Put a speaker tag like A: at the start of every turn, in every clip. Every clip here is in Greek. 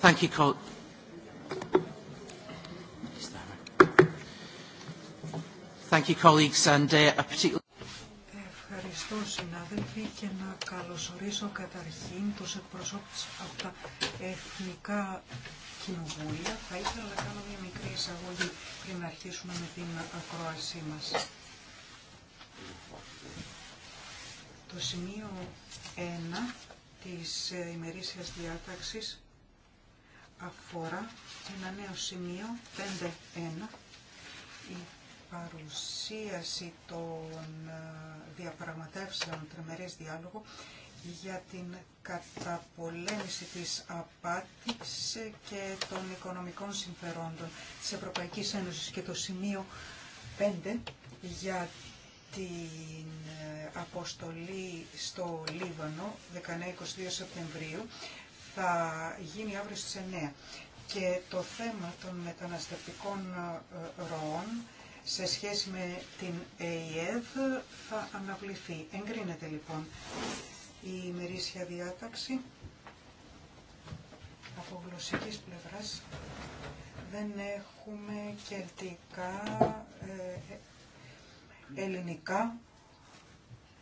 A: Thank you, Thank you, colleagues, uh,
B: Ευχαριστώ συνάδελφοι και να καλωσορίσω καταρχήν τους εκπροσώπους από τα εθνικά κοινοβούλια. Θα ήθελα να κάνω μια μικρή εισαγωγή πριν να αρχίσουμε με την ακρόασή μας. Το σημείο 1 της ε, ημερήσιας διάταξης αφορά ένα νέο σημείο 5.1 η παρουσίαση των ε, διαπραγματεύσεων τριμερές διάλογο για την καταπολέμηση της απάτης και των οικονομικών συμφερόντων της Ευρωπαϊκής Ένωσης και το σημείο 5 για την ε, αποστολή στο Λίβανο 19-22 Σεπτεμβρίου θα γίνει αύριο στις 9. Και το θέμα των μεταναστευτικών ε, ε, ροών σε σχέση με την ΕΙΕΔ θα αναβληθεί. Εγκρίνεται λοιπόν η ημερήσια διάταξη από γλωσσικής πλευράς. Δεν έχουμε κερτικά, ε, ε, ελληνικά,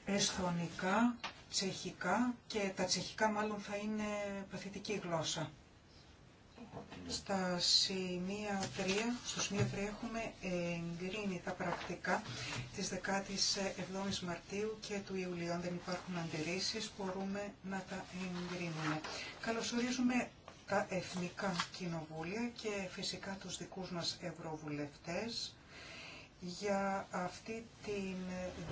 B: εσθονικά, τσεχικά και τα τσεχικά μάλλον θα είναι παθητική γλώσσα. Στα σημεία 3, στο σημείο 3 έχουμε εγκρίνει τα πρακτικά της 17ης Μαρτίου και του Ιουλίου. Αν δεν υπάρχουν αντιρρήσεις μπορούμε να τα εγκρίνουμε. Καλωσορίζουμε τα Εθνικά Κοινοβούλια και φυσικά τους δικούς μας Ευρωβουλευτές για αυτή την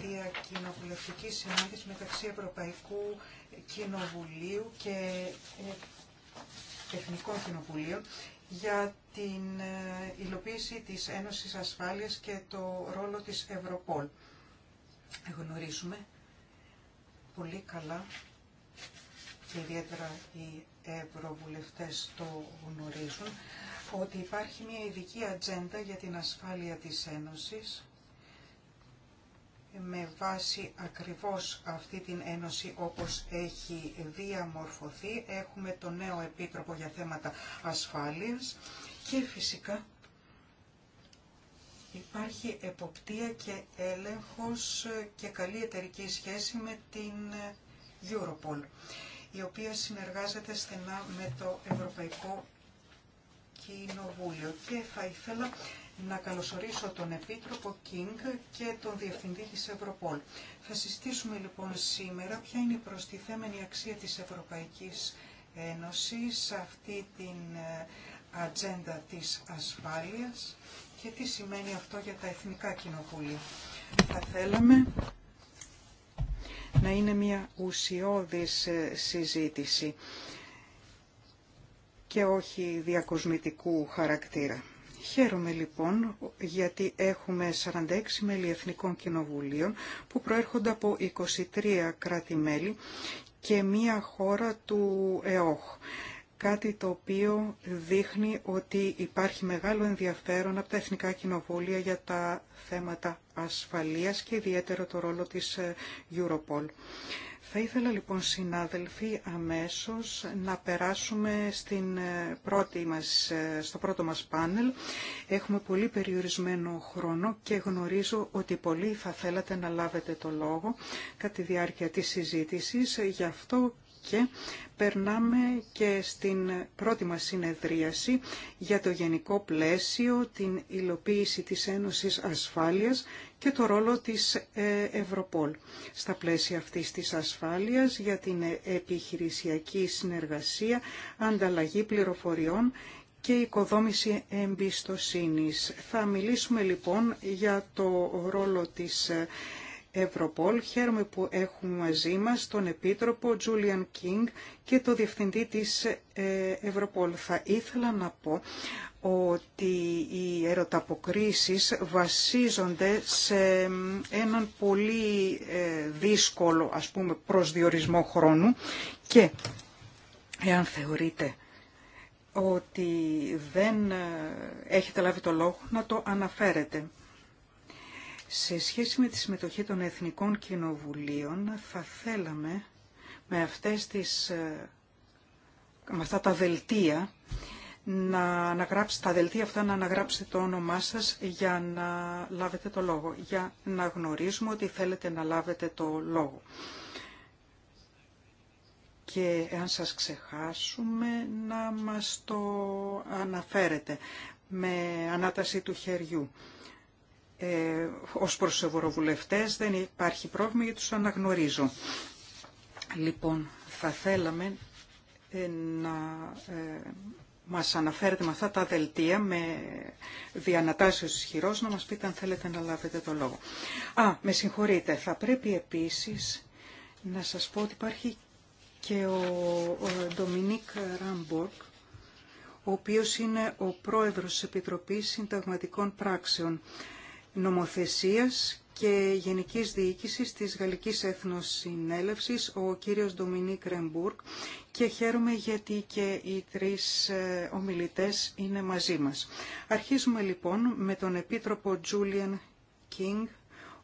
B: διακοινοβουλευτική συνάντηση μεταξύ Ευρωπαϊκού Κοινοβουλίου και ε, Εθνικών Κοινοβουλίων για την ε, υλοποίηση της Ένωσης Ασφάλειας και το ρόλο της Ευρωπόλ. Γνωρίζουμε πολύ καλά και ιδιαίτερα οι ευρωβουλευτές το γνωρίζουν ότι υπάρχει μια ειδική ατζέντα για την ασφάλεια της Ένωσης με βάση ακριβώς αυτή την ένωση όπως έχει διαμορφωθεί. Έχουμε το νέο Επίτροπο για θέματα ασφάλειας και φυσικά υπάρχει εποπτεία και έλεγχος και καλή εταιρική σχέση με την Europol, η οποία συνεργάζεται στενά με το Ευρωπαϊκό Κοινοβούλιο και θα ήθελα να καλωσορίσω τον Επίτροπο Κίνγκ και τον Διευθυντή της Ευρωπόλ. Θα συστήσουμε λοιπόν σήμερα ποια είναι η προστιθέμενη αξία της Ευρωπαϊκής Ένωσης σε αυτή την ε, ατζέντα της ασφάλειας και τι σημαίνει αυτό για τα Εθνικά Κοινοβούλια. Θα θέλαμε να είναι μια ουσιώδης ε, συζήτηση και όχι διακοσμητικού χαρακτήρα. Χαίρομαι λοιπόν γιατί έχουμε 46 μέλη εθνικών κοινοβουλίων που προέρχονται από 23 κράτη-μέλη και μία χώρα του ΕΟΧ. Κάτι το οποίο δείχνει ότι υπάρχει μεγάλο ενδιαφέρον από τα εθνικά κοινοβούλια για τα θέματα ασφαλείας και ιδιαίτερο το ρόλο της ε, Europol. Θα ήθελα λοιπόν συνάδελφοι αμέσως να περάσουμε στην ε, πρώτη μας, ε, στο πρώτο μας πάνελ. Έχουμε πολύ περιορισμένο χρόνο και γνωρίζω ότι πολλοί θα θέλατε να λάβετε το λόγο κατά τη διάρκεια της συζήτησης. Γι' αυτό και περνάμε και στην πρώτη μας συνεδρίαση για το γενικό πλαίσιο, την υλοποίηση της Ένωσης Ασφάλειας και το ρόλο της ε, Ευρωπόλ στα πλαίσια αυτής της ασφάλειας για την ε, επιχειρησιακή συνεργασία, ανταλλαγή πληροφοριών και οικοδόμηση εμπιστοσύνης. Θα μιλήσουμε λοιπόν για το ρόλο της ε, Ευρωπόλ. Χαίρομαι που έχουμε μαζί μας τον Επίτροπο Τζούλιαν Κίνγκ και το Διευθυντή της ε, Ευρωπόλ. Θα ήθελα να πω ότι οι ερωταποκρίσεις βασίζονται σε έναν πολύ ε, δύσκολο ας πούμε προσδιορισμό χρόνου και εάν θεωρείτε ότι δεν ε, έχετε λάβει το λόγο να το αναφέρετε. Σε σχέση με τη συμμετοχή των Εθνικών Κοινοβουλίων θα θέλαμε με, αυτές τις, ε, με αυτά τα δελτία να αναγράψετε τα δελτία αυτά, να αναγράψετε το όνομά σας για να λάβετε το λόγο, για να γνωρίζουμε ότι θέλετε να λάβετε το λόγο. Και αν σας ξεχάσουμε να μας το αναφέρετε με ανάταση του χεριού ε, ως προς δεν υπάρχει πρόβλημα γιατί τους αναγνωρίζω. Λοιπόν, θα θέλαμε ε, να ε, μας αναφέρετε με αυτά τα δελτία, με διανατάσεις ισχυρός, να μας πείτε αν θέλετε να λάβετε το λόγο. Α, με συγχωρείτε, θα πρέπει επίσης να σας πω ότι υπάρχει και ο, ο Ντομινίκ Ράμπορκ, ο οποίος είναι ο πρόεδρος της Επιτροπής Συνταγματικών Πράξεων νομοθεσίας και Γενικής Διοίκησης της Γαλλικής Συνέλευσης ο κύριος Ντομινίκ Κρεμπούρκ και χαίρομαι γιατί και οι τρεις ε, ομιλητές είναι μαζί μας. Αρχίζουμε λοιπόν με τον Επίτροπο Τζούλιαν Κίνγκ,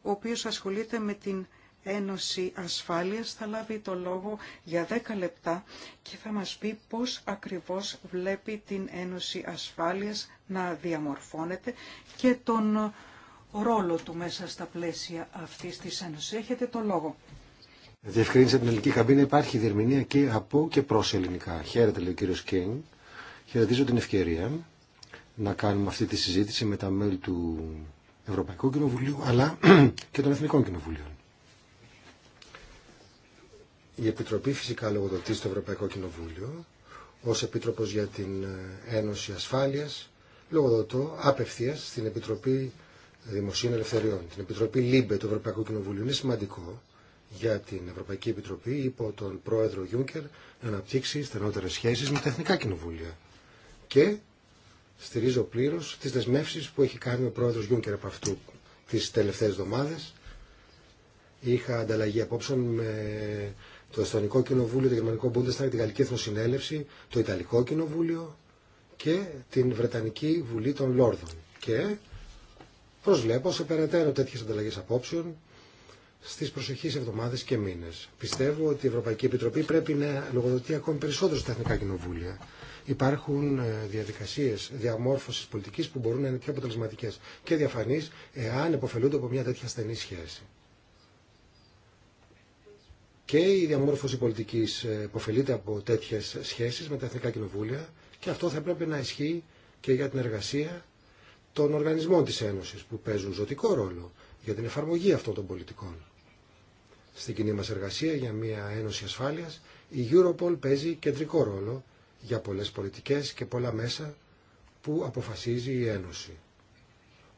B: ο οποίος ασχολείται με την Ένωση Ασφάλειας θα λάβει το λόγο για 10 λεπτά και θα μας πει πώς ακριβώς βλέπει την Ένωση Ασφάλειας να διαμορφώνεται και τον ρόλο του μέσα στα πλαίσια αυτή τη Ένωση Έχετε το λόγο.
C: Διευκρίνησε την ελληνική καμπίνα υπάρχει διερμηνία και από και προ ελληνικά. Χαίρετε λέει ο κύριο Κέιν. Χαιρετίζω την ευκαιρία να κάνουμε αυτή τη συζήτηση με τα μέλη του Ευρωπαϊκού Κοινοβουλίου αλλά και των Εθνικών Κοινοβουλίων. Η Επιτροπή φυσικά λογοδοτεί στο Ευρωπαϊκό Κοινοβούλιο ως Επίτροπος για την Ένωση Ασφάλειας λογοδοτώ απευθείας στην Επιτροπή Δημοσίων Ελευθεριών, την Επιτροπή ΛΥΜΠΕ του Ευρωπαϊκού Κοινοβουλίου, είναι σημαντικό για την Ευρωπαϊκή Επιτροπή υπό τον πρόεδρο Γιούνκερ να αναπτύξει στενότερε σχέσει με τα εθνικά κοινοβούλια. Και στηρίζω πλήρω τι δεσμεύσει που έχει κάνει ο πρόεδρο Γιούνκερ από αυτού τι τελευταίε εβδομάδε. Είχα ανταλλαγή απόψεων με το Εστονικό Κοινοβούλιο, το Γερμανικό Bundestag, τη Γαλλική Εθνοσυνέλευση, το Ιταλικό Κοινοβούλιο και την Βρετανική Βουλή των Λόρδων. Και Προσβλέπω σε περαιτέρω τέτοιε ανταλλαγέ απόψεων στι προσεχείς εβδομάδε και μήνε. Πιστεύω ότι η Ευρωπαϊκή Επιτροπή πρέπει να λογοδοτεί ακόμη περισσότερο στα εθνικά κοινοβούλια. Υπάρχουν ε, διαδικασίε διαμόρφωση πολιτική που μπορούν να είναι πιο αποτελεσματικέ και διαφανεί εάν υποφελούνται από μια τέτοια στενή σχέση. Και η διαμόρφωση πολιτική υποφελείται ε, από τέτοιε σχέσει με τα εθνικά κοινοβούλια και αυτό θα πρέπει να ισχύει και για την εργασία των οργανισμών της Ένωσης που παίζουν ζωτικό ρόλο για την εφαρμογή αυτών των πολιτικών. Στην κοινή μας εργασία για μια Ένωση Ασφάλειας η Europol παίζει κεντρικό ρόλο για πολλές πολιτικές και πολλά μέσα που αποφασίζει η Ένωση.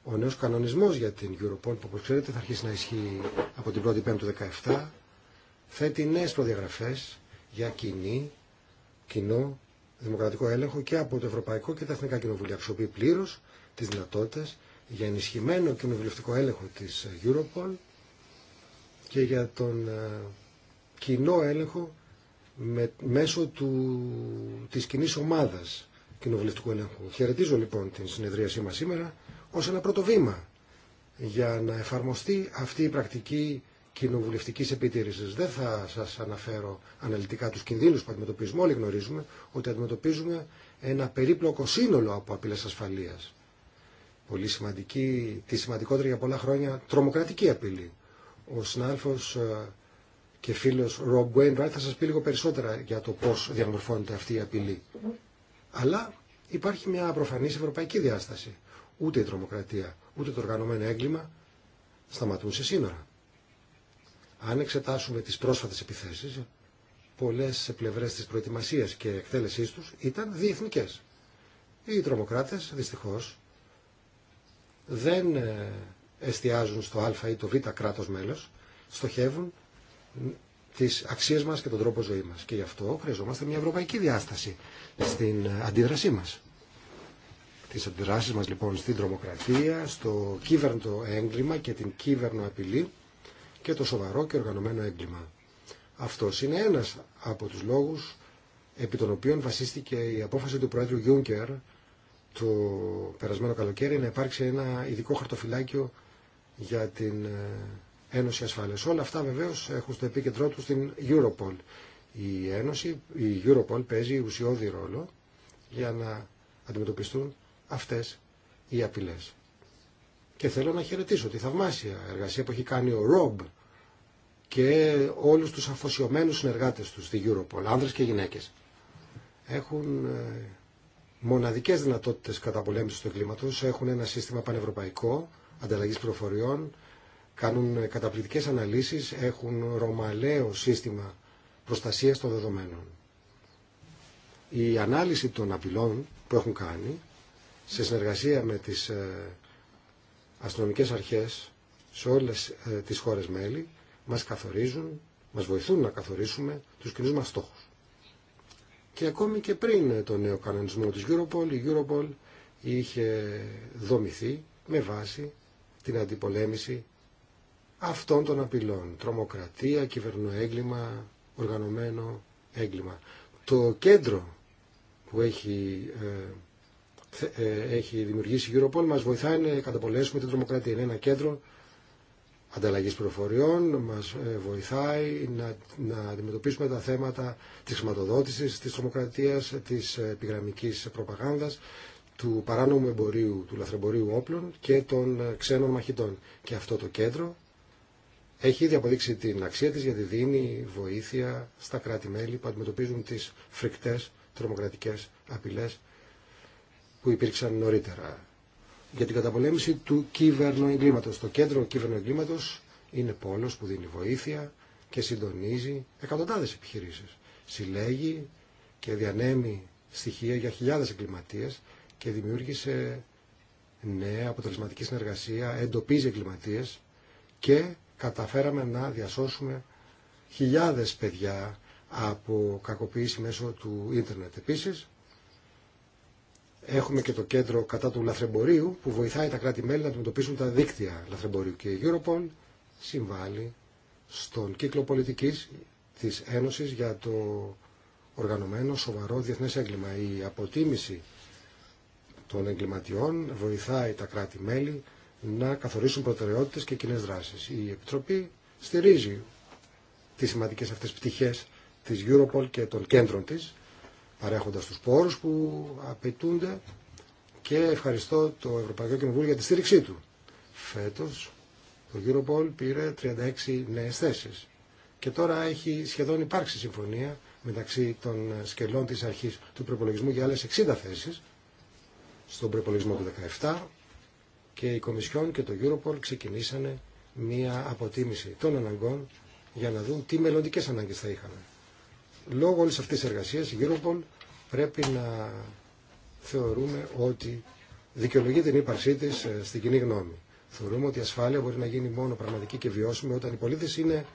C: Ο νέος κανονισμός για την Europol που όπως ξέρετε θα αρχίσει να ισχύει από την 1η Πέμπτη του 2017 θέτει νέες προδιαγραφές για κοινή, κοινό, δημοκρατικό έλεγχο και από το Ευρωπαϊκό και τα Εθνικά Κοινοβούλια. Αξιοποιεί πλήρως τις δυνατότητες για ενισχυμένο κοινοβουλευτικό έλεγχο της Europol και για τον ε, κοινό έλεγχο μέσω του, της κοινή ομάδας κοινοβουλευτικού έλεγχου. Χαιρετίζω λοιπόν την συνεδρίασή μας σήμερα ως ένα πρώτο βήμα για να εφαρμοστεί αυτή η πρακτική κοινοβουλευτικής επιτήρησης. Δεν θα σας αναφέρω αναλυτικά τους κινδύνους που αντιμετωπίζουμε. Όλοι γνωρίζουμε ότι αντιμετωπίζουμε ένα περίπλοκο σύνολο από απειλές ασφαλείας πολύ σημαντική, τη σημαντικότερη για πολλά χρόνια τρομοκρατική απειλή. Ο συνάδελφος ε, και φίλος Ρομπ Wainwright θα σας πει λίγο περισσότερα για το πώς διαμορφώνεται αυτή η απειλή. Αλλά υπάρχει μια προφανής ευρωπαϊκή διάσταση. Ούτε η τρομοκρατία, ούτε το οργανωμένο έγκλημα σταματούν σε σύνορα. Αν εξετάσουμε τις πρόσφατες επιθέσεις, πολλές πλευρές της προετοιμασίας και εκτέλεσής τους ήταν διεθνικές. Οι τρομοκράτες, δυστυχώς, δεν ε, εστιάζουν στο α ή το β κράτος μέλος, στοχεύουν τις αξίες μας και τον τρόπο ζωής μας. Και γι' αυτό χρειαζόμαστε μια ευρωπαϊκή διάσταση στην ε, αντίδρασή μας. Τις αντιδράσεις μας λοιπόν στην τρομοκρατία, στο κύβερνο έγκλημα και την κύβερνο απειλή και το σοβαρό και οργανωμένο έγκλημα. Αυτό είναι ένας από τους λόγους επί των οποίων βασίστηκε η απόφαση του Πρόεδρου Γιούνκερ το περασμένο καλοκαίρι να υπάρξει ένα ειδικό χαρτοφυλάκιο για την ε, Ένωση Ασφάλειας. Όλα αυτά βεβαίως έχουν στο επίκεντρό τους την Europol. Η, Ένωση, η Europol παίζει ουσιώδη ρόλο για να αντιμετωπιστούν αυτές οι απειλές. Και θέλω να χαιρετήσω τη θαυμάσια εργασία που έχει κάνει ο Ρομπ και όλους τους αφοσιωμένους συνεργάτες του στη Europol, άνδρες και γυναίκες. Έχουν ε, μοναδικές δυνατότητες καταπολέμησης του εγκλήματος, έχουν ένα σύστημα πανευρωπαϊκό ανταλλαγής πληροφοριών, κάνουν καταπληκτικές αναλύσεις, έχουν ρωμαλαίο σύστημα προστασίας των δεδομένων. Η ανάλυση των απειλών που έχουν κάνει, σε συνεργασία με τις ε, αστυνομικές αρχές σε όλες ε, τις χώρες μέλη, μας καθορίζουν, μας βοηθούν να καθορίσουμε τους κοινούς μας στόχους και ακόμη και πριν το νέο κανονισμό της Europol, η Europol είχε δομηθεί με βάση την αντιπολέμηση αυτών των απειλών. Τρομοκρατία, κυβερνοέγκλημα, οργανωμένο έγκλημα. Το κέντρο που έχει, ε, ε, έχει δημιουργήσει η Europol μας βοηθάει να καταπολέσουμε την τρομοκρατία. Είναι ένα κέντρο Ανταλλαγή πληροφοριών, μα ε, βοηθάει να, να αντιμετωπίσουμε τα θέματα της χρηματοδότηση, της τρομοκρατίας, της επιγραμμικής προπαγάνδας, του παράνομου εμπορίου, του λαθρεμπορίου όπλων και των ε, ξένων μαχητών. Και αυτό το κέντρο έχει ήδη αποδείξει την αξία της γιατί δίνει βοήθεια στα κράτη-μέλη που αντιμετωπίζουν τι φρικτέ τρομοκρατικέ απειλέ που υπήρξαν νωρίτερα για την καταπολέμηση του εγκλήματος. Το κέντρο εγκλήματος είναι πόλος που δίνει βοήθεια και συντονίζει εκατοντάδες επιχειρήσεις. Συλλέγει και διανέμει στοιχεία για χιλιάδες εγκληματίες και δημιούργησε νέα αποτελεσματική συνεργασία, εντοπίζει εγκληματίες και καταφέραμε να διασώσουμε χιλιάδες παιδιά από κακοποίηση μέσω του ίντερνετ. Επίσης, Έχουμε και το κέντρο κατά του λαθρεμπορίου που βοηθάει τα κράτη-μέλη να αντιμετωπίσουν τα δίκτυα λαθρεμπορίου και η Europol συμβάλλει στον κύκλο πολιτική της Ένωσης για το οργανωμένο σοβαρό διεθνές έγκλημα. Η αποτίμηση των εγκληματιών βοηθάει τα κράτη-μέλη να καθορίσουν προτεραιότητες και κοινέ δράσεις. Η Επιτροπή στηρίζει τι σημαντικέ αυτέ πτυχέ τη Europol και των κέντρων της παρέχοντας τους πόρους που απαιτούνται και ευχαριστώ το Ευρωπαϊκό Κοινοβούλιο για τη στήριξή του. Φέτος το Europol πήρε 36 νέες θέσεις και τώρα έχει σχεδόν υπάρξει συμφωνία μεταξύ των σκελών της αρχής του προπολογισμού για άλλες 60 θέσεις στον προπολογισμό του 17 και η Κομισιόν και το Europol ξεκινήσανε μία αποτίμηση των αναγκών για να δουν τι μελλοντικέ ανάγκες θα είχαμε. Λόγω όλης αυτής της εργασίας η Europol πρέπει να θεωρούμε ότι δικαιολογεί την ύπαρξή τη ε, στην κοινή γνώμη. Θεωρούμε ότι η ασφάλεια μπορεί να γίνει μόνο πραγματική και βιώσιμη όταν οι πολίτε είναι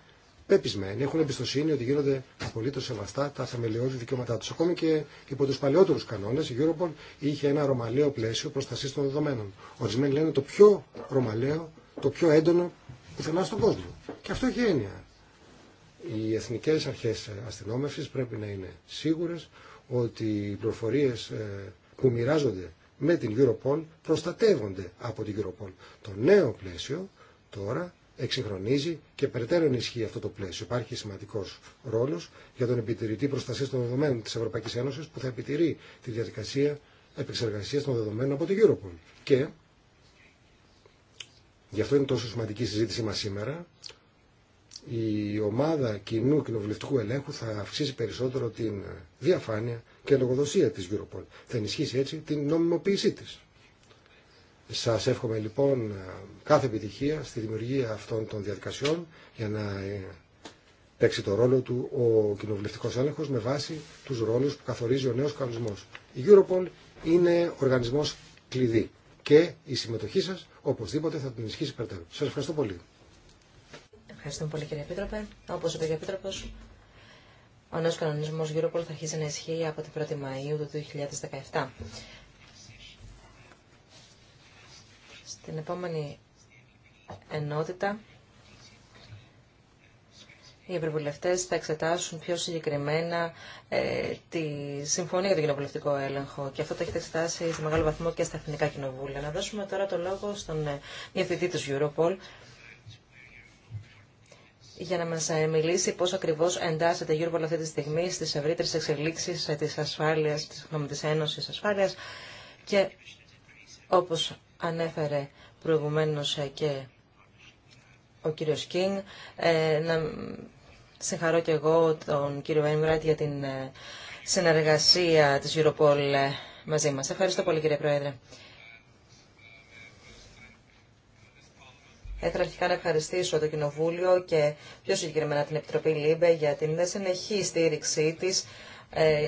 C: πεπισμένοι, έχουν εμπιστοσύνη ότι γίνονται απολύτω σεβαστά τα θεμελιώδη δικαιώματά του. Ακόμη και υπό του παλαιότερου κανόνε, η Europol είχε ένα ρωμαλαίο πλαίσιο προστασία των δεδομένων. Ορισμένοι λένε το πιο ρωμαλαίο, το πιο έντονο πουθενά στον κόσμο. Και αυτό έχει έννοια. Οι εθνικές αρχές αστυνόμευσης πρέπει να είναι σίγουρες ότι οι πληροφορίες ε, που μοιράζονται με την Europol προστατεύονται από την Europol. Το νέο πλαίσιο τώρα εξυγχρονίζει και περαιτέρω ενισχύει αυτό το πλαίσιο. Υπάρχει σημαντικό ρόλο για τον επιτηρητή προστασία των δεδομένων τη Ευρωπαϊκή Ένωση που θα επιτηρεί τη διαδικασία επεξεργασία των δεδομένων από την Europol. Και γι' αυτό είναι τόσο σημαντική η συζήτησή μα σήμερα, η ομάδα κοινού κοινοβουλευτικού ελέγχου θα αυξήσει περισσότερο την διαφάνεια και λογοδοσία της Europol. Θα ενισχύσει έτσι την νομιμοποίησή της. Σας εύχομαι λοιπόν κάθε επιτυχία στη δημιουργία αυτών των διαδικασιών για να ε, παίξει το ρόλο του ο κοινοβουλευτικός έλεγχος με βάση τους ρόλους που καθορίζει ο νέος κανονισμός. Η Europol είναι οργανισμός κλειδί και η συμμετοχή σας οπωσδήποτε θα την ενισχύσει περτέρου. Σας ευχαριστώ πολύ.
D: Ευχαριστούμε πολύ κύριε Επίτροπε. Όπω είπε ο Επίτροπος, ο νέο κανονισμό Europol θα αρχίσει να ισχύει από την 1η Μαου του 2017. Στην επόμενη ενότητα οι ευρωβουλευτέ θα εξετάσουν πιο συγκεκριμένα ε, τη συμφωνία για τον κοινοβουλευτικό έλεγχο. Και αυτό το έχετε εξετάσει σε μεγάλο βαθμό και στα εθνικά κοινοβούλια. Να δώσουμε τώρα το λόγο στον ε, διευθυντή τη Europol, για να μας ε, μιλήσει πώς ακριβώς εντάσσεται η Europol αυτή τη στιγμή στις ευρύτερες εξελίξεις ε, της ασφάλειας, της, της Ένωσης Ασφάλειας και όπως ανέφερε προηγουμένως ε, και ο κύριος Κιν, να συγχαρώ και εγώ τον κύριο Έμγρατ για την συνεργασία της Europol μαζί μας. Ευχαριστώ πολύ κύριε Πρόεδρε. Θα ήθελα αρχικά να ευχαριστήσω το Κοινοβούλιο και πιο συγκεκριμένα την Επιτροπή ΛΥΜΠΕ για την συνεχή στήριξή τη ε,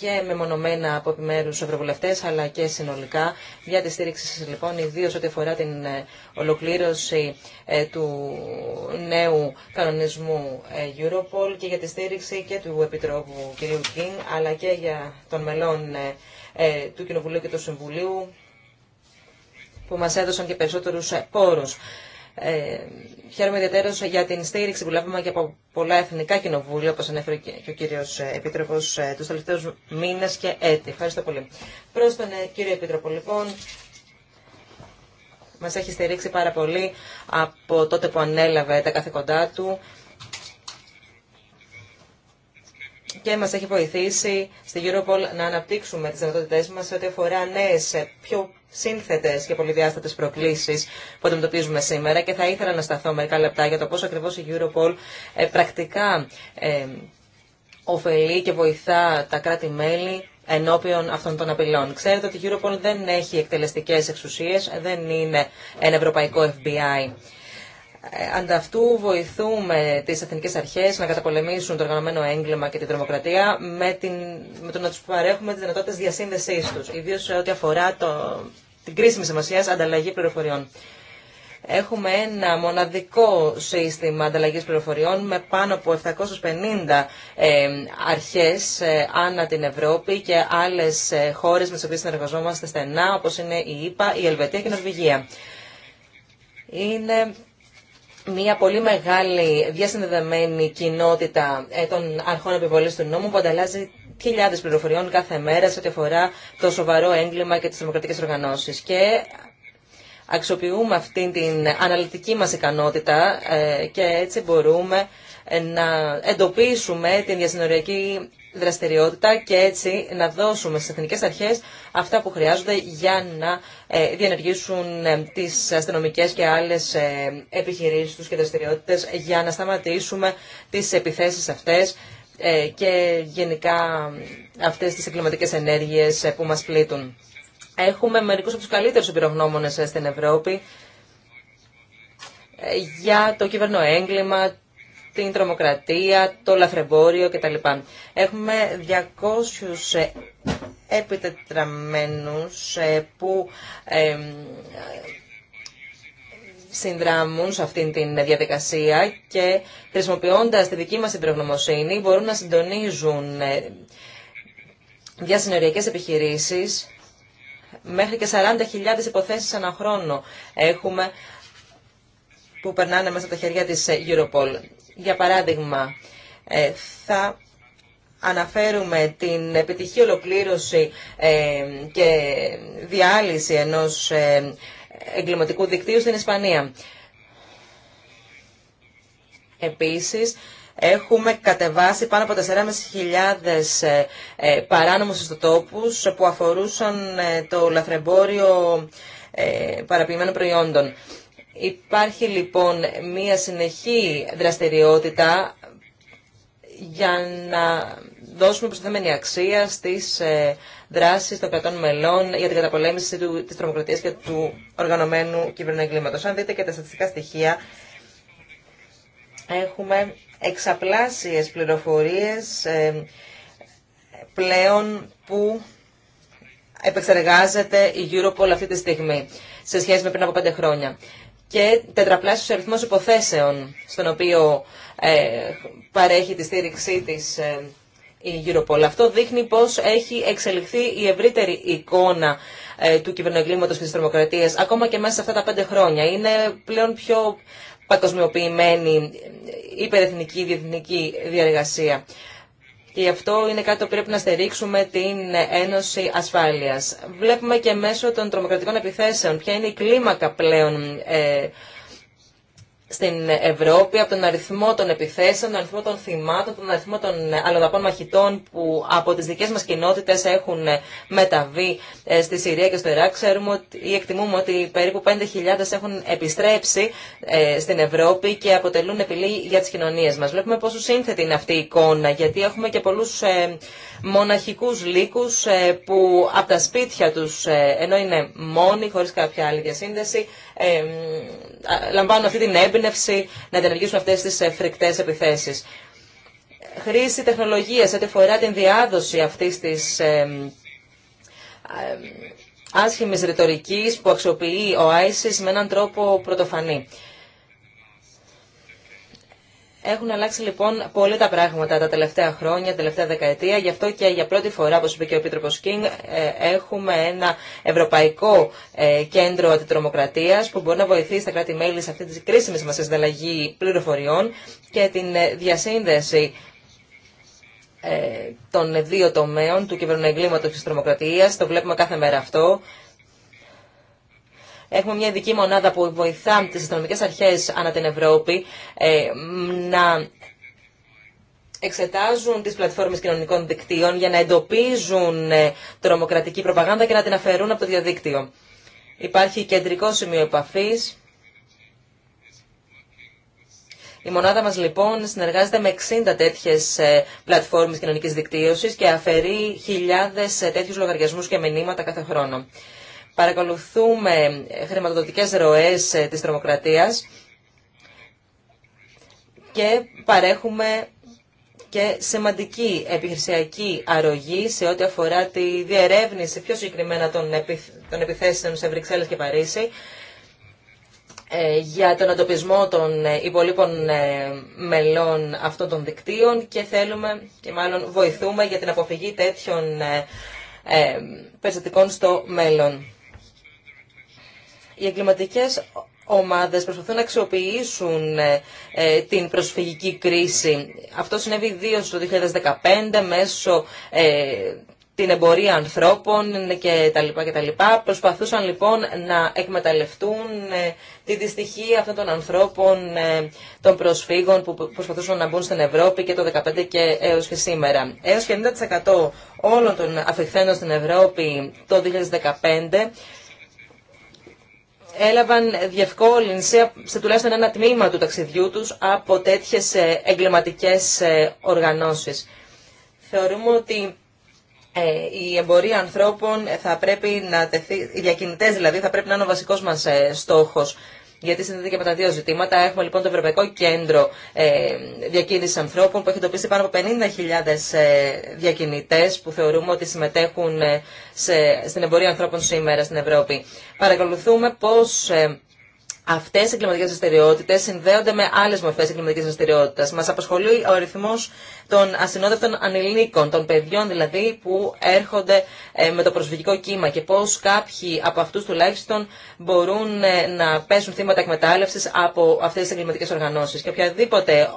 D: και μεμονωμένα από επιμέρου ευρωβουλευτέ, αλλά και συνολικά για τη στήριξη σα, λοιπόν ιδίω ό,τι αφορά την ε, ολοκλήρωση ε, του νέου κανονισμού Europol και για τη στήριξη και του Επιτρόπου κ. Κίνγκ αλλά και για των μελών του Κοινοβουλίου και του Συμβουλίου που μας έδωσαν και περισσότερους πόρους. Ε, χαίρομαι ιδιαίτερα για την στήριξη που λάβαμε και από πολλά εθνικά κοινοβούλια, όπω ανέφερε και ο κύριο ε, Επίτροπο ε, του τελευταίου μήνε και έτη. Ευχαριστώ πολύ. Προ τον ε, κύριο Επίτροπο, λοιπόν, μα έχει στηρίξει πάρα πολύ από τότε που ανέλαβε τα καθήκοντά του και μας έχει βοηθήσει στη Europol να αναπτύξουμε τις δυνατότητές μας σε ό,τι αφορά νέες, πιο σύνθετες και πολυδιάστατε προκλήσεις που αντιμετωπίζουμε σήμερα και θα ήθελα να σταθώ μερικά λεπτά για το πώς ακριβώς η Europol ε, πρακτικά ε, ωφελεί και βοηθά τα κράτη-μέλη ενώπιον αυτών των απειλών. Ξέρετε ότι η Europol δεν έχει εκτελεστικές εξουσίες, δεν είναι ένα ευρωπαϊκό FBI. Ανταυτού βοηθούμε τις εθνικές αρχές να καταπολεμήσουν το οργανωμένο έγκλημα και την τρομοκρατία με, την, με το να τους παρέχουμε τις δυνατότητες διασύνδεσής τους, ιδίως σε ό,τι αφορά το, την κρίσιμη σημασία ανταλλαγή πληροφοριών. Έχουμε ένα μοναδικό σύστημα ανταλλαγής πληροφοριών με πάνω από 750 ε, αρχές ε, ανά την Ευρώπη και άλλες ε, χώρες με τις οποίες συνεργαζόμαστε στενά, όπως είναι η ΙΠΑ, η Ελβετία και η Νορβηγία μια πολύ μεγάλη διασυνδεδεμένη κοινότητα ε, των αρχών επιβολή του νόμου που ανταλλάζει χιλιάδε πληροφοριών κάθε μέρα σε ό,τι αφορά το σοβαρό έγκλημα και τι δημοκρατικέ οργανώσει. Και αξιοποιούμε αυτή την αναλυτική μας ικανότητα ε, και έτσι μπορούμε ε, να εντοπίσουμε την διασυνοριακή δραστηριότητα και έτσι να δώσουμε στις εθνικές αρχές αυτά που χρειάζονται για να ε, διενεργήσουν ε, τις αστυνομικές και άλλες ε, επιχειρήσεις τους και δραστηριότητες για να σταματήσουμε τις επιθέσεις αυτές και γενικά αυτές τις εγκληματικές ενέργειες που μας πλήττουν. Έχουμε μερικούς από τους καλύτερους εμπειρογνώμονες στην Ευρώπη για το κυβερνοέγκλημα, την τρομοκρατία, το λαθρεμπόριο κτλ. Έχουμε 200 ε, επιτετραμένους ε, που συνδράμουν σε αυτήν την διαδικασία και χρησιμοποιώντας τη δική μας προγνωμοσύνη μπορούν να συντονίζουν ε, διασυνοριακές επιχειρήσεις μέχρι και 40.000 υποθέσεις ανά χρόνο έχουμε που περνάνε μέσα από τα χέρια της Europol. Για παράδειγμα, ε, θα αναφέρουμε την επιτυχή ολοκλήρωση ε, και διάλυση ενός ε, εγκληματικού δικτύου στην Ισπανία. Επίσης, έχουμε κατεβάσει πάνω από 4.500 παράνομους ιστοτόπους που αφορούσαν το λαθρεμπόριο παραποιημένων προϊόντων. Υπάρχει λοιπόν μία συνεχή δραστηριότητα για να δώσουμε προσθεμένη αξία στις ε, δράσεις των κρατών μελών για την καταπολέμηση του, της τρομοκρατίας και του οργανωμένου κυβερνού Αν δείτε και τα στατιστικά στοιχεία, έχουμε εξαπλάσιες πληροφορίες ε, πλέον που επεξεργάζεται η Europol αυτή τη στιγμή σε σχέση με πριν από πέντε χρόνια και τετραπλάσιος αριθμός υποθέσεων στον οποίο ε, παρέχει τη στήριξή της ε, η Europol. Αυτό δείχνει πως έχει εξελιχθεί η ευρύτερη εικόνα ε, του κυβερνοεγκλήματος και της τρομοκρατίας ακόμα και μέσα σε αυτά τα πέντε χρόνια. Είναι πλέον πιο παγκοσμιοποιημένη υπερεθνική διεθνική διαργασία. Και αυτό είναι κάτι που πρέπει να στηρίξουμε την Ένωση Ασφάλειας. Βλέπουμε και μέσω των τρομοκρατικών επιθέσεων ποια είναι η κλίμακα πλέον ε, στην Ευρώπη από τον αριθμό των επιθέσεων, τον αριθμό των θυμάτων, τον αριθμό των αλλοδαπών μαχητών που από τις δικές μας κοινότητες έχουν μεταβεί ε, στη Συρία και στο Ιράκ. Ξέρουμε ότι, ή εκτιμούμε ότι περίπου 5.000 έχουν επιστρέψει ε, στην Ευρώπη και αποτελούν επιλή για τις κοινωνίες μας. Βλέπουμε πόσο σύνθετη είναι αυτή η εικόνα, γιατί έχουμε και πολλούς ε, μοναχικούς λύκους που από τα σπίτια τους, ενώ είναι μόνοι, χωρίς κάποια άλλη διασύνδεση, λαμβάνουν αυτή την έμπνευση να διενεργήσουν αυτές τις ε, φρικτές επιθέσεις. Χρήση τεχνολογίας, ό,τι φορά την διάδοση αυτής της άσχημης ρητορικής που αξιοποιεί ο ISIS με έναν τρόπο πρωτοφανή. Έχουν αλλάξει λοιπόν πολύ τα πράγματα τα τελευταία χρόνια, τα τελευταία δεκαετία. Γι' αυτό και για πρώτη φορά, όπω είπε και ο Επίτροπο Κίνγκ, ε, έχουμε ένα ευρωπαϊκό ε, κέντρο αντιτρομοκρατία που μπορεί να βοηθήσει στα κράτη-μέλη σε αυτή τη κρίσιμη σημασία συνταλλαγή πληροφοριών και την ε, διασύνδεση των δύο τομέων του κυβερνοεγκλήματο και τη τρομοκρατία. Το βλέπουμε κάθε μέρα αυτό Έχουμε μια ειδική μονάδα που βοηθά τις αστυνομικέ αρχές ανά την Ευρώπη ε, να εξετάζουν τις πλατφόρμες κοινωνικών δικτύων για να εντοπίζουν ε, τρομοκρατική προπαγάνδα και να την αφαιρούν από το διαδίκτυο. Υπάρχει κεντρικό σημείο επαφής. Η μονάδα μας λοιπόν συνεργάζεται με 60 τέτοιες ε, πλατφόρμες κοινωνικής δικτύωσης και αφαιρεί χιλιάδες τέτοιους λογαριασμούς και μηνύματα κάθε χρόνο παρακολουθούμε χρηματοδοτικές ροές ε, της τρομοκρατίας και παρέχουμε και σημαντική επιχειρησιακή αρρωγή σε ό,τι αφορά τη διερεύνηση πιο συγκεκριμένα των επιθέσεων σε Βρυξέλλες και Παρίσι ε, για τον αντοπισμό των ε, υπολείπων μελών αυτών των δικτύων και θέλουμε και μάλλον βοηθούμε για την αποφυγή τέτοιων περιστατικών στο μέλλον οι εγκληματικές ομάδες προσπαθούν να αξιοποιήσουν ε, ε, την προσφυγική κρίση. Αυτό συνέβη ιδίω το 2015 μέσω ε, την εμπορία ανθρώπων και τα λοιπά και τα λοιπά. Προσπαθούσαν λοιπόν να εκμεταλλευτούν τη δυστυχία αυτών των ανθρώπων, των προσφύγων που προσπαθούσαν να μπουν στην Ευρώπη και το 2015 και έως και σήμερα. Έως 90% όλων των αφιχθέντων στην Ευρώπη το 2015 έλαβαν διευκόλυνση σε τουλάχιστον ένα τμήμα του ταξιδιού τους από τέτοιες ε, εγκληματικές ε, οργανώσεις. Θεωρούμε ότι ε, η εμπορία ανθρώπων θα πρέπει να τεθεί, οι διακινητές δηλαδή, θα πρέπει να είναι ο βασικός μας στόχος γιατί συνδέεται και με τα δύο ζητήματα. Έχουμε λοιπόν το Ευρωπαϊκό Κέντρο ε, διακίνηση Ανθρώπων που έχει εντοπίσει πάνω από 50.000 ε, διακινητές που θεωρούμε ότι συμμετέχουν ε, σε, στην εμπορία ανθρώπων σήμερα στην Ευρώπη. Παρακολουθούμε πώς Αυτέ οι εγκληματικέ δραστηριότητε συνδέονται με άλλε μορφέ εγκληματική δραστηριότητα. Μα απασχολεί ο αριθμό των ασυνόδευτων ανηλίκων, των παιδιών δηλαδή που έρχονται ε, με το προσφυγικό κύμα και πώ κάποιοι από αυτού τουλάχιστον μπορούν ε, να πέσουν θύματα εκμετάλλευση από αυτέ τι εγκληματικέ οργανώσει. Και οποιαδήποτε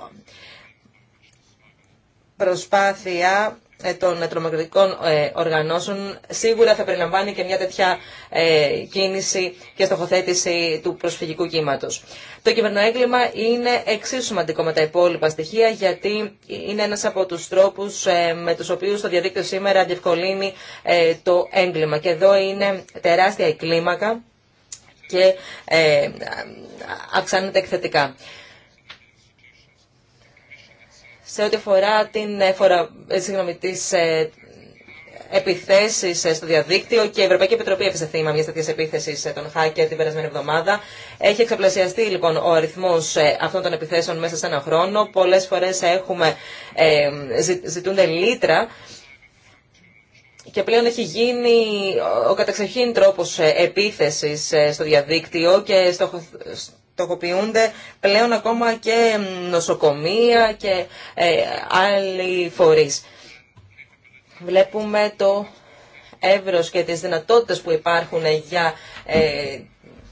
D: προσπάθεια ε, των ε, τρομοκρατικών ε, οργανώσεων σίγουρα θα περιλαμβάνει και μια τέτοια κίνηση και στοχοθέτηση του προσφυγικού κύματος. Το κυβερνοέγκλημα είναι εξίσου σημαντικό με τα υπόλοιπα στοιχεία γιατί είναι ένας από τους τρόπους με τους οποίους το διαδίκτυο σήμερα διευκολύνει το έγκλημα και εδώ είναι τεράστια η κλίμακα και αυξάνεται εκθετικά σε ό,τι αφορά την, ε, ε, συγγνώμη, τις ε, επιθέσεις στο διαδίκτυο και η Ευρωπαϊκή Επιτροπή έφεσε θύμα μιας τέτοιας επίθεσης των ΧΑΚΕ την περασμένη εβδομάδα. Έχει εξαπλασιαστεί λοιπόν ο αριθμός αυτών των επιθέσεων μέσα σε ένα χρόνο. Πολλές φορές έχουμε, ε, ζητούνται λίτρα και πλέον έχει γίνει ο καταξεχήν τρόπος επίθεσης στο διαδίκτυο και στο, Τοχοποιούνται πλέον ακόμα και νοσοκομεία και ε, άλλοι φορείς. Βλέπουμε το εύρος και τις δυνατότητες που υπάρχουν για ε,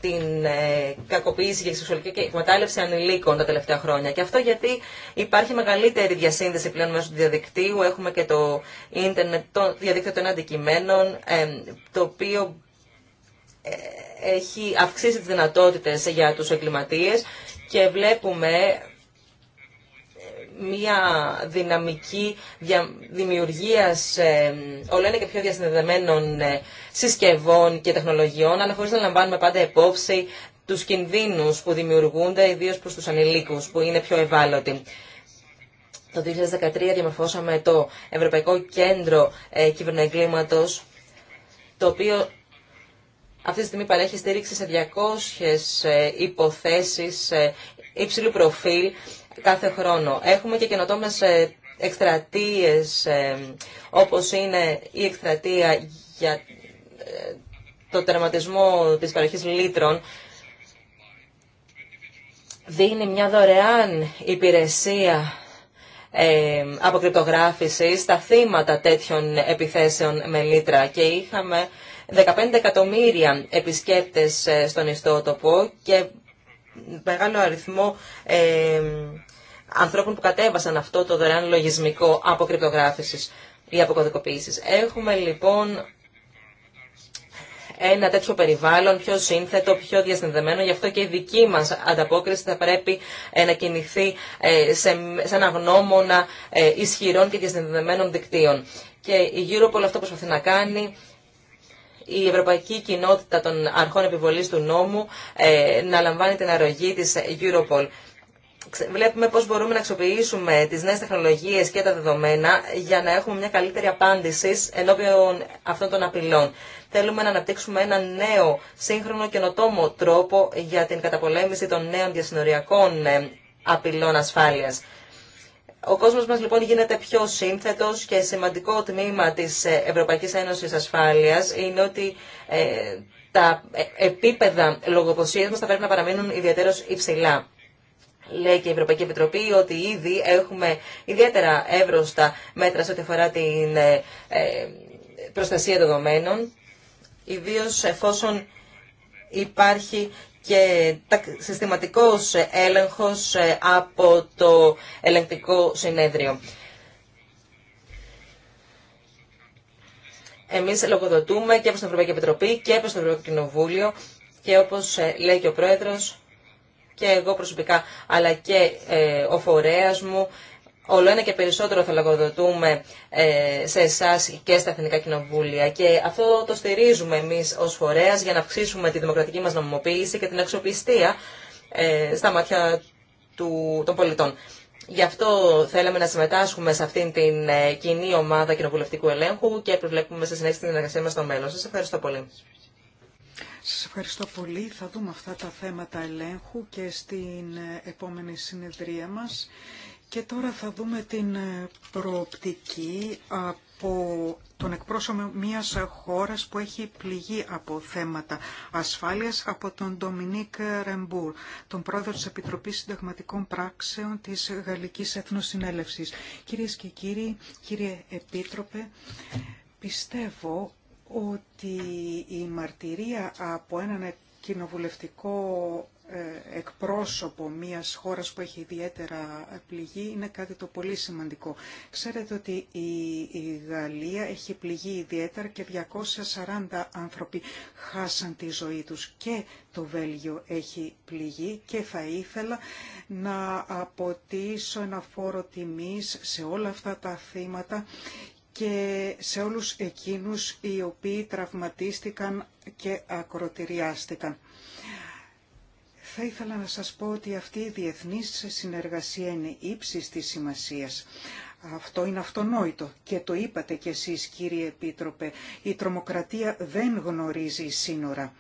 D: την ε, κακοποίηση και σεξουαλική και εκμετάλλευση ανηλίκων τα τελευταία χρόνια. Και αυτό γιατί υπάρχει μεγαλύτερη διασύνδεση πλέον μέσω του διαδικτύου. Έχουμε και το ίντερνετ, το διαδίκτυο των αντικειμένων, το οποίο έχει αυξήσει τις δυνατότητες για τους εγκληματίες και βλέπουμε ε, μια δυναμική δημιουργίας ε, όλο και πιο διασυνδεδεμένων ε, συσκευών και τεχνολογιών, αλλά χωρίς να λαμβάνουμε πάντα υπόψη τους κινδύνους που δημιουργούνται, ιδίως προς τους ανηλίκους, που είναι πιο ευάλωτοι. Το 2013 διαμορφώσαμε το Ευρωπαϊκό Κέντρο Κυβερνοεγκλήματος, το οποίο αυτή τη στιγμή παρέχει στήριξη σε 200 ε, υποθέσεις ε, υψηλού προφίλ κάθε χρόνο. Έχουμε και καινοτόμες ε, εκστρατείες όπως είναι η εκστρατεία για το τερματισμό της παροχής λίτρων δίνει μια δωρεάν υπηρεσία ε, αποκρυπτογράφηση στα θύματα τέτοιων επιθέσεων με λίτρα και είχαμε 15 εκατομμύρια επισκέπτες ε, στον ιστότοπο και μεγάλο αριθμό ε, ανθρώπων που κατέβασαν αυτό το δωρεάν λογισμικό από κρυπτογράφησης ή από κωδικοποίησης. Έχουμε λοιπόν ένα τέτοιο περιβάλλον πιο σύνθετο, πιο διασυνδεμένο. Γι' αυτό και η δική μας ανταπόκριση θα πρέπει ε, να κινηθεί ε, σε, σε ένα γνώμονα ισχυρών και διασυνδεμένων δικτύων. Και η Europol αυτό προσπαθεί να κάνει η Ευρωπαϊκή Κοινότητα των Αρχών Επιβολής του Νόμου ε, να λαμβάνει την αρρωγή της Europol. Βλέπουμε πώς μπορούμε να αξιοποιήσουμε τις νέες τεχνολογίες και τα δεδομένα για να έχουμε μια καλύτερη απάντηση ενώπιον αυτών των απειλών. Θέλουμε να αναπτύξουμε ένα νέο σύγχρονο καινοτόμο τρόπο για την καταπολέμηση των νέων διασυνοριακών ε, απειλών ασφάλειας. Ο κόσμος μας λοιπόν γίνεται πιο σύνθετο και σημαντικό τμήμα της ε, Ευρωπαϊκής Ένωσης Ασφάλειας είναι ότι ε, τα ε, επίπεδα λογοδοσίας μας θα πρέπει να παραμείνουν ιδιαίτερω υψηλά. Λέει και η Ευρωπαϊκή Επιτροπή ότι ήδη έχουμε ιδιαίτερα εύρωστα μέτρα σε ό,τι αφορά την ε, προστασία δεδομένων, ιδίω εφόσον υπάρχει και συστηματικός έλεγχος ε, από το ελεγκτικό συνέδριο. Εμείς λογοδοτούμε και προς την Ευρωπαϊκή Επιτροπή και προς το Ευρωπαϊκό Κοινοβούλιο και όπως ε, λέει και ο Πρόεδρος και εγώ προσωπικά αλλά και ε, ο φορέας μου όλο ένα και περισσότερο θα λογοδοτούμε ε, σε εσά και στα εθνικά κοινοβούλια. Και αυτό το στηρίζουμε εμεί ω φορέα για να αυξήσουμε τη δημοκρατική μα νομιμοποίηση και την αξιοπιστία ε, στα μάτια του, των πολιτών. Γι' αυτό θέλαμε να συμμετάσχουμε σε αυτήν την ε, κοινή ομάδα κοινοβουλευτικού ελέγχου και προβλέπουμε σε συνέχεια την εργασία μα στο μέλλον. Σα ευχαριστώ πολύ.
B: Σα ευχαριστώ πολύ. Θα δούμε αυτά τα θέματα ελέγχου και στην επόμενη συνεδρία μας. Και τώρα θα δούμε την ε, προοπτική από τον εκπρόσωπο μιας χώρας που έχει πληγεί από θέματα ασφάλειας από τον Ντομινίκ Ρεμπούρ, τον πρόεδρο της Επιτροπής Συνταγματικών Πράξεων της Γαλλικής Εθνοσυνέλευσης. Κυρίε και κύριοι, κύριε Επίτροπε, πιστεύω ότι η μαρτυρία από έναν κοινοβουλευτικό ε, εκπρόσωπο μιας χώρας που έχει ιδιαίτερα πληγή είναι κάτι το πολύ σημαντικό. Ξέρετε ότι η Γαλλία έχει πληγεί ιδιαίτερα και 240 άνθρωποι χάσαν τη ζωή τους και το Βέλγιο έχει πληγεί και θα ήθελα να αποτίσω ένα φόρο τιμής σε όλα αυτά τα θύματα και σε όλους εκείνους οι οποίοι τραυματίστηκαν και ακροτηριάστηκαν. Θα ήθελα να σας πω ότι αυτή η διεθνής συνεργασία είναι ύψης της σημασίας. Αυτό είναι αυτονόητο και το είπατε κι εσείς κύριε Επίτροπε. Η τρομοκρατία δεν γνωρίζει σύνορα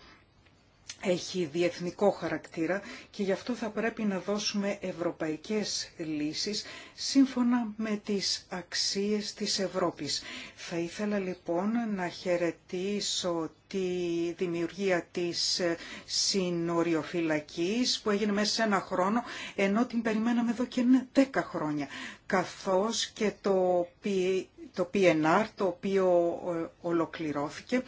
B: έχει διεθνικό χαρακτήρα και γι' αυτό θα πρέπει να δώσουμε ευρωπαϊκές λύσεις σύμφωνα με τις αξίες της Ευρώπης. Θα ήθελα λοιπόν να χαιρετήσω τη δημιουργία της συνοριοφυλακής που έγινε μέσα σε ένα χρόνο ενώ την περιμέναμε εδώ και δέκα χρόνια καθώς και το το PNR το οποίο ε, ολοκληρώθηκε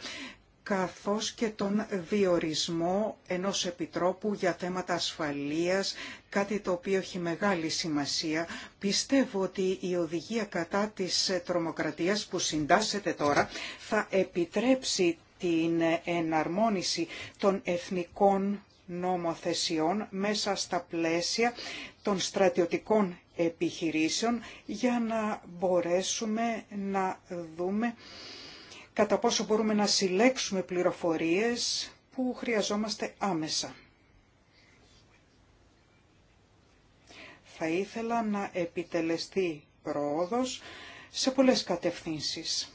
B: καθώς και τον διορισμό ενός επιτρόπου για θέματα ασφαλείας, κάτι το οποίο έχει μεγάλη σημασία. Πιστεύω ότι η οδηγία κατά της τρομοκρατίας που συντάσσεται τώρα θα επιτρέψει την εναρμόνιση των εθνικών νομοθεσιών μέσα στα πλαίσια των στρατιωτικών επιχειρήσεων για να μπορέσουμε να δούμε κατά πόσο μπορούμε να συλλέξουμε πληροφορίες που χρειαζόμαστε άμεσα. Θα ήθελα να επιτελεστεί πρόοδος σε πολλές κατευθύνσεις.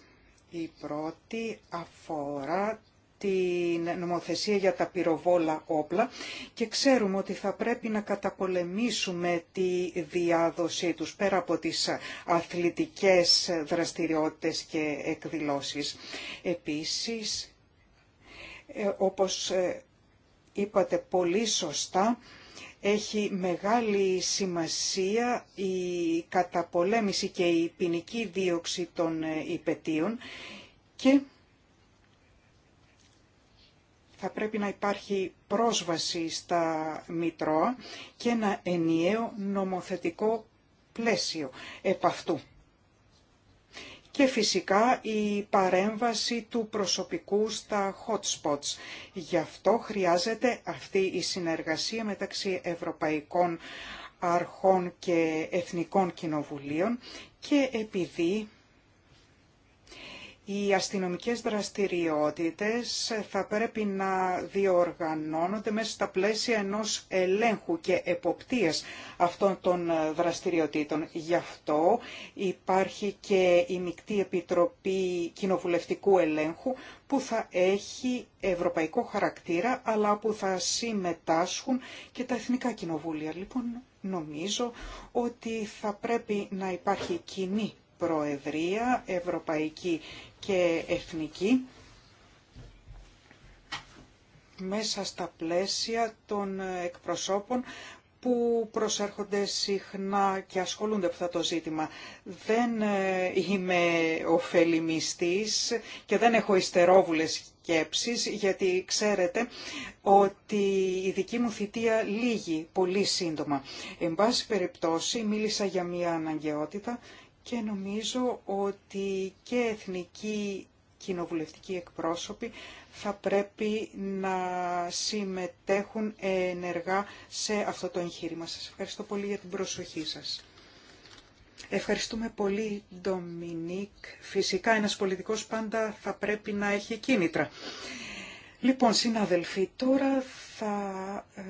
B: Η πρώτη αφορά την νομοθεσία για τα πυροβόλα όπλα και ξέρουμε ότι θα πρέπει να καταπολεμήσουμε τη διάδοσή τους πέρα από τις αθλητικές δραστηριότητες και εκδηλώσεις. Επίσης, ε, όπως ε, είπατε πολύ σωστά, έχει μεγάλη σημασία η καταπολέμηση και η ποινική δίωξη των ε, υπετίων και θα πρέπει να υπάρχει πρόσβαση στα Μητρώα και ένα ενιαίο νομοθετικό πλαίσιο επ' αυτού. Και φυσικά η παρέμβαση του προσωπικού στα hot spots. Γι' αυτό χρειάζεται αυτή η συνεργασία μεταξύ ευρωπαϊκών αρχών και εθνικών κοινοβουλίων και επειδή οι αστυνομικές δραστηριότητες θα πρέπει να διοργανώνονται μέσα στα πλαίσια ενός ελέγχου και εποπτείας αυτών των δραστηριοτήτων. Γι' αυτό υπάρχει και η Μικτή Επιτροπή Κοινοβουλευτικού Ελέγχου που θα έχει ευρωπαϊκό χαρακτήρα αλλά που θα συμμετάσχουν και τα Εθνικά Κοινοβούλια. Λοιπόν, νομίζω ότι θα πρέπει να υπάρχει κοινή Προεδρία, Ευρωπαϊκή και εθνική μέσα στα πλαίσια των εκπροσώπων που προσέρχονται συχνά και ασχολούνται από αυτό το ζήτημα. Δεν ε, είμαι ωφελημιστής και δεν έχω ιστερόβουλες σκέψεις, γιατί ξέρετε ότι η δική μου θητεία λύγει πολύ σύντομα. Εν πάση περιπτώσει μίλησα για μια αναγκαιότητα και νομίζω ότι και εθνικοί κοινοβουλευτικοί εκπρόσωποι θα πρέπει να συμμετέχουν ενεργά σε αυτό το εγχείρημα. Σας ευχαριστώ πολύ για την προσοχή σας. Ευχαριστούμε πολύ, Ντομινίκ. Φυσικά, ένας πολιτικός πάντα θα πρέπει να έχει κίνητρα. Λοιπόν, συνάδελφοι, τώρα θα ε,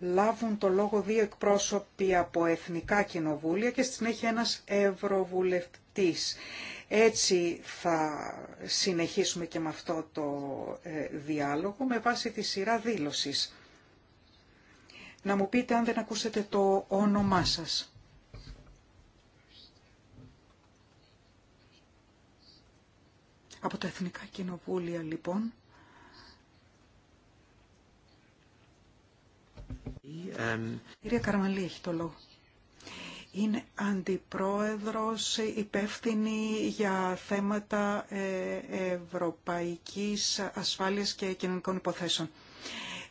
B: λάβουν το λόγο δύο εκπρόσωποι από εθνικά κοινοβούλια και στη συνέχεια ένας ευρωβουλευτής. Έτσι θα συνεχίσουμε και με αυτό το ε, διάλογο με βάση τη σειρά δήλωσης. Να μου πείτε αν δεν ακούσετε το όνομά σας. Από τα Εθνικά Κοινοβούλια λοιπόν Κυρία Καρμαλή έχει το λόγο. Είναι αντιπρόεδρος υπεύθυνη για θέματα ε, ευρωπαϊκής ασφάλειας και κοινωνικών υποθέσεων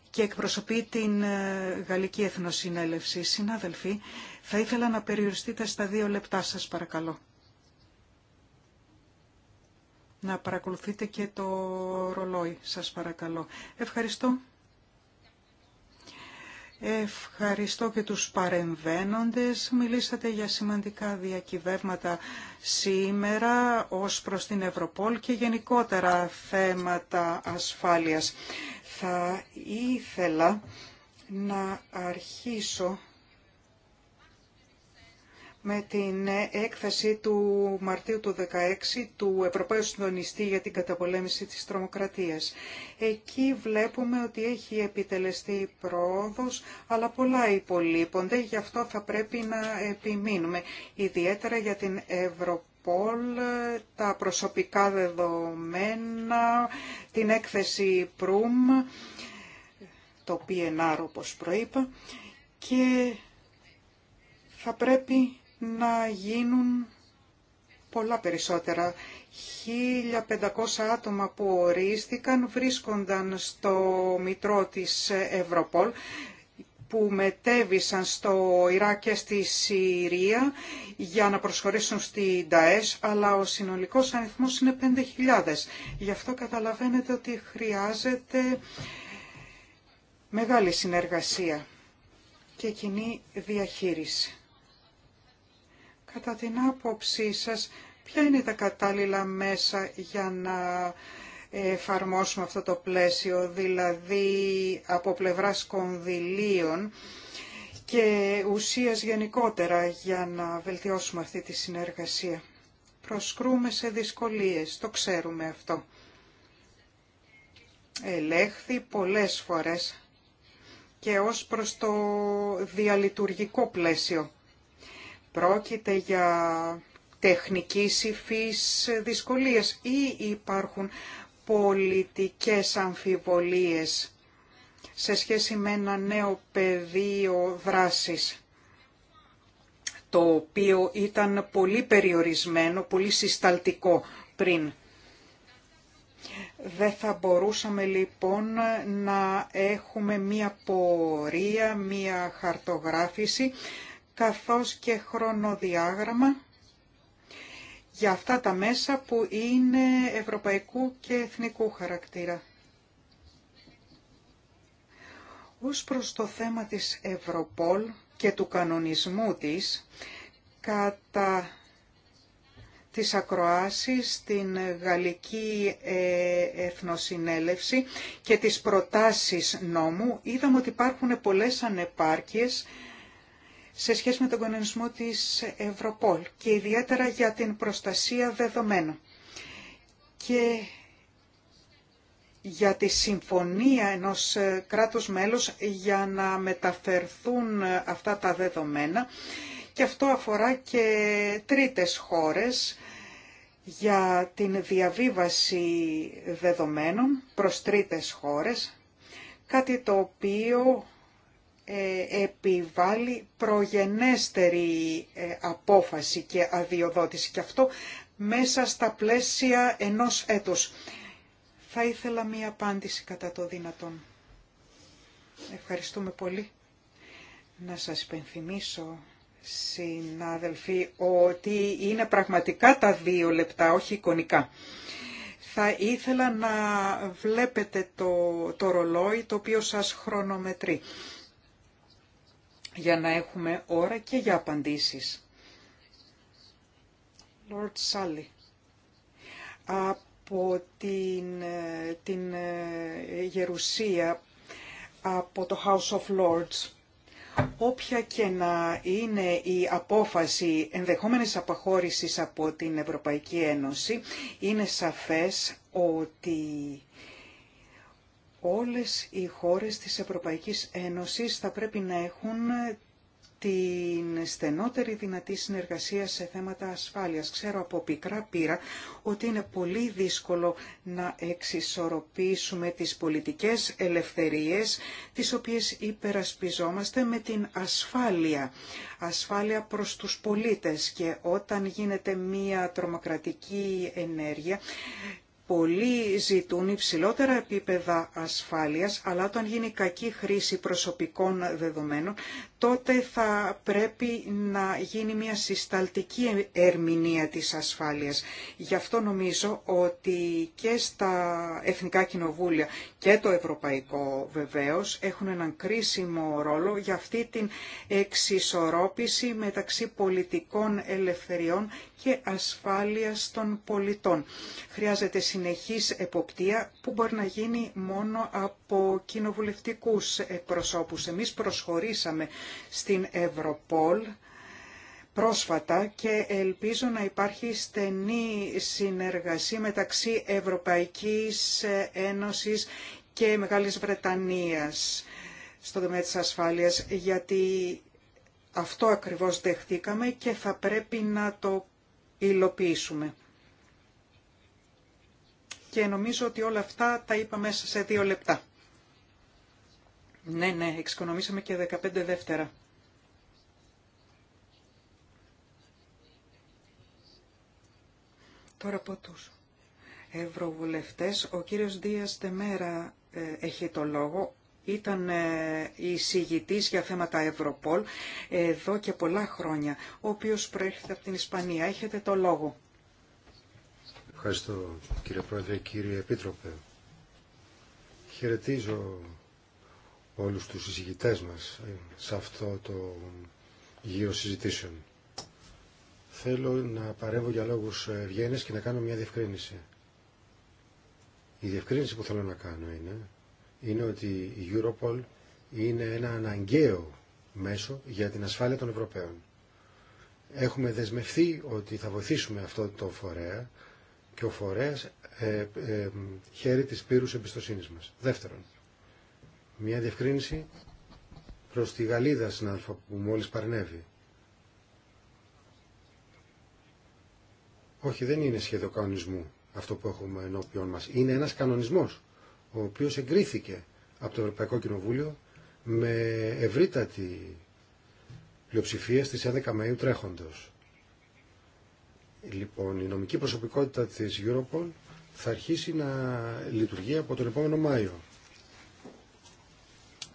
B: και εκπροσωπεί την ε, Γαλλική Εθνοσυνέλευση. Συνάδελφοι, θα ήθελα να περιοριστείτε στα δύο λεπτά σας παρακαλώ. Να παρακολουθείτε και το ρολόι σας παρακαλώ. Ευχαριστώ. Ευχαριστώ και τους παρεμβαίνοντες. Μιλήσατε για σημαντικά διακυβέρματα σήμερα ως προς την Ευρωπόλ και γενικότερα θέματα ασφάλειας. Θα ήθελα να αρχίσω με την έκθεση του Μαρτίου του 2016 του Ευρωπαίου Συντονιστή για την καταπολέμηση της τρομοκρατίας. Εκεί βλέπουμε ότι έχει επιτελεστεί πρόοδος, αλλά πολλά υπολείπονται, γι' αυτό θα πρέπει να επιμείνουμε. Ιδιαίτερα για την Ευρωπόλ, τα προσωπικά δεδομένα, την έκθεση Προύμ, το PNR όπως προείπα, και θα πρέπει να γίνουν πολλά περισσότερα. 1.500 άτομα που ορίστηκαν βρίσκονταν στο Μητρό της Ευρωπόλ που μετέβησαν στο Ιράκ και στη Συρία για να προσχωρήσουν στη ΝΤΑΕΣ, αλλά ο συνολικός αριθμός είναι 5.000. Γι' αυτό καταλαβαίνετε ότι χρειάζεται μεγάλη συνεργασία και κοινή διαχείριση. Κατά την άποψή σας, ποια είναι τα κατάλληλα μέσα για να εφαρμόσουμε αυτό το πλαίσιο, δηλαδή από πλευρά κονδυλίων και ουσίας γενικότερα για να βελτιώσουμε αυτή τη συνεργασία. Προσκρούμε σε δυσκολίες, το ξέρουμε αυτό. Ελέγχθη πολλές φορές και ως προς το διαλειτουργικό πλαίσιο. Πρόκειται για τεχνικής υφής δυσκολίες ή υπάρχουν πολιτικές αμφιβολίες σε σχέση με ένα νέο πεδίο δράσης το οποίο ήταν πολύ περιορισμένο, πολύ συσταλτικό πριν. Δεν θα μπορούσαμε λοιπόν να έχουμε μία πορεία, μία χαρτογράφηση καθώς και χρονοδιάγραμμα για αυτά τα μέσα που είναι ευρωπαϊκού και εθνικού χαρακτήρα. Ως προς το θέμα της Ευρωπόλ και του κανονισμού της, κατά τις ακροάσεις στην Γαλλική ε, Εθνοσυνέλευση και τις προτάσεις νόμου, είδαμε ότι υπάρχουν πολλές ανεπάρκειες σε σχέση με τον κανονισμό της Ευρωπόλ και ιδιαίτερα για την προστασία δεδομένων. Και για τη συμφωνία ενός ε, κράτους μέλους για να μεταφερθούν ε, αυτά τα δεδομένα και αυτό αφορά και τρίτες χώρες για την διαβίβαση δεδομένων προς τρίτες χώρες, κάτι το οποίο ε, επιβάλλει προγενέστερη ε, απόφαση και αδειοδότηση και αυτό μέσα στα πλαίσια ενός έτους. Θα ήθελα μία απάντηση κατά το δυνατόν. Ευχαριστούμε πολύ. Να σας υπενθυμίσω, συνάδελφοι, ότι είναι πραγματικά τα δύο λεπτά, όχι εικονικά. Θα ήθελα να βλέπετε το, το ρολόι το οποίο σας χρονομετρεί για να έχουμε ώρα και για απαντήσεις. Lord Sally. Από την, ε, την ε, Γερουσία, από το House of Lords, όποια και να είναι η απόφαση ενδεχόμενης απαχώρησης από την Ευρωπαϊκή Ένωση, είναι σαφές ότι όλες οι χώρες της Ευρωπαϊκής Ένωσης θα πρέπει να έχουν την στενότερη δυνατή συνεργασία σε θέματα ασφάλειας. Ξέρω από πικρά πείρα ότι είναι πολύ δύσκολο να εξισορροπήσουμε τις πολιτικές ελευθερίες τις οποίες υπερασπιζόμαστε με την ασφάλεια. Ασφάλεια προς τους πολίτες και όταν γίνεται μία τρομοκρατική ενέργεια πολλοί ζητούν υψηλότερα επίπεδα ασφάλειας, αλλά όταν γίνει κακή χρήση προσωπικών δεδομένων, τότε θα πρέπει να γίνει μια συσταλτική ερμηνεία της ασφάλειας. Γι' αυτό νομίζω ότι και στα Εθνικά Κοινοβούλια και το Ευρωπαϊκό βεβαίως έχουν έναν κρίσιμο ρόλο για αυτή την εξισορρόπηση μεταξύ πολιτικών ελευθεριών και ασφάλειας των πολιτών. Χρειάζεται συνεχής εποπτεία που μπορεί να γίνει μόνο από κοινοβουλευτικούς εκπροσώπους. Εμείς προσχωρήσαμε στην Ευρωπόλ πρόσφατα και ελπίζω να υπάρχει στενή συνεργασία μεταξύ Ευρωπαϊκής Ένωσης και Μεγάλης Βρετανίας στο τομέα της ασφάλειας, γιατί αυτό ακριβώς δεχτήκαμε και θα πρέπει να το υλοποιήσουμε και νομίζω ότι όλα αυτά τα είπα μέσα σε δύο λεπτά. Ναι, ναι, εξοικονομήσαμε και 15 δεύτερα. Τώρα από τους ευρωβουλευτές, ο κύριος Δίας Τεμέρα ε, έχει το λόγο. Ήταν ε, εισηγητής για θέματα Ευρωπόλ ε, εδώ και πολλά χρόνια, ο οποίος προέρχεται από την Ισπανία. Έχετε το λόγο.
C: Ευχαριστώ κύριε Πρόεδρε, κύριε Επίτροπε. Χαιρετίζω όλους τους συζητητές μας ε, σε αυτό το γύρο συζητήσεων. Θέλω να παρέμβω για λόγους ευγένειας και να κάνω μια διευκρίνηση. Η διευκρίνηση που θέλω να κάνω είναι, είναι ότι η Europol είναι ένα αναγκαίο μέσο για την ασφάλεια των Ευρωπαίων. Έχουμε δεσμευθεί ότι θα βοηθήσουμε αυτό το φορέα και ο φορέας ε, ε, χέρι της πύρους εμπιστοσύνης μας. Δεύτερον, μια διευκρίνηση προς τη Γαλλίδα συνάδελφα που μόλις παρνεύει. Όχι, δεν είναι σχέδιο κανονισμού αυτό που έχουμε ενώπιον μας. Είναι ένας κανονισμός, ο οποίος εγκρίθηκε από το Ευρωπαϊκό Κοινοβούλιο με ευρύτατη πλειοψηφία στις 11 Μαΐου τρέχοντος. Λοιπόν, η νομική προσωπικότητα της Europol θα αρχίσει να λειτουργεί από τον επόμενο Μάιο.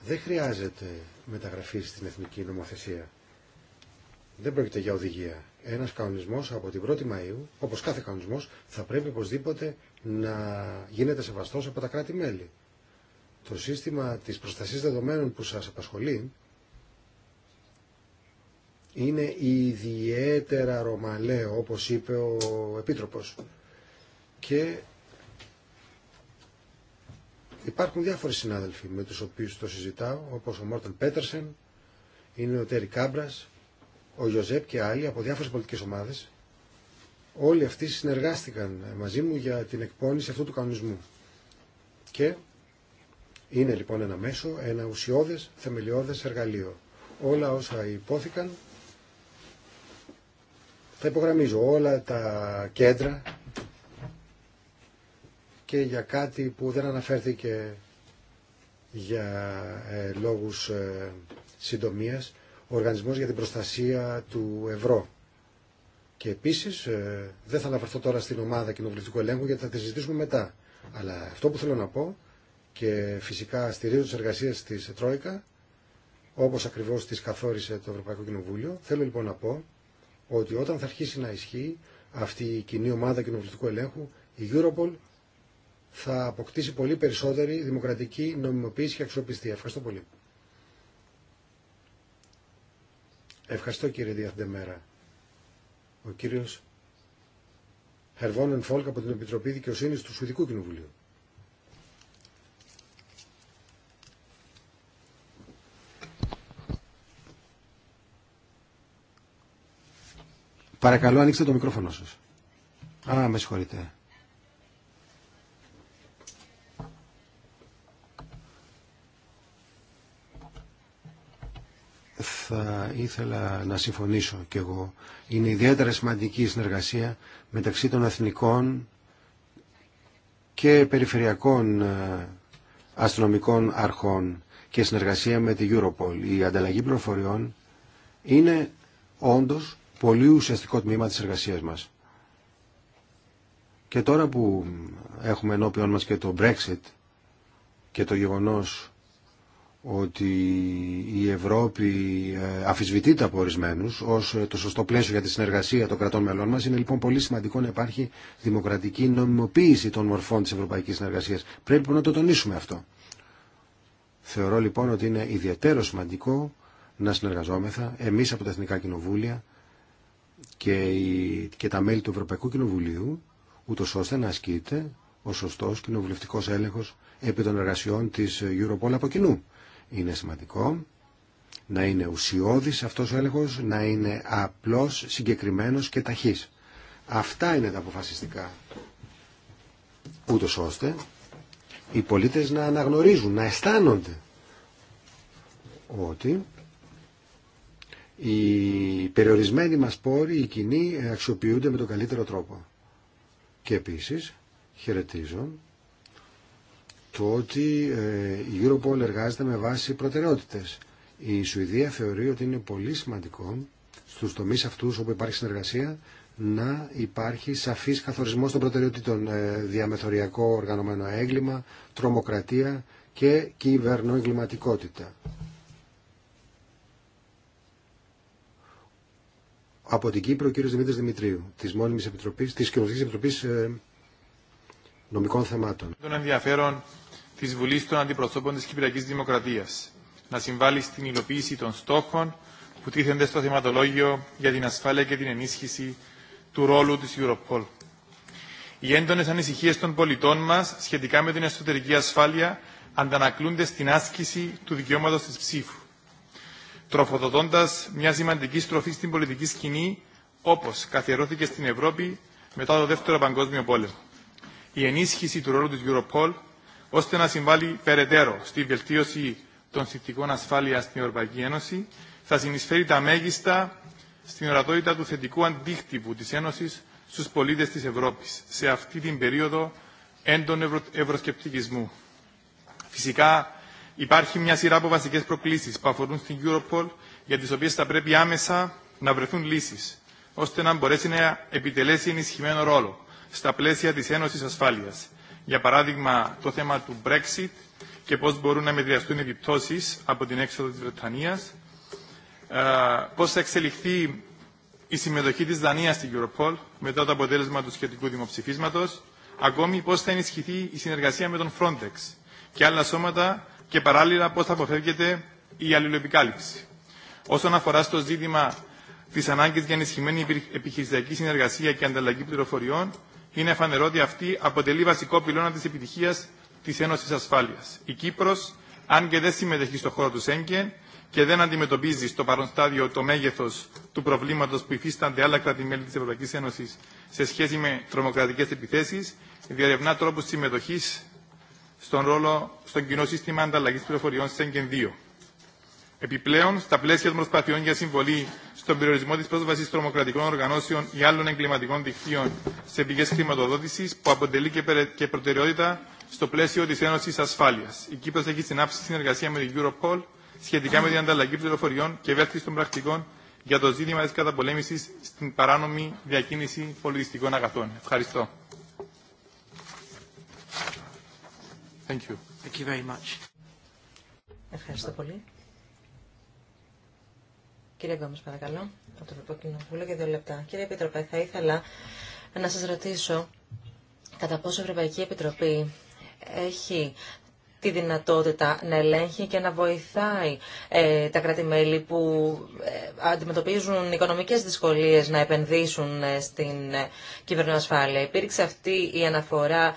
C: Δεν χρειάζεται μεταγραφή στην εθνική νομοθεσία. Δεν πρόκειται για οδηγία. Ένας κανονισμός από την 1η Μαΐου, όπως κάθε κανονισμός, θα πρέπει οπωσδήποτε να γίνεται σεβαστός από τα κράτη-μέλη. Το σύστημα της προστασίας δεδομένων που σας απασχολεί είναι ιδιαίτερα ρωμαλαίο, όπως είπε ο Επίτροπος. Και υπάρχουν διάφοροι συνάδελφοι με τους οποίους το συζητάω, όπως ο Μόρτεν Πέτερσεν, είναι ο Τέρι Κάμπρας, ο Ιωζέπ και άλλοι από διάφορες πολιτικές ομάδες. Όλοι αυτοί συνεργάστηκαν μαζί μου για την εκπόνηση αυτού του κανονισμού. Και είναι λοιπόν ένα μέσο, ένα ουσιώδες, θεμελιώδες εργαλείο. Όλα όσα υπόθηκαν θα υπογραμμίζω όλα τα κέντρα και για κάτι που δεν αναφέρθηκε για ε, λόγους ε, συντομίας, ο Οργανισμός για την Προστασία του Ευρώ. Και επίσης, ε, δεν θα αναφερθώ τώρα στην ομάδα κοινοβουλευτικού ελέγχου γιατί θα τη συζητήσουμε μετά. Αλλά αυτό που θέλω να πω και φυσικά στηρίζω τις εργασίες της Τρόικα, όπως ακριβώς τις καθόρισε το Ευρωπαϊκό Κοινοβούλιο, θέλω λοιπόν να πω ότι όταν θα αρχίσει να ισχύει αυτή η κοινή ομάδα κοινοβουλευτικού ελέγχου, η Europol θα αποκτήσει πολύ περισσότερη δημοκρατική νομιμοποίηση και αξιοπιστία. Ευχαριστώ πολύ. Ευχαριστώ κύριε Διαθντεμέρα. Ο κύριος Χερβόνεν Φόλκ από την Επιτροπή Δικαιοσύνης του Σουηδικού Κοινοβουλίου. Παρακαλώ ανοίξτε το μικρόφωνο σας. Α, με συγχωρείτε. θα ήθελα να συμφωνήσω κι εγώ. Είναι ιδιαίτερα σημαντική η συνεργασία μεταξύ των εθνικών και περιφερειακών ε, αστυνομικών αρχών και συνεργασία με τη Europol. Η ανταλλαγή πληροφοριών είναι όντως πολύ ουσιαστικό τμήμα της εργασίας μας. Και τώρα που έχουμε ενώπιον μας και το Brexit και το γεγονός ότι η Ευρώπη ε, αφισβητείται από ορισμένου ω ε, το σωστό πλαίσιο για τη συνεργασία των κρατών μελών μα. Είναι λοιπόν πολύ σημαντικό να υπάρχει δημοκρατική νομιμοποίηση των μορφών τη ευρωπαϊκή συνεργασία. Πρέπει λοιπόν να το τονίσουμε αυτό. Θεωρώ λοιπόν ότι είναι ιδιαίτερο σημαντικό να συνεργαζόμεθα εμεί από τα Εθνικά Κοινοβούλια και, και τα μέλη του Ευρωπαϊκού Κοινοβουλίου, ούτως ώστε να ασκείται ο σωστός κοινοβουλευτικός έλεγχος επί των εργασιών της Europol από κοινού. Είναι σημαντικό να είναι ουσιώδης αυτός ο έλεγχος, να είναι απλός, συγκεκριμένος και ταχύς. Αυτά είναι τα αποφασιστικά. Ούτως ώστε οι πολίτες να αναγνωρίζουν, να αισθάνονται ότι οι περιορισμένοι μας πόροι, οι κοινοί, αξιοποιούνται με τον καλύτερο τρόπο. Και επίσης χαιρετίζω το ότι ε, η Europol εργάζεται με βάση προτεραιότητες. Η Σουηδία θεωρεί ότι είναι πολύ σημαντικό στους τομείς αυτούς όπου υπάρχει συνεργασία να υπάρχει σαφής καθορισμός των προτεραιότητων ε, διαμεθοριακό οργανωμένο έγκλημα, τρομοκρατία και κυβερνοεγκληματικότητα. Από την Κύπρο ο κύριο Δημήτρη Δημητρίου, μόνιμη Επιτροπή, τη κοινοβουλευτική Επιτροπή ε, Νομικών Θεμάτων.
A: Των ενδιαφέρον τη Βουλή των Αντιπροσώπων τη Κυπριακή Δημοκρατία, να συμβάλλει στην υλοποίηση των στόχων που τίθενται στο θεματολόγιο για την ασφάλεια και την ενίσχυση του ρόλου τη Europol. Οι έντονε ανησυχίε των πολιτών μα σχετικά με την εσωτερική ασφάλεια αντανακλούνται στην άσκηση του δικαιώματο τη ψήφου τροφοδοτώντα μια σημαντική στροφή στην πολιτική σκηνή, όπω καθιερώθηκε στην Ευρώπη μετά το Δεύτερο Παγκόσμιο Πόλεμο. Η ενίσχυση του ρόλου του Europol, ώστε να συμβάλλει περαιτέρω στη βελτίωση των θετικών ασφάλεια στην Ευρωπαϊκή Ένωση, θα συνεισφέρει τα μέγιστα στην ορατότητα του θετικού αντίκτυπου τη Ένωση στου πολίτε τη Ευρώπη σε αυτή την περίοδο έντονου ευρωσκεπτικισμού. Φυσικά, Υπάρχει μια σειρά από βασικέ προκλήσει που αφορούν στην Europol, για τι οποίε θα πρέπει άμεσα να βρεθούν λύσει, ώστε να μπορέσει να επιτελέσει ενισχυμένο ρόλο στα πλαίσια τη Ένωση Ασφάλεια. Για παράδειγμα, το θέμα του Brexit και πώ μπορούν να μετριαστούν επιπτώσει από την έξοδο τη Βρετανία, ε, πώ θα εξελιχθεί η συμμετοχή τη Δανία στην Europol μετά το αποτέλεσμα του σχετικού δημοψηφίσματο, ακόμη πώ θα ενισχυθεί η συνεργασία με τον Frontex και άλλα σώματα και παράλληλα πώς θα αποφεύγεται η αλληλοεπικάλυψη. Όσον αφορά στο ζήτημα τη ανάγκη για ενισχυμένη επιχειρησιακή συνεργασία και ανταλλαγή πληροφοριών, είναι φανερό ότι αυτή αποτελεί βασικό πυλώνα τη επιτυχία τη Ένωση Ασφάλεια. Η Κύπρο, αν και δεν συμμετέχει στον χώρο του Σέγγεν και δεν αντιμετωπίζει στο παρόν στάδιο το μέγεθο του προβλήματο που υφίστανται άλλα κράτη-μέλη τη Ευρωπαϊκή Ένωση σε σχέση με τρομοκρατικέ επιθέσει, διαρευνά τρόπου συμμετοχή στον ρόλο στο κοινό σύστημα ανταλλαγή πληροφοριών Σέγγεν 2. Επιπλέον, στα πλαίσια των προσπαθειών για συμβολή στον περιορισμό τη πρόσβαση τρομοκρατικών οργανώσεων ή άλλων εγκληματικών δικτύων σε πηγέ χρηματοδότηση, που αποτελεί και προτεραιότητα στο πλαίσιο τη Ένωση Ασφάλεια. Η Κύπρο έχει συνάψει συνεργασία με την Europol σχετικά με την ανταλλαγή πληροφοριών και των πρακτικών για το ζήτημα τη καταπολέμηση στην παράνομη διακίνηση πολιτιστικών αγαθών. Ευχαριστώ.
D: Ευχαριστώ πολύ. Κύριε Γκόμες, παρακαλώ, από το Ευρωπαϊκό Κοινοβούλιο για δύο λεπτά. Κύριε Επιτροπέ, θα ήθελα να σας ρωτήσω κατά πόσο η Ευρωπαϊκή Επιτροπή έχει τη δυνατότητα να ελέγχει και να βοηθάει ε, τα κράτη-μέλη που ε, αντιμετωπίζουν οικονομικές δυσκολίες να επενδύσουν ε, στην ε, κυβερνοασφάλεια. Υπήρξε αυτή η αναφορά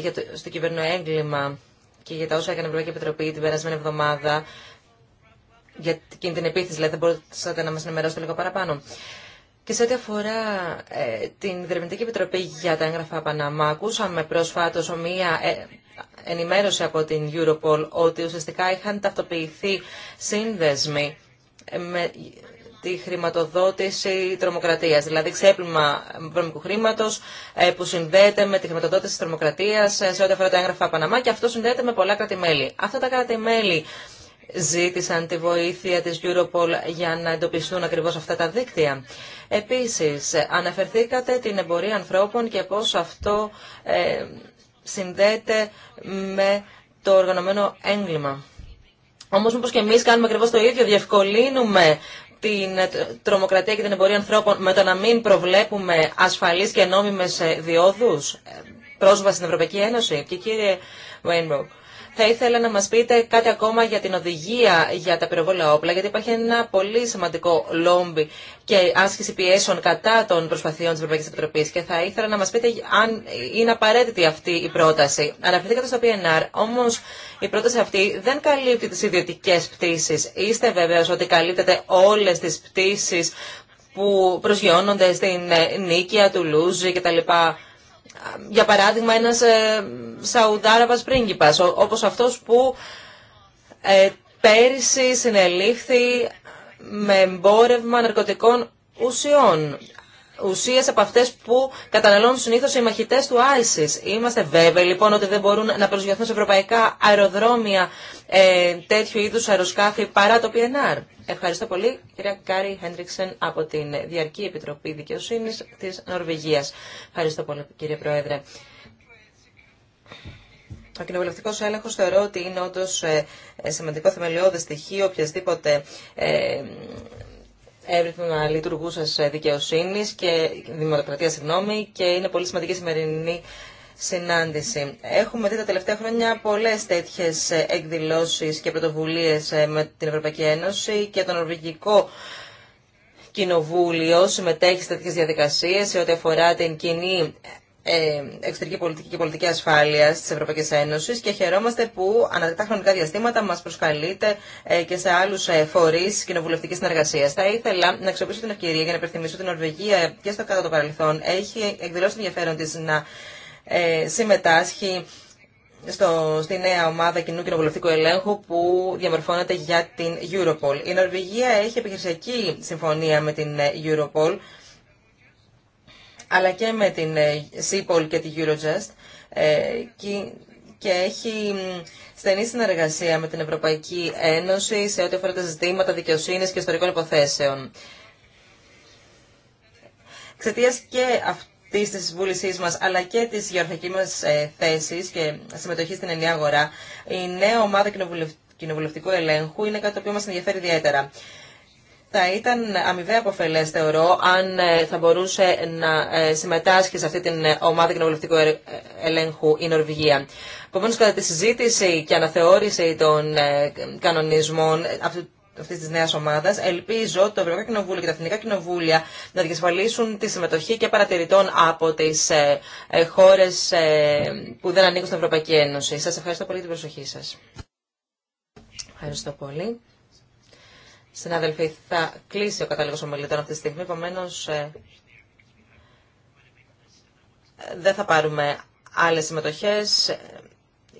D: για το, στο κυβερνοέγκλημα και για τα όσα έκανε η Ευρωπαϊκή Επιτροπή την περασμένη εβδομάδα για την, την επίθεση, δηλαδή δεν μπορούσατε να μας ενημερώσετε λίγο παραπάνω. Και σε ό,τι αφορά την Διερευνητική Επιτροπή για τα έγγραφα Παναμά, ακούσαμε πρόσφατος μία ενημέρωση από την Europol ότι ουσιαστικά είχαν ταυτοποιηθεί σύνδεσμοι με τη χρηματοδότηση τρομοκρατία, δηλαδή ξέπλυμα βρώμικου χρήματος ε, που συνδέεται με τη χρηματοδότηση της τρομοκρατίας ε, σε ό,τι αφορά τα έγγραφα Παναμά και αυτό συνδέεται με πολλά κράτη-μέλη. Αυτά τα κράτη-μέλη ζήτησαν τη βοήθεια της Europol για να εντοπιστούν ακριβώς αυτά τα δίκτυα. Επίσης, ε, αναφερθήκατε την εμπορία ανθρώπων και πώς αυτό συνδέεται με το οργανωμένο έγκλημα. Όμως μήπω και εμεί κάνουμε ακριβώ το ίδιο, διευκολύνουμε την τρομοκρατία και την εμπορία ανθρώπων με το να μην προβλέπουμε ασφαλείς και νόμιμες ε, διόδου ε, πρόσβαση στην Ευρωπαϊκή Ένωση. Και κύριε Βέινμπρουκ, θα ήθελα να μας πείτε κάτι ακόμα για την οδηγία για τα πυροβόλα όπλα, γιατί υπάρχει ένα πολύ σημαντικό λόμπι και άσκηση πιέσεων κατά των προσπαθειών της Ευρωπαϊκής Επιτροπής και θα ήθελα να μας πείτε αν είναι απαραίτητη αυτή η πρόταση. Αναφερθήκατε στο PNR, όμως η πρόταση αυτή δεν καλύπτει τις ιδιωτικές πτήσεις. Είστε βέβαιος ότι καλύπτεται όλες τις πτήσεις που προσγειώνονται στην ε, νίκια του Λούζη κτλ για παράδειγμα, ένας ε, Σαουδάραβας πρίγκιπας, όπως αυτός που ε, πέρυσι συνελήφθη με εμπόρευμα ναρκωτικών ουσιών ουσίες από αυτές που καταναλώνουν συνήθως οι μαχητές του Άισις. Είμαστε βέβαιοι λοιπόν ότι δεν μπορούν να προσγειωθούν σε ευρωπαϊκά αεροδρόμια ε, τέτοιου είδους αεροσκάφη παρά το PNR. Ευχαριστώ πολύ κυρία Κάρι Χέντριξεν από την Διαρκή Επιτροπή Δικαιοσύνης της Νορβηγίας. Ευχαριστώ πολύ κύριε Πρόεδρε. Ο κοινοβουλευτικό έλεγχο θεωρώ ότι είναι όντω ε, ε, σημαντικό θεμελιώδη στοιχείο οποιασδήποτε ε, εύρυθμα λειτουργούσα ε, δικαιοσύνη και δημοκρατία, συγγνώμη, και είναι πολύ σημαντική σημερινή συνάντηση. Έχουμε δει τα τελευταία χρόνια πολλέ τέτοιε εκδηλώσει και πρωτοβουλίε ε, με την Ευρωπαϊκή Ένωση και το Νορβηγικό Κοινοβούλιο συμμετέχει σε τέτοιε διαδικασίε σε ό,τι αφορά την κοινή ε, εξωτερική πολιτική και πολιτική ασφάλεια τη Ευρωπαϊκή Ένωση και χαιρόμαστε που τα χρονικά διαστήματα μα προσκαλείτε και σε άλλου ε, φορεί κοινοβουλευτική συνεργασία. Θα ήθελα να αξιοποιήσω την ευκαιρία για να υπενθυμίσω ότι η Νορβηγία και στο κάτω το παρελθόν έχει εκδηλώσει το ενδιαφέρον τη να ε, συμμετάσχει στο, στη νέα ομάδα κοινού κοινοβουλευτικού ελέγχου που διαμορφώνεται για την Europol. Η Νορβηγία έχει επιχειρησιακή συμφωνία με την Europol αλλά και με την ε, ΣΥΠΟΛ και τη Eurojust ε, και έχει στενή συνεργασία με την Ευρωπαϊκή Ένωση σε ό,τι αφορά τα ζητήματα δικαιοσύνης και ιστορικών υποθέσεων. Εξαιτία και αυτή τη βούλησή μα, αλλά και τη γεωργική μα ε, θέση και συμμετοχή στην ενιαία αγορά, η νέα ομάδα κοινοβουλευτικού ελέγχου είναι κάτι το οποίο μα ενδιαφέρει ιδιαίτερα θα ήταν αμοιβαία αποφελέ, θεωρώ αν ε, θα μπορούσε να ε, συμμετάσχει σε αυτή την ομάδα κοινοβουλευτικού ε, ελέγχου η Νορβηγία. Επομένω, κατά τη συζήτηση και αναθεώρηση των κανονισμών αυτή τη νέα ομάδα, ελπίζω το Ευρωπαϊκό Κοινοβούλιο και τα Εθνικά Κοινοβούλια να διασφαλίσουν τη συμμετοχή και παρατηρητών από τι χώρε που δεν ανήκουν στην Ευρωπαϊκή Ένωση. Σα ευχαριστώ πολύ την προσοχή σα. Ευχαριστώ πολύ. Συναδελφοί, θα κλείσει ο κατάλογος ομιλητών αυτή τη στιγμή, επομένω ε, δεν θα πάρουμε άλλες συμμετοχές.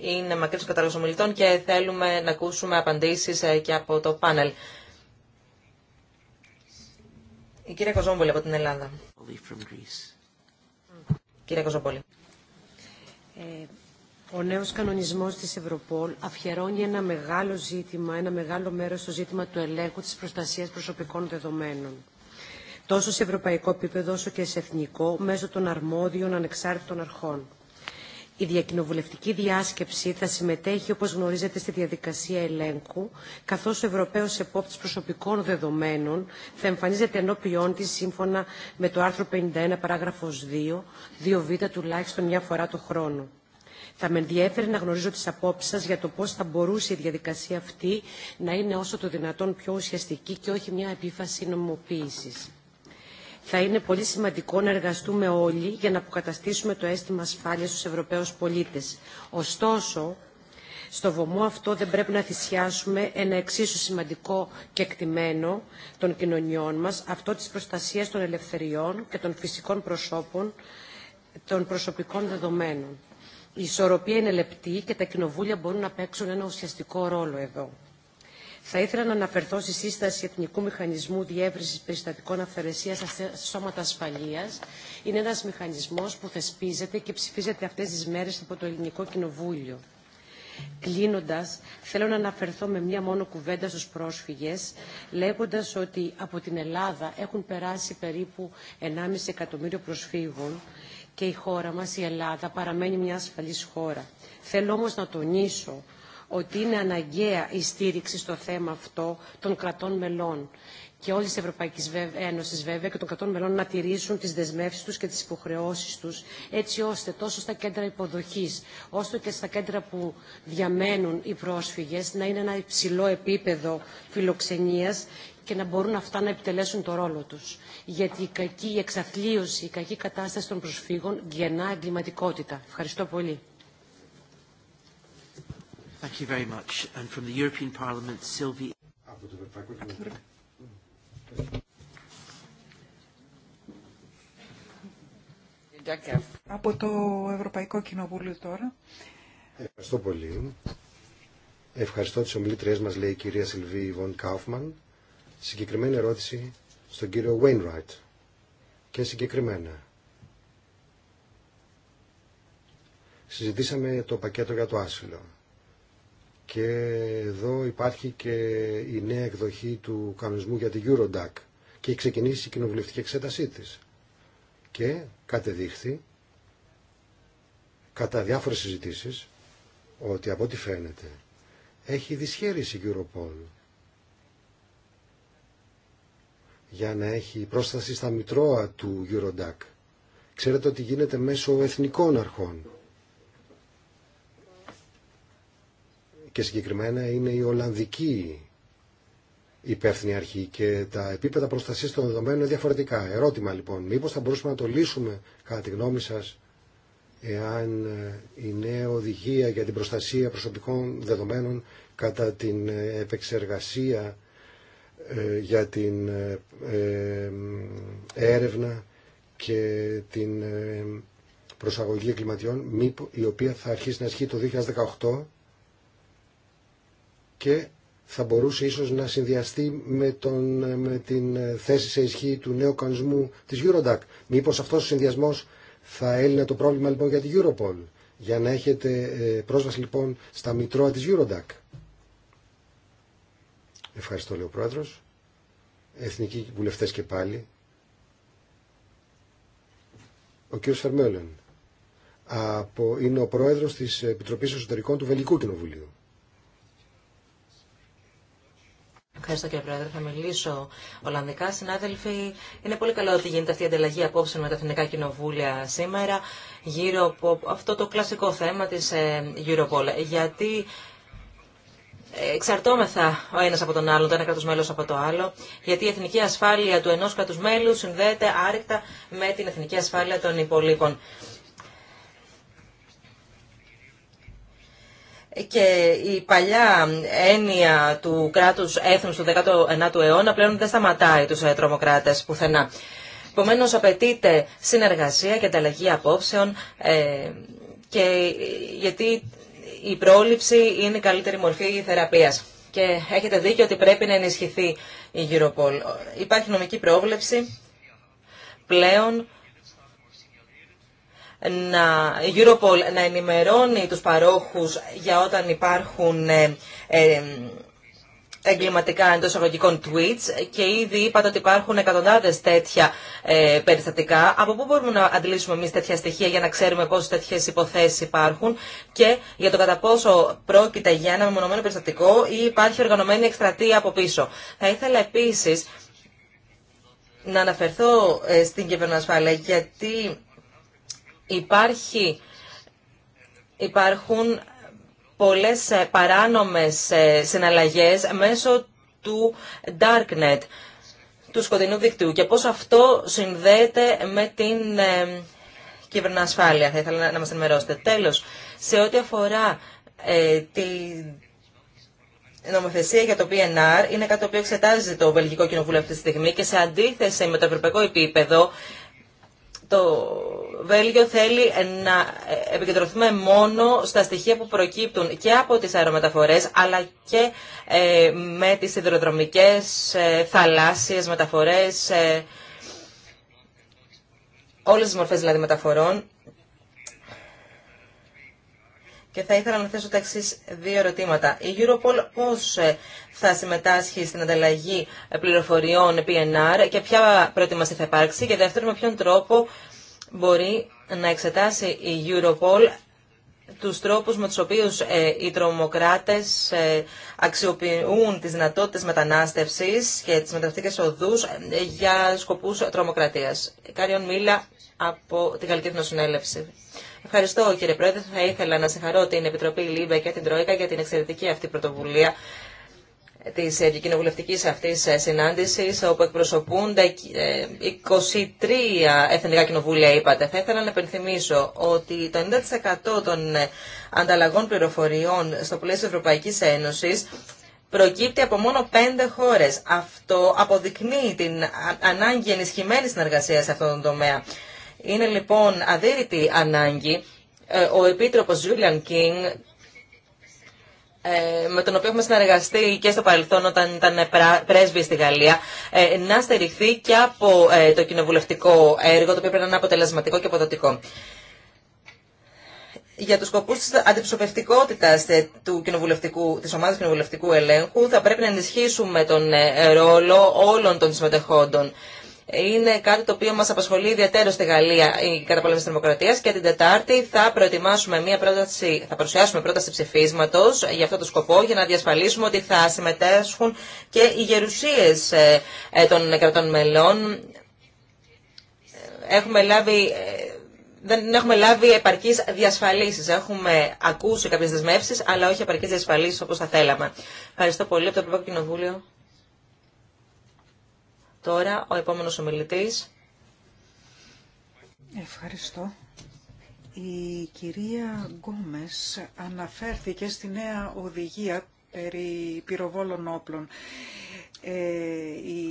D: Είναι μακρύς ο κατάλογος ομιλητών και θέλουμε να ακούσουμε απαντήσεις ε, και από το πάνελ. Η κυρία Κοζόμπολη από την Ελλάδα. Κυρία Κοζόμπολη.
E: Ε, ο νέος κανονισμός της Ευρωπόλ αφιερώνει ένα μεγάλο ζήτημα, ένα μεγάλο μέρος στο ζήτημα του ελέγχου της προστασίας προσωπικών δεδομένων. Τόσο σε ευρωπαϊκό επίπεδο όσο και σε εθνικό, μέσω των αρμόδιων ανεξάρτητων αρχών. Η διακοινοβουλευτική διάσκεψη θα συμμετέχει, όπως γνωρίζετε, στη διαδικασία ελέγχου, καθώς ο Ευρωπαίος Επόπτης Προσωπικών Δεδομένων θα εμφανίζεται ενώπιόν της σύμφωνα με το άρθρο 51 παράγραφος 2, 2β τουλάχιστον μια φορά το χρόνο. Θα με ενδιαφέρει να γνωρίζω τις απόψεις σας για το πώς θα μπορούσε η διαδικασία αυτή να είναι όσο το δυνατόν πιο ουσιαστική και όχι μια επίφαση νομοποίησης. Θα είναι πολύ σημαντικό να εργαστούμε όλοι για να αποκαταστήσουμε το αίσθημα ασφάλειας στους Ευρωπαίους πολίτες. Ωστόσο, στο βωμό αυτό δεν πρέπει να θυσιάσουμε ένα εξίσου σημαντικό και εκτιμένο των κοινωνιών μας, αυτό της προστασίας των ελευθεριών και των φυσικών προσώπων των προσωπικών δεδομένων. Η ισορροπία είναι λεπτή και τα κοινοβούλια μπορούν να παίξουν ένα ουσιαστικό ρόλο εδώ. Θα ήθελα να αναφερθώ στη σύσταση Εθνικού Μηχανισμού Διεύρυνση Περιστατικών Αυθαιρεσία στα σώματα ασφαλεία. Είναι ένα μηχανισμό που θεσπίζεται και ψηφίζεται αυτέ τι μέρε από το Ελληνικό Κοινοβούλιο. Κλείνοντα, θέλω να αναφερθώ με μία μόνο κουβέντα στου πρόσφυγε, λέγοντα ότι από την Ελλάδα έχουν περάσει περίπου 1,5 εκατομμύριο προσφύγων και η χώρα μας, η Ελλάδα, παραμένει μια ασφαλής χώρα. Θέλω όμως να τονίσω ότι είναι αναγκαία η στήριξη στο θέμα αυτό των κρατών μελών και όλη τη Ευρωπαϊκή Ένωση βέβαια και των κρατών μελών να τηρήσουν τι δεσμεύσει του και τι υποχρεώσει του, έτσι ώστε τόσο στα κέντρα υποδοχή, όσο και στα κέντρα που διαμένουν οι πρόσφυγε, να είναι ένα υψηλό επίπεδο φιλοξενία και να μπορούν αυτά να επιτελέσουν το ρόλο τους. Γιατί η κακή εξαθλίωση, η κακή κατάσταση των προσφύγων γεννά εγκληματικότητα. Ευχαριστώ πολύ. Thank you very much. And from the European
B: Από το Ευρωπαϊκό Κοινοβούλιο τώρα.
C: Ευχαριστώ πολύ. Ευχαριστώ τις ομιλήτριές μας, λέει η κυρία Σιλβή Ιβον Κάουφμαν συγκεκριμένη ερώτηση στον κύριο Wainwright και συγκεκριμένα. Συζητήσαμε το πακέτο για το άσυλο και εδώ υπάρχει και η νέα εκδοχή του κανονισμού για την Eurodac και έχει ξεκινήσει η κοινοβουλευτική εξέτασή της. Και κατεδείχθη κατά διάφορες συζητήσεις ότι από ό,τι φαίνεται έχει δυσχέρηση η Europol για να έχει πρόσταση στα μητρώα του Eurodac. Ξέρετε ότι γίνεται μέσω εθνικών αρχών. Και συγκεκριμένα είναι η Ολλανδική υπεύθυνη αρχή και τα επίπεδα προστασίας των δεδομένων είναι διαφορετικά. Ερώτημα λοιπόν, μήπως θα μπορούσαμε να το λύσουμε κατά τη γνώμη σας εάν ε, η νέα οδηγία για την προστασία προσωπικών δεδομένων κατά την ε, επεξεργασία ε, για την ε, ε, έρευνα και την προσαγωγή κλιματιών η οποία θα αρχίσει να ισχύει το 2018 και θα μπορούσε ίσως να συνδυαστεί με, τον, με την θέση σε ισχύ του νέου κανονισμού της Eurodac. Μήπως αυτός ο συνδυασμός θα έλυνε το πρόβλημα λοιπόν για την Europol, για να έχετε πρόσβαση λοιπόν στα μητρώα της Eurodac. Ευχαριστώ, λέει ο Πρόεδρος. Εθνικοί βουλευτές και πάλι. Ο κ. Φερμέλεν από, είναι ο Πρόεδρος της Επιτροπής Εσωτερικών του Βελγικού Κοινοβουλίου.
D: Ευχαριστώ κύριε Πρόεδρε. Θα μιλήσω Ολλανδικά. Συνάδελφοι, είναι πολύ καλό ότι γίνεται αυτή η ανταλλαγή απόψε με τα εθνικά κοινοβούλια σήμερα γύρω από αυτό το κλασικό θέμα της ε, Europol. Γιατί εξαρτώμεθα ο ένα από τον άλλον, το ένα κράτο μέλο από το άλλο, γιατί η εθνική ασφάλεια του ενό κράτου μέλου συνδέεται άρρηκτα με την εθνική ασφάλεια των υπολείπων. Και η παλιά έννοια του κράτους έθνους του 19ου αιώνα πλέον δεν σταματάει τους ε, τρομοκράτες πουθενά. Επομένω, απαιτείται συνεργασία και ανταλλαγή απόψεων, ε, και γιατί η πρόληψη είναι η καλύτερη μορφή θεραπείας. Και έχετε δίκιο ότι πρέπει να ενισχυθεί η Europol. Υπάρχει νομική πρόβλεψη πλέον να, η Europol να ενημερώνει τους παρόχους για όταν υπάρχουν ε, ε, εγκληματικά εντό αγωγικών tweets και ήδη είπατε ότι υπάρχουν εκατοντάδες τέτοια ε, περιστατικά. Από πού μπορούμε να αντλήσουμε εμεί τέτοια στοιχεία για να ξέρουμε πόσε τέτοιε υποθέσει υπάρχουν και για το κατά πόσο πρόκειται για ένα μεμονωμένο περιστατικό ή υπάρχει οργανωμένη εκστρατεία από πίσω. Θα ήθελα επίση να αναφερθώ ε, στην κυβερνοασφάλεια γιατί υπάρχει, υπάρχουν πολλές ε, παράνομες ε, συναλλαγές μέσω του Darknet, του σκοτεινού δικτύου και πώς αυτό συνδέεται με την ε, Θα ήθελα να μας ενημερώσετε. Τέλος, σε ό,τι αφορά ε, τη νομοθεσία για το PNR, είναι κάτι το οποίο εξετάζεται το Βελγικό Κοινοβούλιο αυτή τη στιγμή και σε αντίθεση με το ευρωπαϊκό επίπεδο, το Βέλγιο θέλει να ε, επικεντρωθούμε μόνο στα στοιχεία που προκύπτουν και από τις αερομεταφορές αλλά και ε, με τις ε, θαλάσσιες μεταφορές, ε, όλες τις μορφές δηλαδή μεταφορών και θα ήθελα να θέσω τα εξή δύο ερωτήματα. Η Europol πώ ε, θα συμμετάσχει στην ανταλλαγή πληροφοριών PNR και ποια προετοιμασία θα υπάρξει και δεύτερον με ποιον τρόπο μπορεί να εξετάσει η Europol τους τρόπους με τους οποίους ε, οι τρομοκράτες ε, αξιοποιούν τις δυνατότητες μετανάστευσης και τις μεταναστευτικές οδούς για σκοπούς τρομοκρατίας. Κάριον Μίλα από τη Γαλλική Εθνοσυνέλευση. Ευχαριστώ κύριε Πρόεδρε. Θα ήθελα να συγχαρώ την Επιτροπή Λίμπε και την Τρόικα για την εξαιρετική αυτή πρωτοβουλία τη κοινοβουλευτική αυτή συνάντηση, όπου εκπροσωπούνται 23 ε, εθνικά κοινοβούλια, είπατε. Θα ήθελα να υπενθυμίσω ότι το 90% των ανταλλαγών πληροφοριών στο πλαίσιο Ευρωπαϊκή Ένωση προκύπτει από μόνο πέντε χώρε. Αυτό αποδεικνύει την ανάγκη ενισχυμένη συνεργασίας σε αυτόν τον τομέα. Είναι λοιπόν αδύρυτη ανάγκη ε, ο Επίτροπος Julian King ε, με τον οποίο έχουμε συνεργαστεί και στο παρελθόν όταν ήταν πρέσβη στη Γαλλία, ε, να στερηθεί και από το κοινοβουλευτικό έργο, το οποίο πρέπει να είναι αποτελεσματικό και αποδοτικό. Για τους σκοπούς της αντιπροσωπευτικότητας του κοινοβουλευτικού, της ομάδας κοινοβουλευτικού ελέγχου θα πρέπει να ενισχύσουμε τον ρόλο όλων των συμμετεχόντων είναι κάτι το οποίο μα απασχολεί ιδιαίτερο στη Γαλλία η καταπολέμηση τη δημοκρατίας και την Τετάρτη θα προετοιμάσουμε μια πρόταση, θα παρουσιάσουμε πρόταση ψηφίσματο για αυτό το σκοπό για να διασφαλίσουμε ότι θα συμμετέσχουν και οι γερουσίες ε, ε, των κρατών μελών. Έχουμε λάβει ε, δεν έχουμε λάβει επαρκείς διασφαλίσεις. Έχουμε ακούσει κάποιες δεσμεύσεις, αλλά όχι επαρκείς διασφαλίσεις όπως θα θέλαμε. Ευχαριστώ πολύ από το Ευρωπαϊκό Κοινοβούλιο. Τώρα ο επόμενος ομιλητής.
B: Ευχαριστώ. Η κυρία Γκόμες αναφέρθηκε στη νέα οδηγία περί πυροβόλων όπλων. Ε, η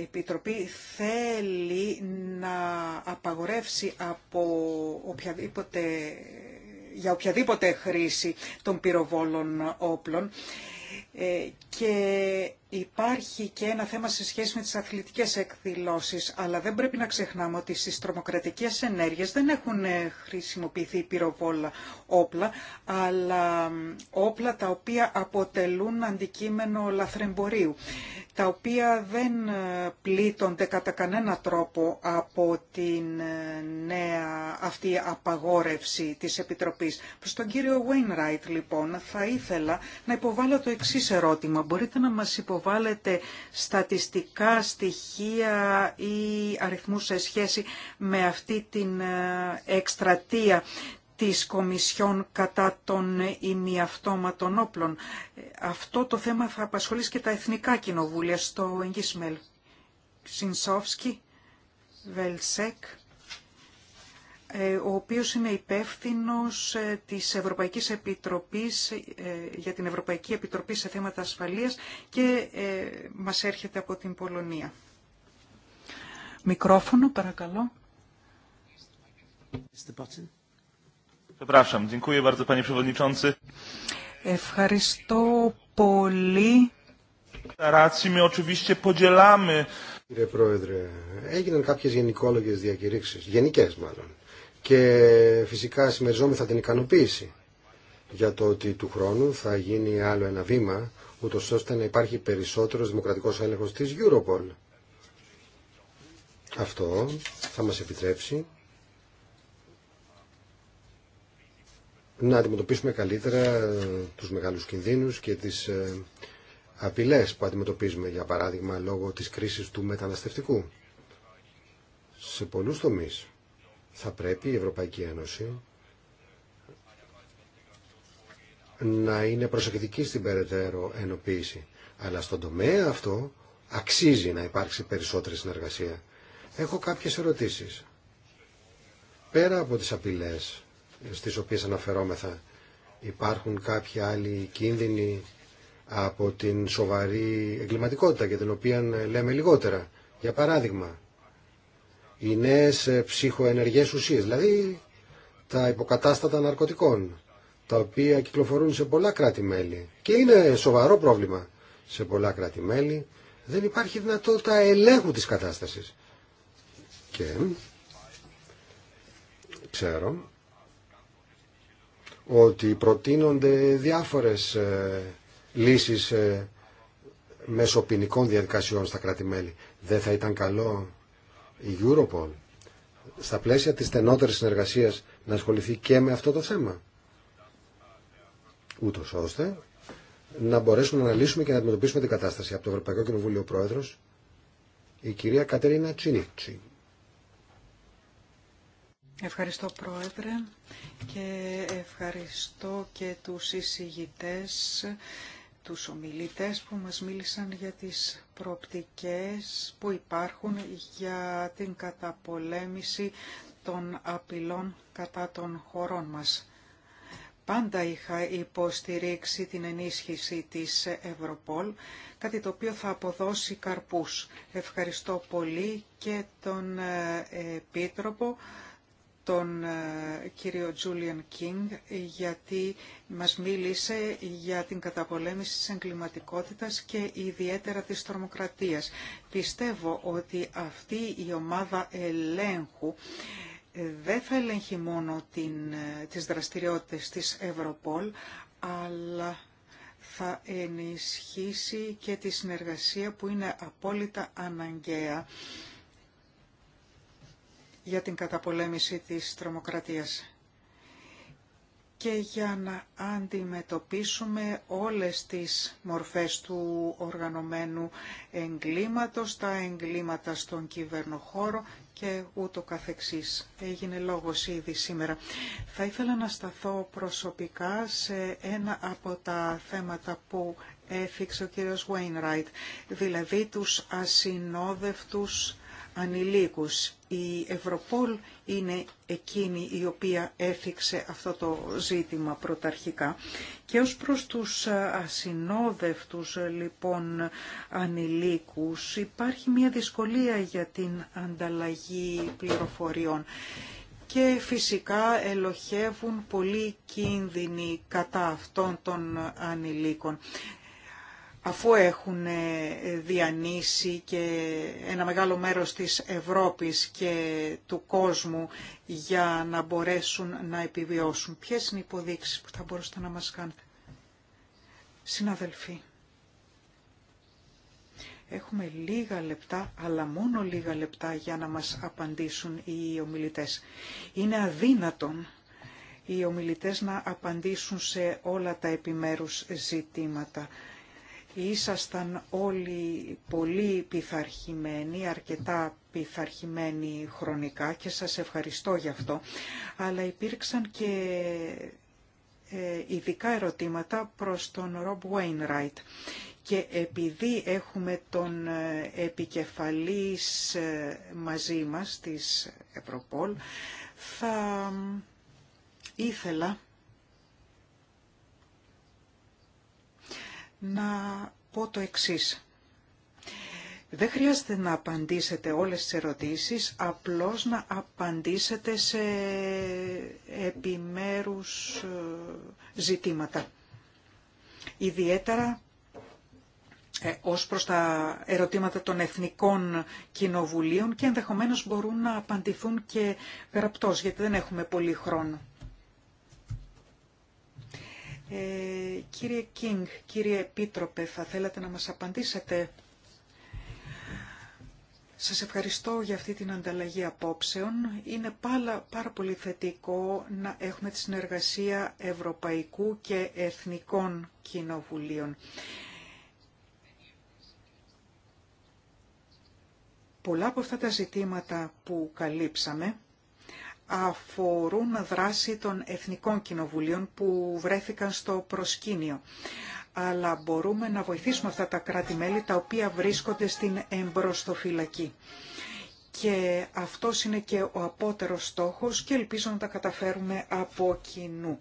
B: Επιτροπή θέλει να απαγορεύσει από οποιαδήποτε, για οποιαδήποτε χρήση των πυροβόλων όπλων ε, και Υπάρχει και ένα θέμα σε σχέση με τις αθλητικές εκδηλώσεις, αλλά δεν πρέπει να ξεχνάμε ότι στις τρομοκρατικές ενέργειες δεν έχουν ε, χρησιμοποιηθεί πυροβόλα όπλα, αλλά όπλα τα οποία αποτελούν αντικείμενο λαθρεμπορίου, τα οποία δεν ε, πλήττονται κατά κανένα τρόπο από την ε, νέα αυτή απαγόρευση της Επιτροπής. Προς τον κύριο Wainwright, λοιπόν, θα ήθελα να υποβάλω το εξής ερώτημα. Μπορείτε να μας υποβάλλετε στατιστικά στοιχεία ή αριθμούς σε σχέση με αυτή την ε, εκστρατεία της Κομισιόν κατά των ημιαυτόματων όπλων. Αυτό το θέμα θα απασχολήσει και τα Εθνικά Κοινοβούλια στο Εγγισμέλ. Σινσόφσκι, Βελσέκ, ε, ο οποίος είναι υπεύθυνος ε, της Ευρωπαϊκής Επιτροπής, ε, για την Ευρωπαϊκή Επιτροπή σε θέματα ασφαλείας και μας έρχεται από την Πολωνία. Μικρόφωνο, παρακαλώ. Ευχαριστώ πολύ.
A: Κύριε Πρόεδρε,
C: έγιναν κάποιες γενικόλογες διακηρύξεις, γενικές μάλλον, και φυσικά συμμεριζόμεθα την ικανοποίηση για το ότι του χρόνου θα γίνει άλλο ένα βήμα, ούτως ώστε να υπάρχει περισσότερος δημοκρατικός έλεγχος της Europol. Αυτό θα μας επιτρέψει να αντιμετωπίσουμε καλύτερα ε, τους μεγάλους κινδύνους και τις ε, απειλές που αντιμετωπίζουμε, για παράδειγμα, λόγω της κρίσης του μεταναστευτικού. Σε πολλούς τομείς θα πρέπει η Ευρωπαϊκή Ένωση να είναι προσεκτική στην περαιτέρω ενοποίηση. Αλλά στον τομέα αυτό αξίζει να υπάρξει περισσότερη συνεργασία. Έχω κάποιες ερωτήσεις. Πέρα από τις απειλές στις οποίες αναφερόμεθα. Υπάρχουν κάποιοι άλλοι κίνδυνοι από την σοβαρή εγκληματικότητα για την οποία λέμε λιγότερα. Για παράδειγμα, οι νέες ε, ψυχοενεργές ουσίες, δηλαδή τα υποκατάστατα ναρκωτικών, τα οποία κυκλοφορούν σε πολλά κράτη-μέλη και είναι σοβαρό πρόβλημα σε πολλά κράτη-μέλη, δεν υπάρχει δυνατότητα ελέγχου της κατάστασης. Και ξέρω ότι προτείνονται διάφορες ε, λύσεις ε, μέσω ποινικών διαδικασιών στα κράτη-μέλη. Δεν θα ήταν καλό η Europol στα πλαίσια της στενότερης συνεργασίας να ασχοληθεί και με αυτό το θέμα. Ούτω ώστε να μπορέσουμε να λύσουμε και να αντιμετωπίσουμε την κατάσταση. Από το Ευρωπαϊκό Κοινοβούλιο Πρόεδρος, η κυρία Κατερίνα Τσίνιτσιν.
B: Ευχαριστώ Πρόεδρε και ευχαριστώ και τους εισηγητές, τους ομιλητές που μας μίλησαν για τις προοπτικές που υπάρχουν για την καταπολέμηση των απειλών κατά των χωρών μας. Πάντα είχα υποστηρίξει την ενίσχυση της Ευρωπόλ, κάτι το οποίο θα αποδώσει καρπούς. Ευχαριστώ πολύ και τον ε, Επίτροπο τον ε, κύριο Τζούλιαν Κίνγκ γιατί μας μίλησε για την καταπολέμηση της εγκληματικότητας και ιδιαίτερα της τρομοκρατίας. Πιστεύω ότι αυτή η ομάδα ελέγχου ε, δεν θα ελέγχει μόνο την, ε, τις δραστηριότητες της Ευρωπόλ, αλλά θα ενισχύσει και τη συνεργασία που είναι απόλυτα αναγκαία για την καταπολέμηση της τρομοκρατίας και για να αντιμετωπίσουμε όλες τις μορφές του οργανωμένου εγκλήματος, τα εγκλήματα στον κυβερνοχώρο και ούτω καθεξής. Έγινε λόγος ήδη σήμερα. Θα ήθελα να σταθώ προσωπικά σε ένα από τα θέματα που έφυξε ο κύριος Wainwright, δηλαδή τους ασυνόδευτους ανηλίκους. Η Ευρωπόλ είναι εκείνη η οποία έφυξε αυτό το ζήτημα πρωταρχικά. Και ως προς τους ασυνόδευτους λοιπόν ανηλίκους υπάρχει μια δυσκολία για την ανταλλαγή πληροφοριών. Και φυσικά ελοχεύουν πολύ κίνδυνοι κατά αυτών των ανηλίκων αφού έχουν ε, διανύσει και ένα μεγάλο μέρος της Ευρώπης και του κόσμου για να μπορέσουν να επιβιώσουν. Ποιες είναι οι υποδείξεις που θα μπορούσατε να μας κάνετε. Συναδελφοί, έχουμε λίγα λεπτά, αλλά μόνο λίγα λεπτά για να μας απαντήσουν οι ομιλητές. Είναι αδύνατον οι ομιλητές να απαντήσουν σε όλα τα επιμέρους ζητήματα. Ήσασταν όλοι πολύ πειθαρχημένοι, αρκετά πειθαρχημένοι χρονικά και σας ευχαριστώ γι' αυτό. Αλλά υπήρξαν και ε, ειδικά ερωτήματα προς τον Ρομπ Βέινραιτ. Και επειδή έχουμε τον ε, επικεφαλής ε, μαζί μας της Ευρωπόλ, θα ήθελα να πω το εξής. Δεν χρειάζεται να απαντήσετε όλες τις ερωτήσεις, απλώς να απαντήσετε σε επιμέρους ε, ζητήματα. Ιδιαίτερα ε, ως προς τα ερωτήματα των εθνικών κοινοβουλίων και ενδεχομένως μπορούν να απαντηθούν και γραπτώς γιατί δεν έχουμε πολύ χρόνο. Ε, κύριε Κίνγκ, κύριε Επίτροπε, θα θέλατε να μας απαντήσετε. Σας ευχαριστώ για αυτή την ανταλλαγή απόψεων. Είναι πάρα, πάρα πολύ θετικό να έχουμε τη συνεργασία Ευρωπαϊκού και Εθνικών Κοινοβουλίων. Πολλά από αυτά τα ζητήματα που καλύψαμε αφορούν δράση των Εθνικών Κοινοβουλίων που βρέθηκαν στο προσκήνιο. Αλλά μπορούμε να βοηθήσουμε αυτά τα κράτη-μέλη τα οποία βρίσκονται στην εμπροστοφυλακή. Και αυτό είναι και ο απότερος στόχος και ελπίζω να τα καταφέρουμε από κοινού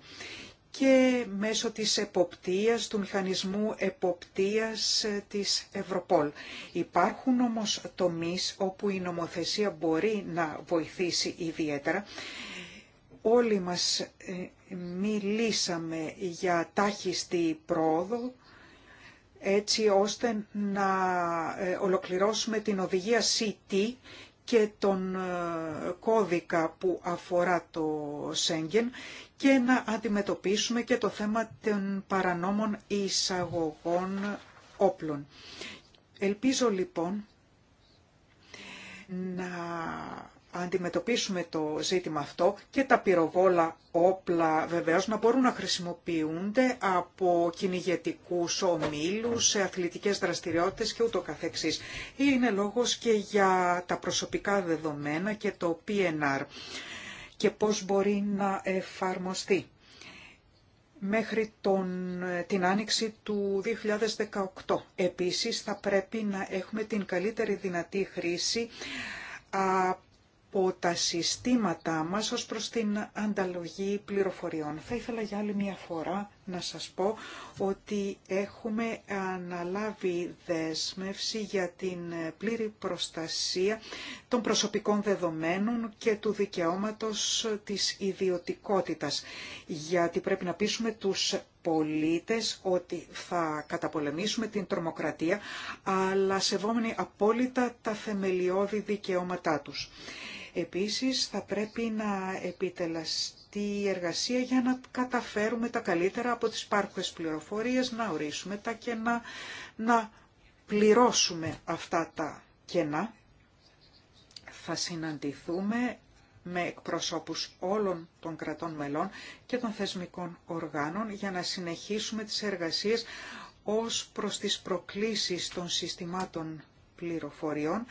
B: και μέσω της εποπτείας, του μηχανισμού εποπτείας ε, της Ευρωπόλ. Υπάρχουν όμως τομείς όπου η νομοθεσία μπορεί να βοηθήσει ιδιαίτερα. Όλοι μας ε, μιλήσαμε για τάχιστη πρόοδο, έτσι ώστε να ε, ολοκληρώσουμε την οδηγία CT και τον ε, κώδικα που αφορά το Σέγγεν και να αντιμετωπίσουμε και το θέμα των παρανόμων εισαγωγών όπλων. Ελπίζω λοιπόν να αντιμετωπίσουμε το ζήτημα αυτό και τα πυροβόλα όπλα βεβαίως να μπορούν να χρησιμοποιούνται από κυνηγετικού ομίλους, σε αθλητικές δραστηριότητες και ούτω καθεξής. Είναι λόγος και για τα προσωπικά δεδομένα και το PNR και πώς μπορεί να εφαρμοστεί μέχρι τον, την άνοιξη του 2018. Επίσης θα πρέπει να έχουμε την καλύτερη δυνατή χρήση από τα συστήματά μας ως προς την ανταλλογή πληροφοριών. Θα ήθελα για άλλη μια φορά να σας πω ότι έχουμε αναλάβει δέσμευση για την πλήρη προστασία των προσωπικών δεδομένων και του δικαιώματος της ιδιωτικότητας. Γιατί πρέπει να πείσουμε τους πολίτες ότι θα καταπολεμήσουμε την τρομοκρατία, αλλά σεβόμενοι απόλυτα τα θεμελιώδη δικαιώματά τους. Επίσης θα πρέπει να επιτελαστεί η εργασία για να καταφέρουμε τα καλύτερα από τις πάρκες πληροφορίες, να ορίσουμε τα κενά, να πληρώσουμε αυτά τα κενά. Θα συναντηθούμε με εκπροσώπους όλων των κρατών μελών και των θεσμικών οργάνων για να συνεχίσουμε τις εργασίες ως προς τις προκλήσεις των συστημάτων πληροφοριών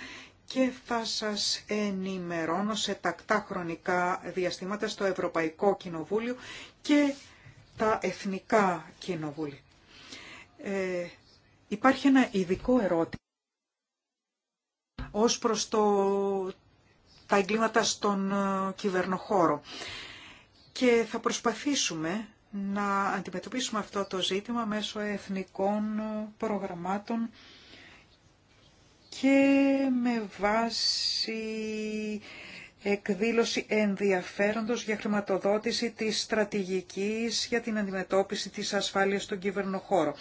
B: και θα σας ενημερώνω σε τακτά χρονικά διαστήματα στο Ευρωπαϊκό Κοινοβούλιο και τα Εθνικά Κοινοβούλια. Ε, υπάρχει ένα ειδικό ερώτημα ως προς το, τα εγκλήματα στον ε, κυβερνοχώρο. Και θα προσπαθήσουμε να αντιμετωπίσουμε αυτό το ζήτημα μέσω εθνικών ε, προγραμμάτων και με βάση εκδήλωση ενδιαφέροντος για χρηματοδότηση της στρατηγικής για την αντιμετώπιση της ασφάλειας στον κυβερνοχώρο.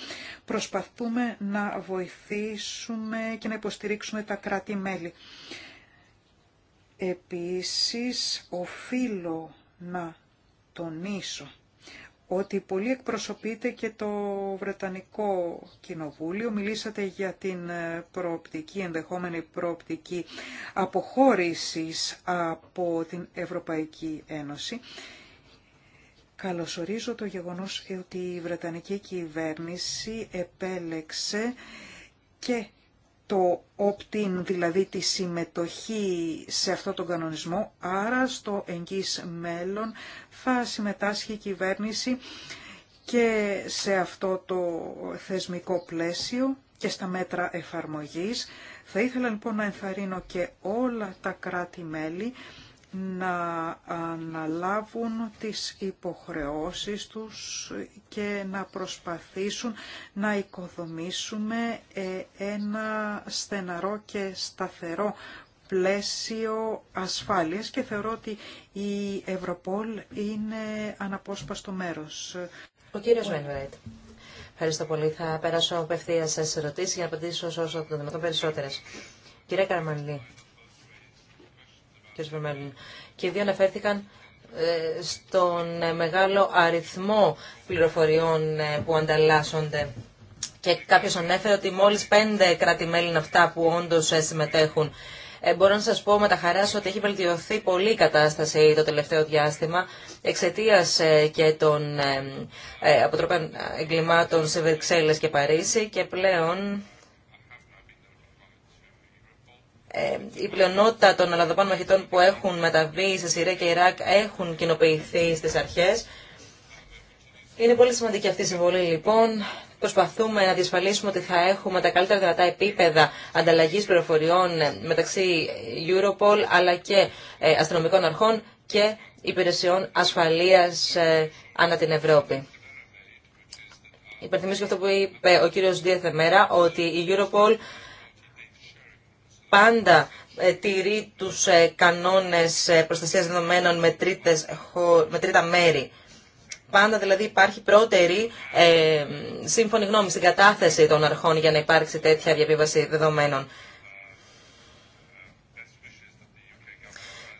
B: Προσπαθούμε να βοηθήσουμε και να υποστηρίξουμε τα κράτη-μέλη. Επίσης, οφείλω να τονίσω ότι πολύ εκπροσωπείται και το Βρετανικό Κοινοβούλιο. Μιλήσατε για την ε, προοπτική, ενδεχόμενη προοπτική αποχώρησης από την Ευρωπαϊκή Ένωση. Καλωσορίζω το γεγονός ότι η Βρετανική κυβέρνηση επέλεξε και το opt δηλαδή τη συμμετοχή σε αυτό τον κανονισμό, άρα στο εγγύς μέλλον θα συμμετάσχει η κυβέρνηση και σε αυτό το θεσμικό πλαίσιο και στα μέτρα εφαρμογής. Θα ήθελα λοιπόν να ενθαρρύνω και όλα τα κράτη-μέλη να αναλάβουν τις υποχρεώσεις τους και να προσπαθήσουν να οικοδομήσουμε ε, ένα στεναρό και σταθερό πλαίσιο ασφάλειας και θεωρώ ότι η Ευρωπόλ είναι αναπόσπαστο
D: μέρος. Ο κύριος Μένβρετ. Ευχαριστώ πολύ. Θα περάσω απευθεία σε ερωτήσει για να απαντήσω όσο το δυνατόν περισσότερε. Κύριε Καραμαλή, κ. Και οι δύο αναφέρθηκαν ε, στον ε, μεγάλο αριθμό πληροφοριών ε, που ανταλλάσσονται. Και κάποιο ανέφερε ότι μόλι πέντε κράτη-μέλη είναι αυτά που όντω συμμετέχουν. μπορώ να σα πω με τα χαρά ότι έχει βελτιωθεί πολύ η κατάσταση το τελευταίο διάστημα εξαιτία και των αποτρόπων εγκλημάτων σε Βερξέλλε και Παρίσι και πλέον ε, η πλειονότητα των Ελλαδοπών μαχητών που έχουν μεταβεί σε Συρία και Ιράκ έχουν κοινοποιηθεί στι αρχέ. Είναι πολύ σημαντική αυτή η συμβολή λοιπόν. Προσπαθούμε να διασφαλίσουμε ότι θα έχουμε τα καλύτερα δυνατά επίπεδα ανταλλαγής πληροφοριών ε, μεταξύ Europol αλλά και ε, αστυνομικών αρχών και υπηρεσιών ασφαλείας ανά την Ευρώπη. Υπενθυμίζω και αυτό που είπε ο κύριος Μέρα, ότι η Europol πάντα ε, τηρεί τους ε, κανόνες ε, προστασίας δεδομένων με, τρίτες, τρίτα μέρη. Πάντα δηλαδή υπάρχει πρώτερη σύμφωνη γνώμη στην κατάθεση των αρχών για να υπάρξει τέτοια διαβίβαση δεδομένων.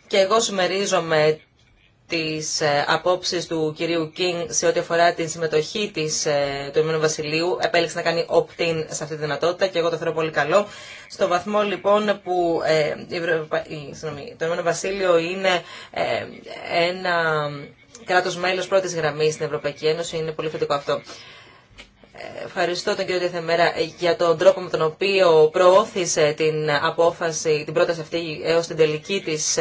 D: Και εγώ συμμερίζομαι τις ε, απόψεις του κυρίου Κίνγκ σε ό,τι αφορά την συμμετοχή της, ε, του Ηνωμένου Βασιλείου. Επέλεξε να κάνει opt-in σε αυτή τη δυνατότητα και εγώ το θεωρώ πολύ καλό. Στο βαθμό λοιπόν που ε, το Ηνωμένο Βασίλειο είναι ε, ένα κράτος μέλος πρώτης γραμμής στην Ευρωπαϊκή Ένωση, είναι πολύ θετικό αυτό. Ευχαριστώ τον κύριο Διαθεμέρα για τον τρόπο με τον οποίο προώθησε την απόφαση, την πρόταση αυτή έως την τελική της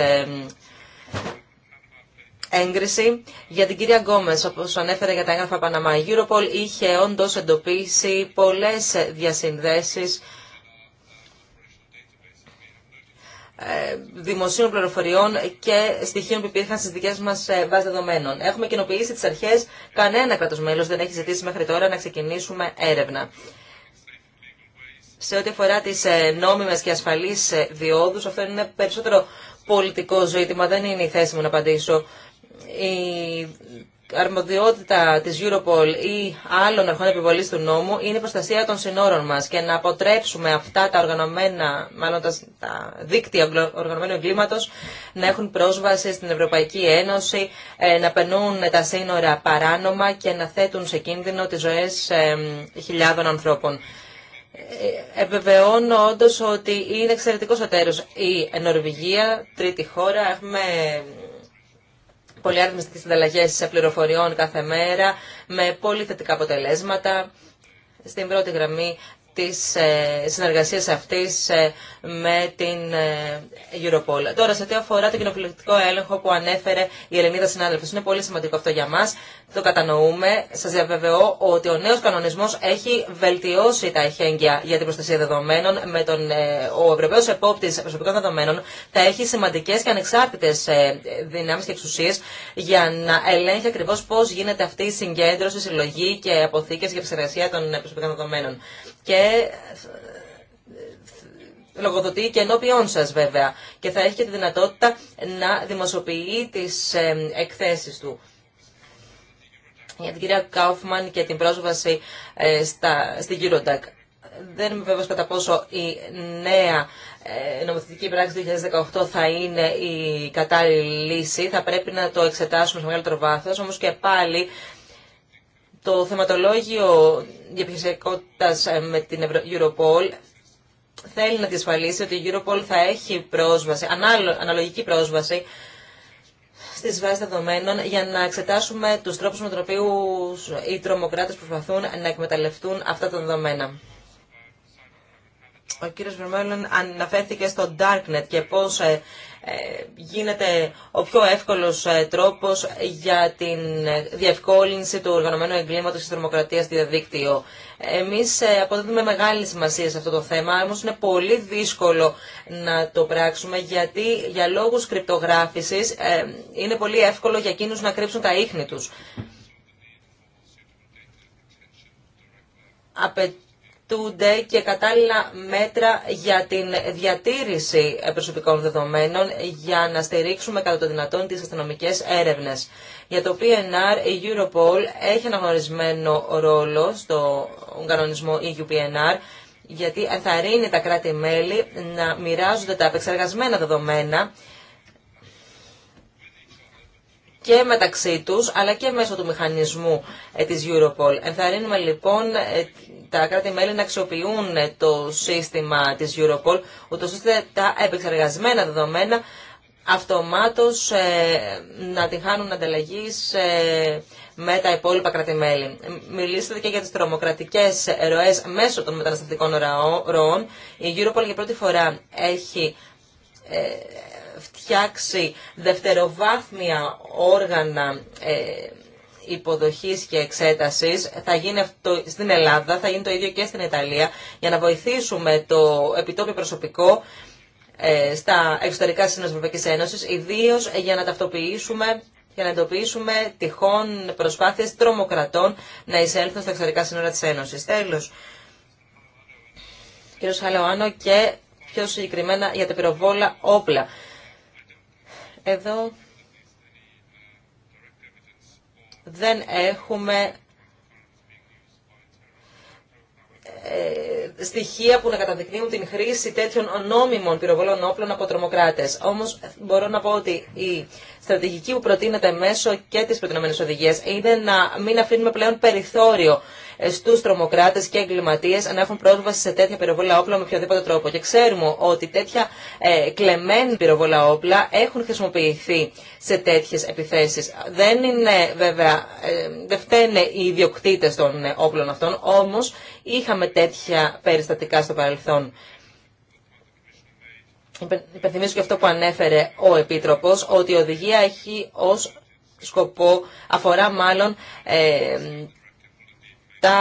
D: έγκριση. Για την κυρία Γκόμες, όπως ανέφερε για τα έγγραφα Παναμά, η Europol είχε όντως εντοπίσει πολλές διασυνδέσεις ε, δημοσίων πληροφοριών και στοιχείων που υπήρχαν στι δικέ μα ε, βάσει δεδομένων. Έχουμε κοινοποιήσει τι αρχέ. Κανένα κράτο μέλο δεν έχει ζητήσει μέχρι τώρα να ξεκινήσουμε έρευνα. Σε ό,τι αφορά τι ε, νόμιμε και ασφαλεί διόδου, αυτό είναι περισσότερο πολιτικό ζήτημα. Δεν είναι η θέση μου να απαντήσω η αρμοδιότητα της Europol ή άλλων αρχών επιβολής του νόμου είναι η προστασία των συνόρων μας και να αποτρέψουμε αυτά τα οργανωμένα, μάλλον τα, δίκτυα οργανωμένου εγκλήματος να έχουν πρόσβαση στην Ευρωπαϊκή Ένωση, ε, να περνούν τα σύνορα παράνομα και να θέτουν σε κίνδυνο τις ζωές χιλιάδων ανθρώπων. Ε, επιβεβαιώνω όντω ότι είναι εξαιρετικό τέρος. η Νορβηγία, τρίτη χώρα. Έχουμε πολυάριθμες συνταλλαγές πληροφοριών κάθε μέρα με πολύ θετικά αποτελέσματα. Στην πρώτη γραμμή της ε, συνεργασίας αυτής ε, με την ε, Europol. Τώρα, σε ό,τι αφορά το κοινοβουλευτικό έλεγχο που ανέφερε η Ελληνίδα συνάδελφος, είναι πολύ σημαντικό αυτό για μας, το κατανοούμε. Σας διαβεβαιώ ότι ο νέος κανονισμός έχει βελτιώσει τα εχέγγυα για την προστασία δεδομένων. Με τον, ο Ευρωπαίος Επόπτης Προσωπικών Δεδομένων θα έχει σημαντικές και ανεξάρτητες δυνάμεις και εξουσίες για να ελέγχει ακριβώς πώς γίνεται αυτή η συγκέντρωση, συλλογή και αποθήκες για επεξεργασία των προσωπικών δεδομένων και ε, λογοδοτεί και ενώπιόν σας βέβαια και θα έχει και τη δυνατότητα να δημοσιοποιεί τις ε, εκθέσεις του. Για την κυρία Κάουφμαν και την πρόσβαση ε, στα, στη Eurodac. Δεν είμαι βέβαιος κατά πόσο η νέα νομοθετική πράξη 2018 θα είναι η κατάλληλη λύση. Θα πρέπει να το εξετάσουμε σε μεγαλύτερο βάθος, όμως και πάλι το θεματολόγιο διαπιστωτικότητας ε, με την Europol θέλει να διασφαλίσει ότι η Europol θα έχει πρόσβαση, αναλογική πρόσβαση στις βάσεις δεδομένων για να εξετάσουμε τους τρόπους με τον οποίο οι τρομοκράτε προσπαθούν να εκμεταλλευτούν αυτά τα δεδομένα. Ο κύριος Βερμέλλον αναφέρθηκε στο Darknet και πώς ε, ε, γίνεται ο πιο εύκολος ε, τρόπος για την ε, διευκόλυνση του οργανωμένου εγκλήματος της τρομοκρατίας στη διαδίκτυο. Εμείς αποδίδουμε μεγάλη σημασία σε αυτό το θέμα, όμως είναι πολύ δύσκολο να το πράξουμε γιατί για λόγους κρυπτογράφησης είναι πολύ εύκολο για εκείνους να κρύψουν τα ίχνη τους και κατάλληλα μέτρα για την διατήρηση προσωπικών δεδομένων για να στηρίξουμε κατά το δυνατόν τις αστυνομικές έρευνες. Για το PNR, η Europol έχει αναγνωρισμένο ρόλο στο κανονισμό EUPNR γιατί ενθαρρύνει τα κράτη-μέλη να μοιράζονται τα επεξεργασμένα δεδομένα και μεταξύ τους, αλλά και μέσω του μηχανισμού ε, της Europol. Ενθαρρύνουμε λοιπόν ε, τα κράτη-μέλη να αξιοποιούν ε, το σύστημα της Europol, ούτως ώστε τα επεξεργασμένα δεδομένα αυτομάτως να τη χάνουν ανταλλαγής με τα υπόλοιπα κράτη-μέλη. Μιλήσατε και για τις τρομοκρατικές ροές μέσω των μεταναστευτικών ροών. Η Europol για πρώτη φορά έχει φτιάξει δευτεροβάθμια όργανα ε, υποδοχής και εξέτασης θα γίνει αυτό στην Ελλάδα, θα γίνει το ίδιο και στην Ιταλία για να βοηθήσουμε το επιτόπιο προσωπικό ε, στα εξωτερικά σύνορα της Ευρωπαϊκής Ένωσης ιδίως για να ταυτοποιήσουμε για να εντοπίσουμε τυχόν προσπάθειες τρομοκρατών να εισέλθουν στα εξωτερικά σύνορα της Ένωσης. Τέλος, κύριο Χαλαιοάνο και πιο συγκεκριμένα για τα πυροβόλα όπλα. Εδώ δεν έχουμε ε, στοιχεία που να καταδεικνύουν την χρήση τέτοιων νόμιμων πυροβολών όπλων από τρομοκράτε. Όμω μπορώ να πω ότι η στρατηγική που προτείνεται μέσω και τη προτείνομενης οδηγία είναι να μην αφήνουμε πλέον περιθώριο Στου τρομοκράτε και εγκληματίε, να έχουν πρόσβαση σε τέτοια πυροβόλα όπλα με οποιοδήποτε τρόπο. Και ξέρουμε ότι τέτοια ε, κλεμμένη πυροβόλα όπλα έχουν χρησιμοποιηθεί σε τετοιε επιθέσεις. Δεν είναι βέβαια, ε, δεν φταίνε οι ιδιοκτητε των ε, όπλων αυτών, ομω είχαμε τέτοια περιστατικά στο παρελθόν. Υπενθυμίζω και αυτό που ανέφερε ο Επίτροπος, ότι η οδηγία έχει ως σκοπό, αφορά μάλλον ε, τα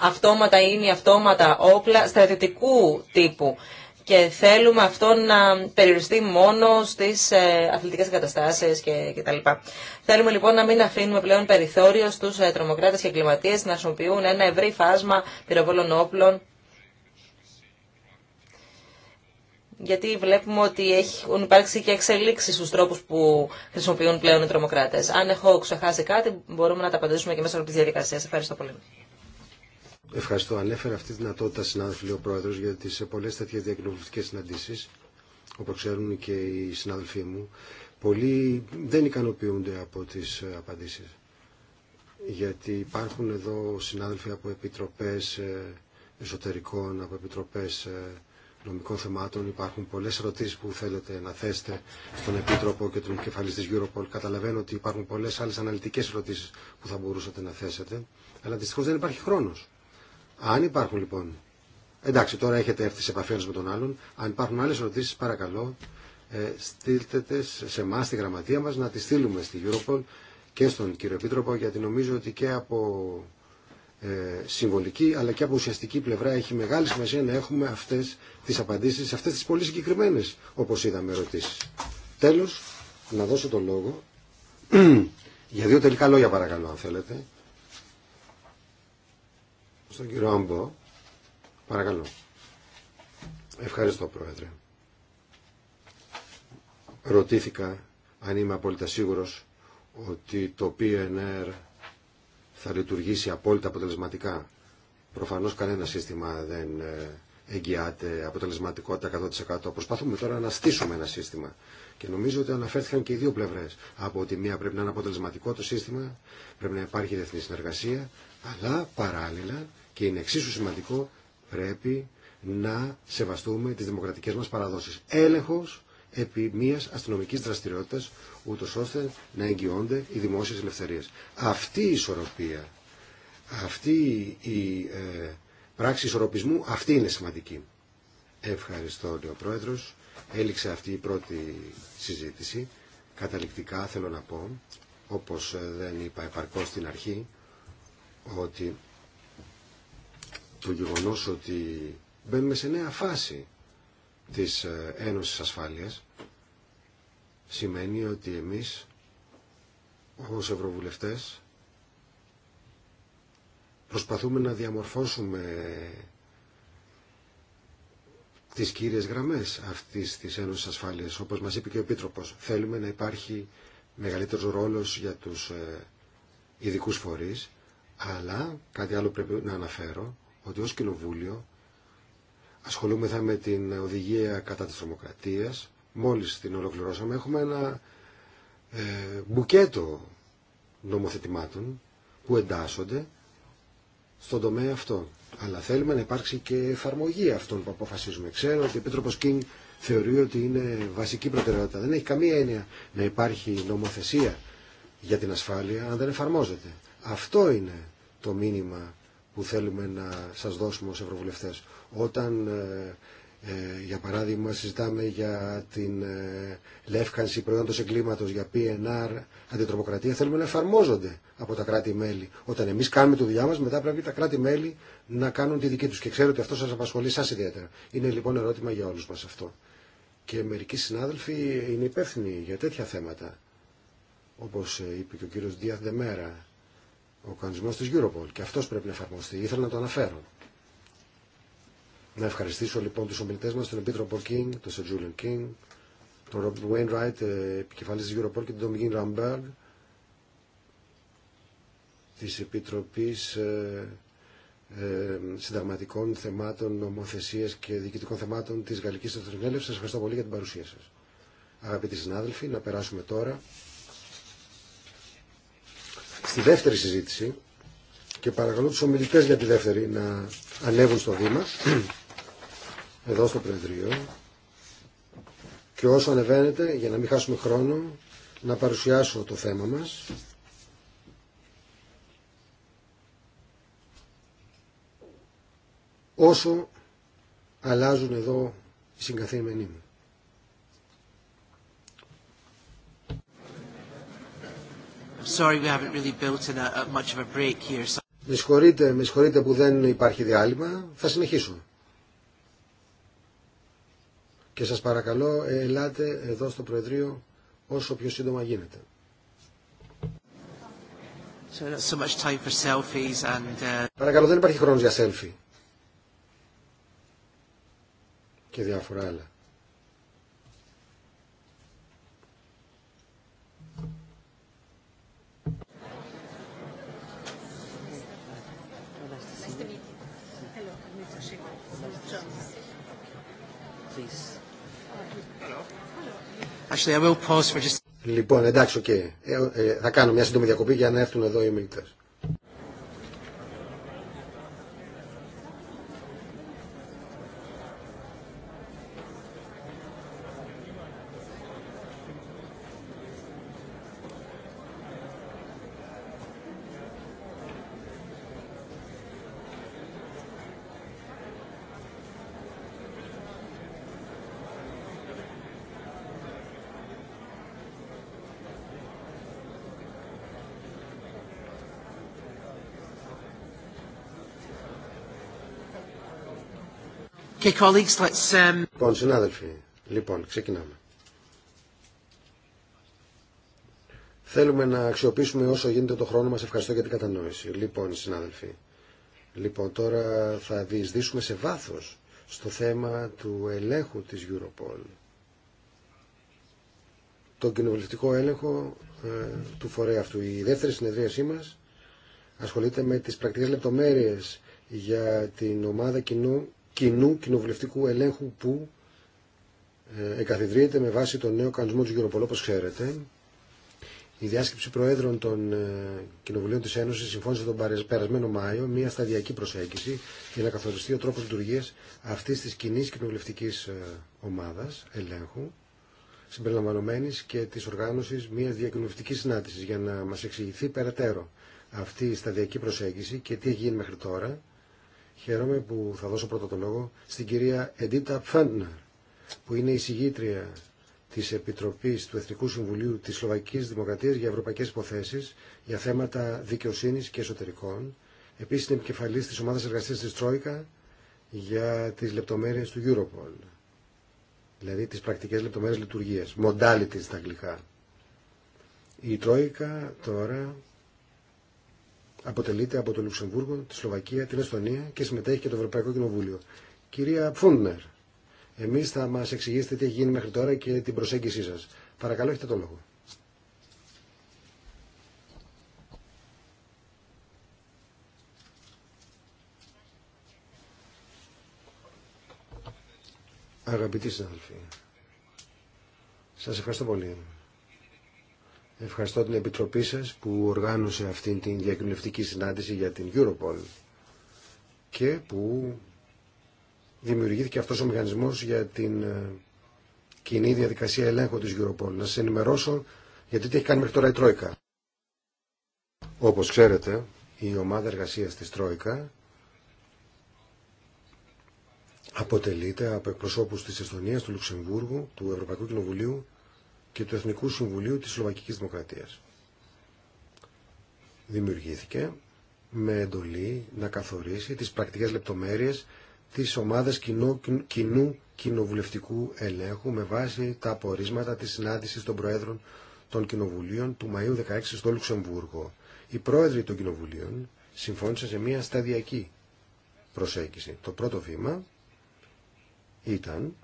D: αυτόματα ή αυτόματα όπλα στρατητικού τύπου. Και θέλουμε αυτό να περιοριστεί μόνο στις ε, αθλητικές καταστάσεις και, και τα λοιπά. Θέλουμε λοιπόν να μην αφήνουμε πλέον περιθώριο στους ε, τρομοκράτες και εγκληματίες να χρησιμοποιούν ένα ευρύ φάσμα πυροβόλων όπλων γιατί βλέπουμε ότι έχουν υπάρξει και εξελίξει στους τρόπου που χρησιμοποιούν πλέον οι τρομοκράτε. Αν έχω ξεχάσει κάτι, μπορούμε να τα απαντήσουμε και μέσα από τι διαδικασίε. Ευχαριστώ πολύ.
C: Ευχαριστώ. Ανέφερα αυτή τη δυνατότητα, συνάδελφοι, ο πρόεδρο, γιατί σε πολλέ τέτοιε διακοινοβουλευτικέ συναντήσει, όπω ξέρουν και οι συνάδελφοί μου, πολλοί δεν ικανοποιούνται από τι απαντήσει. Γιατί υπάρχουν εδώ συνάδελφοι από επιτροπέ ε, εσωτερικών, από επιτροπέ ε, νομικών θεμάτων. Υπάρχουν πολλέ ερωτήσει που θέλετε να θέσετε στον Επίτροπο και τον κεφαλή τη Europol. Καταλαβαίνω ότι υπάρχουν πολλέ άλλε αναλυτικέ ερωτήσει που θα μπορούσατε να θέσετε. Αλλά δυστυχώ δεν υπάρχει χρόνο. Αν υπάρχουν λοιπόν. Εντάξει, τώρα έχετε έρθει σε επαφή με τον άλλον. Αν υπάρχουν άλλε ερωτήσει, παρακαλώ, ε, στείλτε σε εμά, στη γραμματεία μα, να τι στείλουμε στη Europol και στον κύριο Επίτροπο, γιατί νομίζω ότι και από ε, συμβολική αλλά και από ουσιαστική πλευρά έχει μεγάλη σημασία να έχουμε αυτές τις απαντήσεις αυτές τις πολύ συγκεκριμένε όπως είδαμε ερωτήσεις. Τέλος, να δώσω το λόγο για δύο τελικά λόγια παρακαλώ αν θέλετε στον κύριο Αμπό παρακαλώ Ευχαριστώ Πρόεδρε Ρωτήθηκα αν είμαι απόλυτα σίγουρος ότι το PNR θα λειτουργήσει απόλυτα αποτελεσματικά. Προφανώς κανένα σύστημα δεν ε, εγγυάται αποτελεσματικότητα 100%. Προσπαθούμε τώρα να στήσουμε ένα σύστημα. Και νομίζω ότι αναφέρθηκαν και οι δύο πλευρέ. Από ότι μία πρέπει να είναι αποτελεσματικό το σύστημα, πρέπει να υπάρχει διεθνή συνεργασία, αλλά παράλληλα και είναι εξίσου σημαντικό πρέπει να σεβαστούμε τις δημοκρατικές μας παραδόσεις. Έλεγχος επί μια αστυνομική δραστηριότητας, ούτω ώστε να εγγυώνται οι δημόσιες ελευθερίε. Αυτή η ισορροπία, αυτή η ε, πράξη ισορροπισμού, αυτή είναι σημαντική. Ευχαριστώ, ο Έληξε αυτή η πρώτη συζήτηση. Καταληκτικά θέλω να πω, όπως ε, δεν είπα επαρκώς στην αρχή, ότι το γεγονός ότι μπαίνουμε σε νέα φάση της ε, Ένωσης Ασφάλειας σημαίνει ότι εμείς ως ευρωβουλευτές προσπαθούμε να διαμορφώσουμε τις κύριες γραμμές αυτής της Ένωσης Ασφάλειας. Όπως μας είπε και ο Επίτροπος, θέλουμε να υπάρχει μεγαλύτερος ρόλος για τους ε, ειδικού φορείς, αλλά κάτι άλλο πρέπει να αναφέρω, ότι ως Κοινοβούλιο ασχολούμεθα με την οδηγία κατά της τρομοκρατίας, μόλις την ολοκληρώσαμε, έχουμε ένα ε, μπουκέτο νομοθετημάτων που εντάσσονται στον τομέα αυτό. Αλλά θέλουμε να υπάρξει και εφαρμογή αυτών που αποφασίζουμε. Ξέρω ότι ο Επίτροπος Κίνγκ θεωρεί ότι είναι βασική προτεραιότητα. Δεν έχει καμία έννοια να υπάρχει νομοθεσία για την ασφάλεια αν δεν εφαρμόζεται. Αυτό είναι το μήνυμα που θέλουμε να σας δώσουμε ως Ευρωβουλευτές. Όταν ε, ε, για παράδειγμα συζητάμε για την ε, λεύκανση προϊόντος εγκλήματος, για PNR, αντιτροποκρατία, θέλουμε να εφαρμόζονται από τα κράτη-μέλη. Όταν εμείς κάνουμε τη δουλειά μας, μετά πρέπει τα κράτη-μέλη να κάνουν τη δική τους. Και ξέρω ότι αυτό σας απασχολεί σας ιδιαίτερα. Είναι λοιπόν ερώτημα για όλους μας αυτό. Και μερικοί συνάδελφοι είναι υπεύθυνοι για τέτοια θέματα. Όπως ε, είπε και ο κύριος Δίαθ Δεμέρα, ο κανονισμό της Europol. Και αυτός πρέπει να εφαρμοστεί. Ήθελα να το αναφέρω. Να ευχαριστήσω λοιπόν τους ομιλητές μας, τον Επίτροπο King, τον Sir Julian King, τον Βουέιν Wainwright, ε, επικεφαλής της Europol και τον Ντομιγίν Ραμπέργκ της Επιτροπής ε, ε, Συνταγματικών Θεμάτων, Νομοθεσίας και Διοικητικών Θεμάτων της Γαλλικής Εθνικέλευσης. Σας ευχαριστώ πολύ για την παρουσία σας. Αγαπητοί συνάδελφοι, να περάσουμε τώρα στη δεύτερη συζήτηση και παρακαλώ τους ομιλητές για τη δεύτερη να ανέβουν στο βήμα εδώ στο Προεδρείο και όσο ανεβαίνετε για να μην χάσουμε χρόνο να παρουσιάσω το θέμα μας όσο αλλάζουν εδώ οι συγκαθήμενοι μου. με συγχωρείτε που δεν υπάρχει διάλειμμα. Θα συνεχίσω. Και σας παρακαλώ ελάτε εδώ στο Προεδρείο όσο πιο σύντομα γίνεται. much time for selfies and, uh, Παρακαλώ δεν υπάρχει χρόνος για selfie και διάφορα άλλα. Λοιπόν, εντάξει, okay. Ε, ε, θα κάνω μια σύντομη διακοπή για να έρθουν εδώ οι μιλητές. Um, λοιπόν, συνάδελφοι, λοιπόν, ξεκινάμε. Θέλουμε να αξιοποιήσουμε όσο γίνεται το χρόνο μας. Ευχαριστώ για την κατανόηση. Λοιπόν, συνάδελφοι, λοιπόν, τώρα θα διεισδύσουμε σε βάθος στο θέμα του ελέγχου της Europol. Το κοινοβουλευτικό έλεγχο ε, του φορέα αυτού. Η δεύτερη συνεδρίασή μας ασχολείται με τις πρακτικές λεπτομέρειες για την ομάδα κοινού κοινού κοινοβουλευτικού ελέγχου που ε, εγκαθιδρύεται με βάση τον νέο κανονισμό του Europol. Όπως ξέρετε, η διάσκεψη Προέδρων των ε, Κοινοβουλίων της Ένωσης συμφώνησε τον περασμένο Μάιο μια σταδιακή προσέγγιση για να καθοριστεί ο τρόπος λειτουργία αυτής της κοινή κοινοβουλευτικής ε, ομάδας ελέγχου συμπεριλαμβανομένης και της οργάνωσης μια διακοινοβουλευτικής συνάντησης για να μας εξηγηθεί περαιτέρω αυτή η σταδιακή προσέγγιση και τι έχει γίνει μέχρι τώρα Χαίρομαι που θα δώσω πρώτα το λόγο στην κυρία Εντίτα Φάντναρ, που είναι η συγγήτρια τη Επιτροπή του Εθνικού Συμβουλίου τη Σλοβακική Δημοκρατία για Ευρωπαϊκέ Υποθέσει για θέματα δικαιοσύνη και εσωτερικών. Επίση, είναι επικεφαλή τη ομάδα εργασία τη Τρόικα για τι λεπτομέρειε του Europol. Δηλαδή, τι πρακτικέ λεπτομέρειε λειτουργία. Modalities στα αγγλικά. Η Τρόικα τώρα αποτελείται από το Λουξεμβούργο, τη Σλοβακία, την Εστονία και συμμετέχει και το Ευρωπαϊκό Κοινοβούλιο. Κυρία Φούντνερ, εμεί θα μα εξηγήσετε τι έχει γίνει μέχρι τώρα και την προσέγγιση σα. Παρακαλώ, έχετε το λόγο. Αγαπητοί συναδελφοί, σας ευχαριστώ πολύ Ευχαριστώ την Επιτροπή σας που οργάνωσε αυτήν την διακοινωνιστική συνάντηση για την Europol και που δημιουργήθηκε αυτός ο μηχανισμός για την ε, κοινή διαδικασία ελέγχου της Europol. Να σας ενημερώσω γιατί τι έχει κάνει μέχρι τώρα η Τρόικα. Όπως ξέρετε, η ομάδα εργασίας της Τρόικα αποτελείται από εκπροσώπους της Εστονίας, του Λουξεμβούργου, του Ευρωπαϊκού Κοινοβουλίου και του Εθνικού Συμβουλίου της Σλοβακικής Δημοκρατίας. Δημιουργήθηκε με εντολή να καθορίσει τις πρακτικές λεπτομέρειες της ομάδας κοινού, κοινού κοινοβουλευτικού ελέγχου με βάση τα απορίσματα της συνάντησης των Προέδρων των Κοινοβουλίων του Μαΐου 16 στο Λουξεμβούργο. Οι πρόεδροι των Κοινοβουλίων συμφώνησαν σε μια σταδιακή προσέγγιση. Το πρώτο βήμα ήταν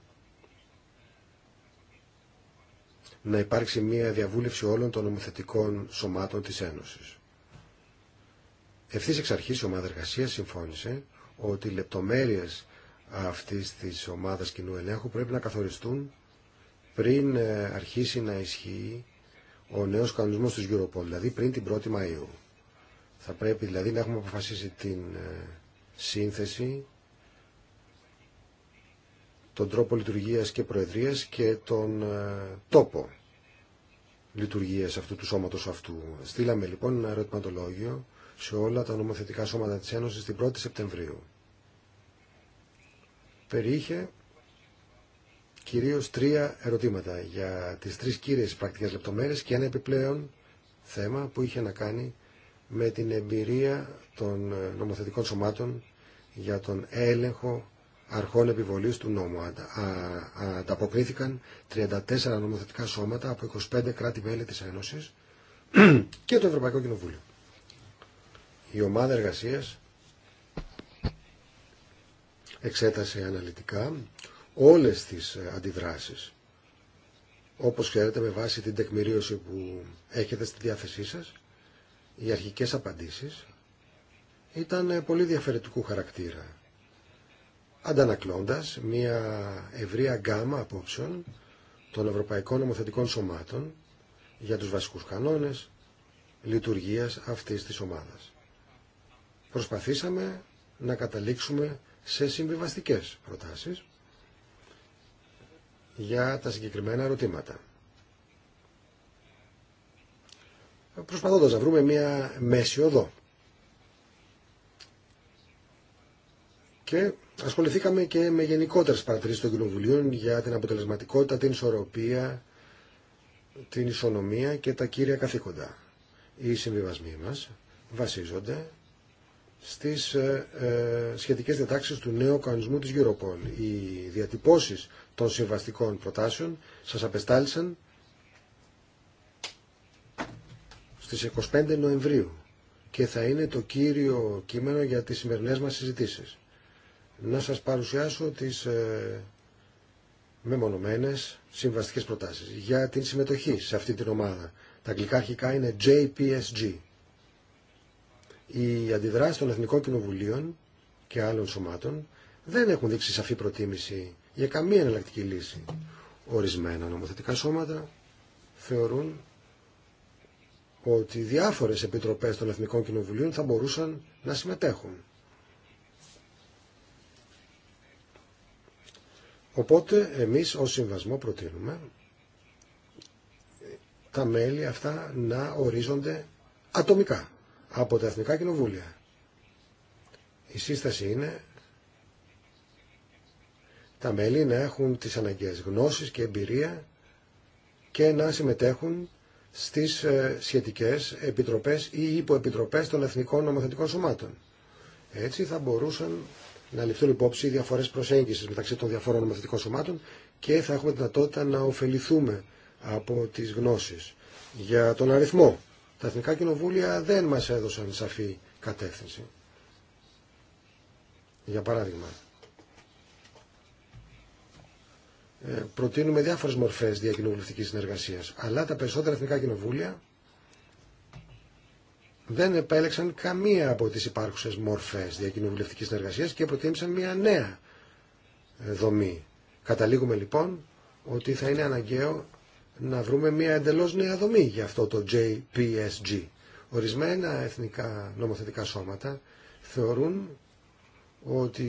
C: να υπάρξει μια διαβούλευση όλων των νομοθετικών σωμάτων της Ένωσης. Ευθύς εξ αρχής η ομάδα εργασία συμφώνησε ότι οι λεπτομέρειες αυτής της ομάδας κοινού ελέγχου πρέπει να καθοριστούν πριν ε, αρχίσει να ισχύει ο νέος κανονισμός της Europol, δηλαδή πριν την 1η Μαΐου. Θα πρέπει δηλαδή να έχουμε αποφασίσει την ε, σύνθεση τον τρόπο λειτουργίας και προεδρίας και τον ε, τόπο λειτουργίας αυτού του σώματος αυτού. Στείλαμε λοιπόν ένα ερωτηματολόγιο σε όλα τα νομοθετικά σώματα της Ένωσης την 1η Σεπτεμβρίου. Περιείχε κυρίως τρία ερωτήματα για τις τρεις κύριες πρακτικές λεπτομέρειες και ένα επιπλέον θέμα που είχε να κάνει με την εμπειρία των ε, νομοθετικών σωμάτων για τον έλεγχο αρχών επιβολής του νόμου. Ανταποκρίθηκαν 34 νομοθετικά σώματα από 25 κράτη-μέλη της Ένωσης και το Ευρωπαϊκό Κοινοβούλιο. Η ομάδα εργασίας εξέτασε αναλυτικά όλες τις ε, αντιδράσεις όπως ξέρετε με βάση την τεκμηρίωση που έχετε στη διάθεσή σας, οι αρχικές απαντήσεις ήταν ε, πολύ διαφορετικού χαρακτήρα αντανακλώντας μια ευρία γκάμα απόψεων των ευρωπαϊκών νομοθετικών σωμάτων για τους βασικούς κανόνες λειτουργίας αυτής της ομάδας. Προσπαθήσαμε να καταλήξουμε σε συμβιβαστικές προτάσεις για τα συγκεκριμένα ερωτήματα. Προσπαθώντας να βρούμε μία μέση οδό. Και ασχοληθήκαμε και με γενικότερε παρατηρήσεις των κοινοβουλίων για την αποτελεσματικότητα, την ισορροπία, την ισονομία και τα κύρια καθήκοντα. Οι συμβιβασμοί μα βασίζονται στι ε, ε, σχετικές διατάξεις του νέου κανονισμού τη Europol. Οι διατυπώσει των συμβαστικών προτάσεων σα απεστάλησαν στι 25 Νοεμβρίου και θα είναι το κύριο κείμενο για τι σημερινέ μα συζητήσει να σας παρουσιάσω τις ε, μεμονωμένες συμβαστικές προτάσεις για την συμμετοχή σε αυτή την ομάδα. Τα αγγλικά αρχικά είναι JPSG. Οι αντιδράσεις των Εθνικών Κοινοβουλίων και άλλων σωμάτων δεν έχουν δείξει σαφή προτίμηση για καμία εναλλακτική λύση. Ορισμένα νομοθετικά σώματα θεωρούν ότι διάφορες επιτροπές των Εθνικών Κοινοβουλίων θα μπορούσαν να συμμετέχουν. Οπότε εμείς ως συμβασμό προτείνουμε τα μέλη αυτά να ορίζονται ατομικά από τα Εθνικά Κοινοβούλια. Η σύσταση είναι τα μέλη να έχουν τις αναγκαίες γνώσεις και εμπειρία και να συμμετέχουν στις ε, σχετικές επιτροπές ή υποεπιτροπές των Εθνικών Νομοθετικών Σωμάτων. Έτσι θα μπορούσαν να ληφθούν υπόψη οι διαφορέ προσέγγιση μεταξύ των διαφόρων νομοθετικών σωμάτων και θα έχουμε δυνατότητα να ωφεληθούμε από τι γνώσει. Για τον αριθμό. Τα εθνικά κοινοβούλια δεν μα έδωσαν σαφή κατεύθυνση. Για παράδειγμα, ε, προτείνουμε διάφορες μορφές διακοινοβουλευτική συνεργασία. αλλά τα περισσότερα εθνικά κοινοβούλια δεν επέλεξαν καμία από τις υπάρχουσες μορφές διακοινοβουλευτικής συνεργασίας και προτίμησαν μια νέα δομή. Καταλήγουμε λοιπόν ότι θα είναι αναγκαίο να βρούμε μια εντελώς νέα δομή για αυτό το JPSG. Ορισμένα εθνικά νομοθετικά σώματα θεωρούν ότι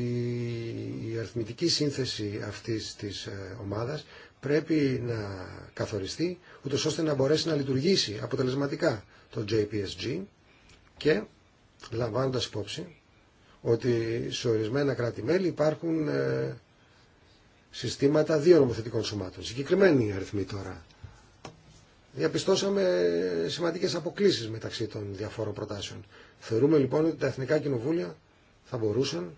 C: η αριθμητική σύνθεση αυτής της ε, ομάδας πρέπει να καθοριστεί, ούτως ώστε να μπορέσει να λειτουργήσει αποτελεσματικά το JPSG και λαμβάνοντας υπόψη ότι σε ορισμένα κράτη-μέλη υπάρχουν ε, συστήματα δύο νομοθετικών σωμάτων. Συγκεκριμένοι αριθμοί τώρα. Διαπιστώσαμε ε, σημαντικές αποκλίσεις μεταξύ των διαφόρων προτάσεων. Θεωρούμε λοιπόν ότι τα εθνικά κοινοβούλια θα μπορούσαν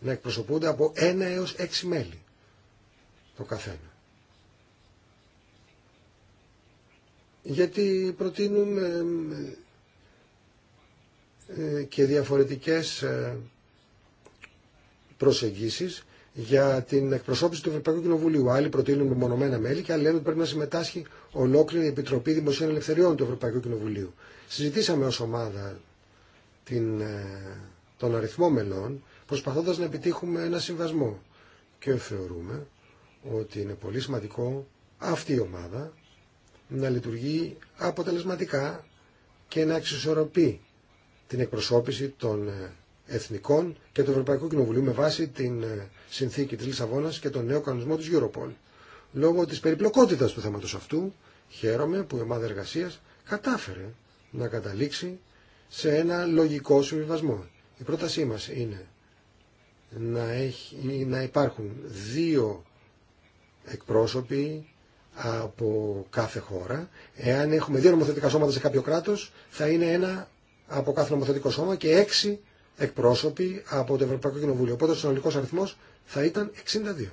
C: να εκπροσωπούνται από ένα έως έξι μέλη το καθένα. Γιατί προτείνουν ε, ε, και διαφορετικές ε, προσεγγίσεις για την εκπροσώπηση του Ευρωπαϊκού Κοινοβουλίου. Άλλοι προτείνουν μονομένα μέλη και άλλοι λένε ότι πρέπει να συμμετάσχει ολόκληρη η Επιτροπή Δημοσίων Ελευθεριών του Ευρωπαϊκού Κοινοβουλίου. Συζητήσαμε ως ομάδα την, ε, τον αριθμό μελών προσπαθώντας να επιτύχουμε ένα συμβασμό και θεωρούμε ότι είναι πολύ σημαντικό αυτή η ομάδα να λειτουργεί αποτελεσματικά και να εξισορροπεί την εκπροσώπηση των ε, Εθνικών και του Ευρωπαϊκού Κοινοβουλίου με βάση την ε, συνθήκη της Λισαβόνας και τον νέο κανονισμό της Europol. Λόγω της περιπλοκότητας του θέματος αυτού, χαίρομαι που η ομάδα εργασίας κατάφερε να καταλήξει σε ένα λογικό συμβιβασμό. Η πρότασή μας είναι να, να υπάρχουν δύο εκπρόσωποι από κάθε χώρα. Εάν έχουμε δύο νομοθετικά σώματα σε κάποιο κράτος, θα είναι ένα από κάθε νομοθετικό σώμα και 6 εκπρόσωποι από το Ευρωπαϊκό Κοινοβούλιο. Οπότε ο συνολικό αριθμό θα ήταν 62.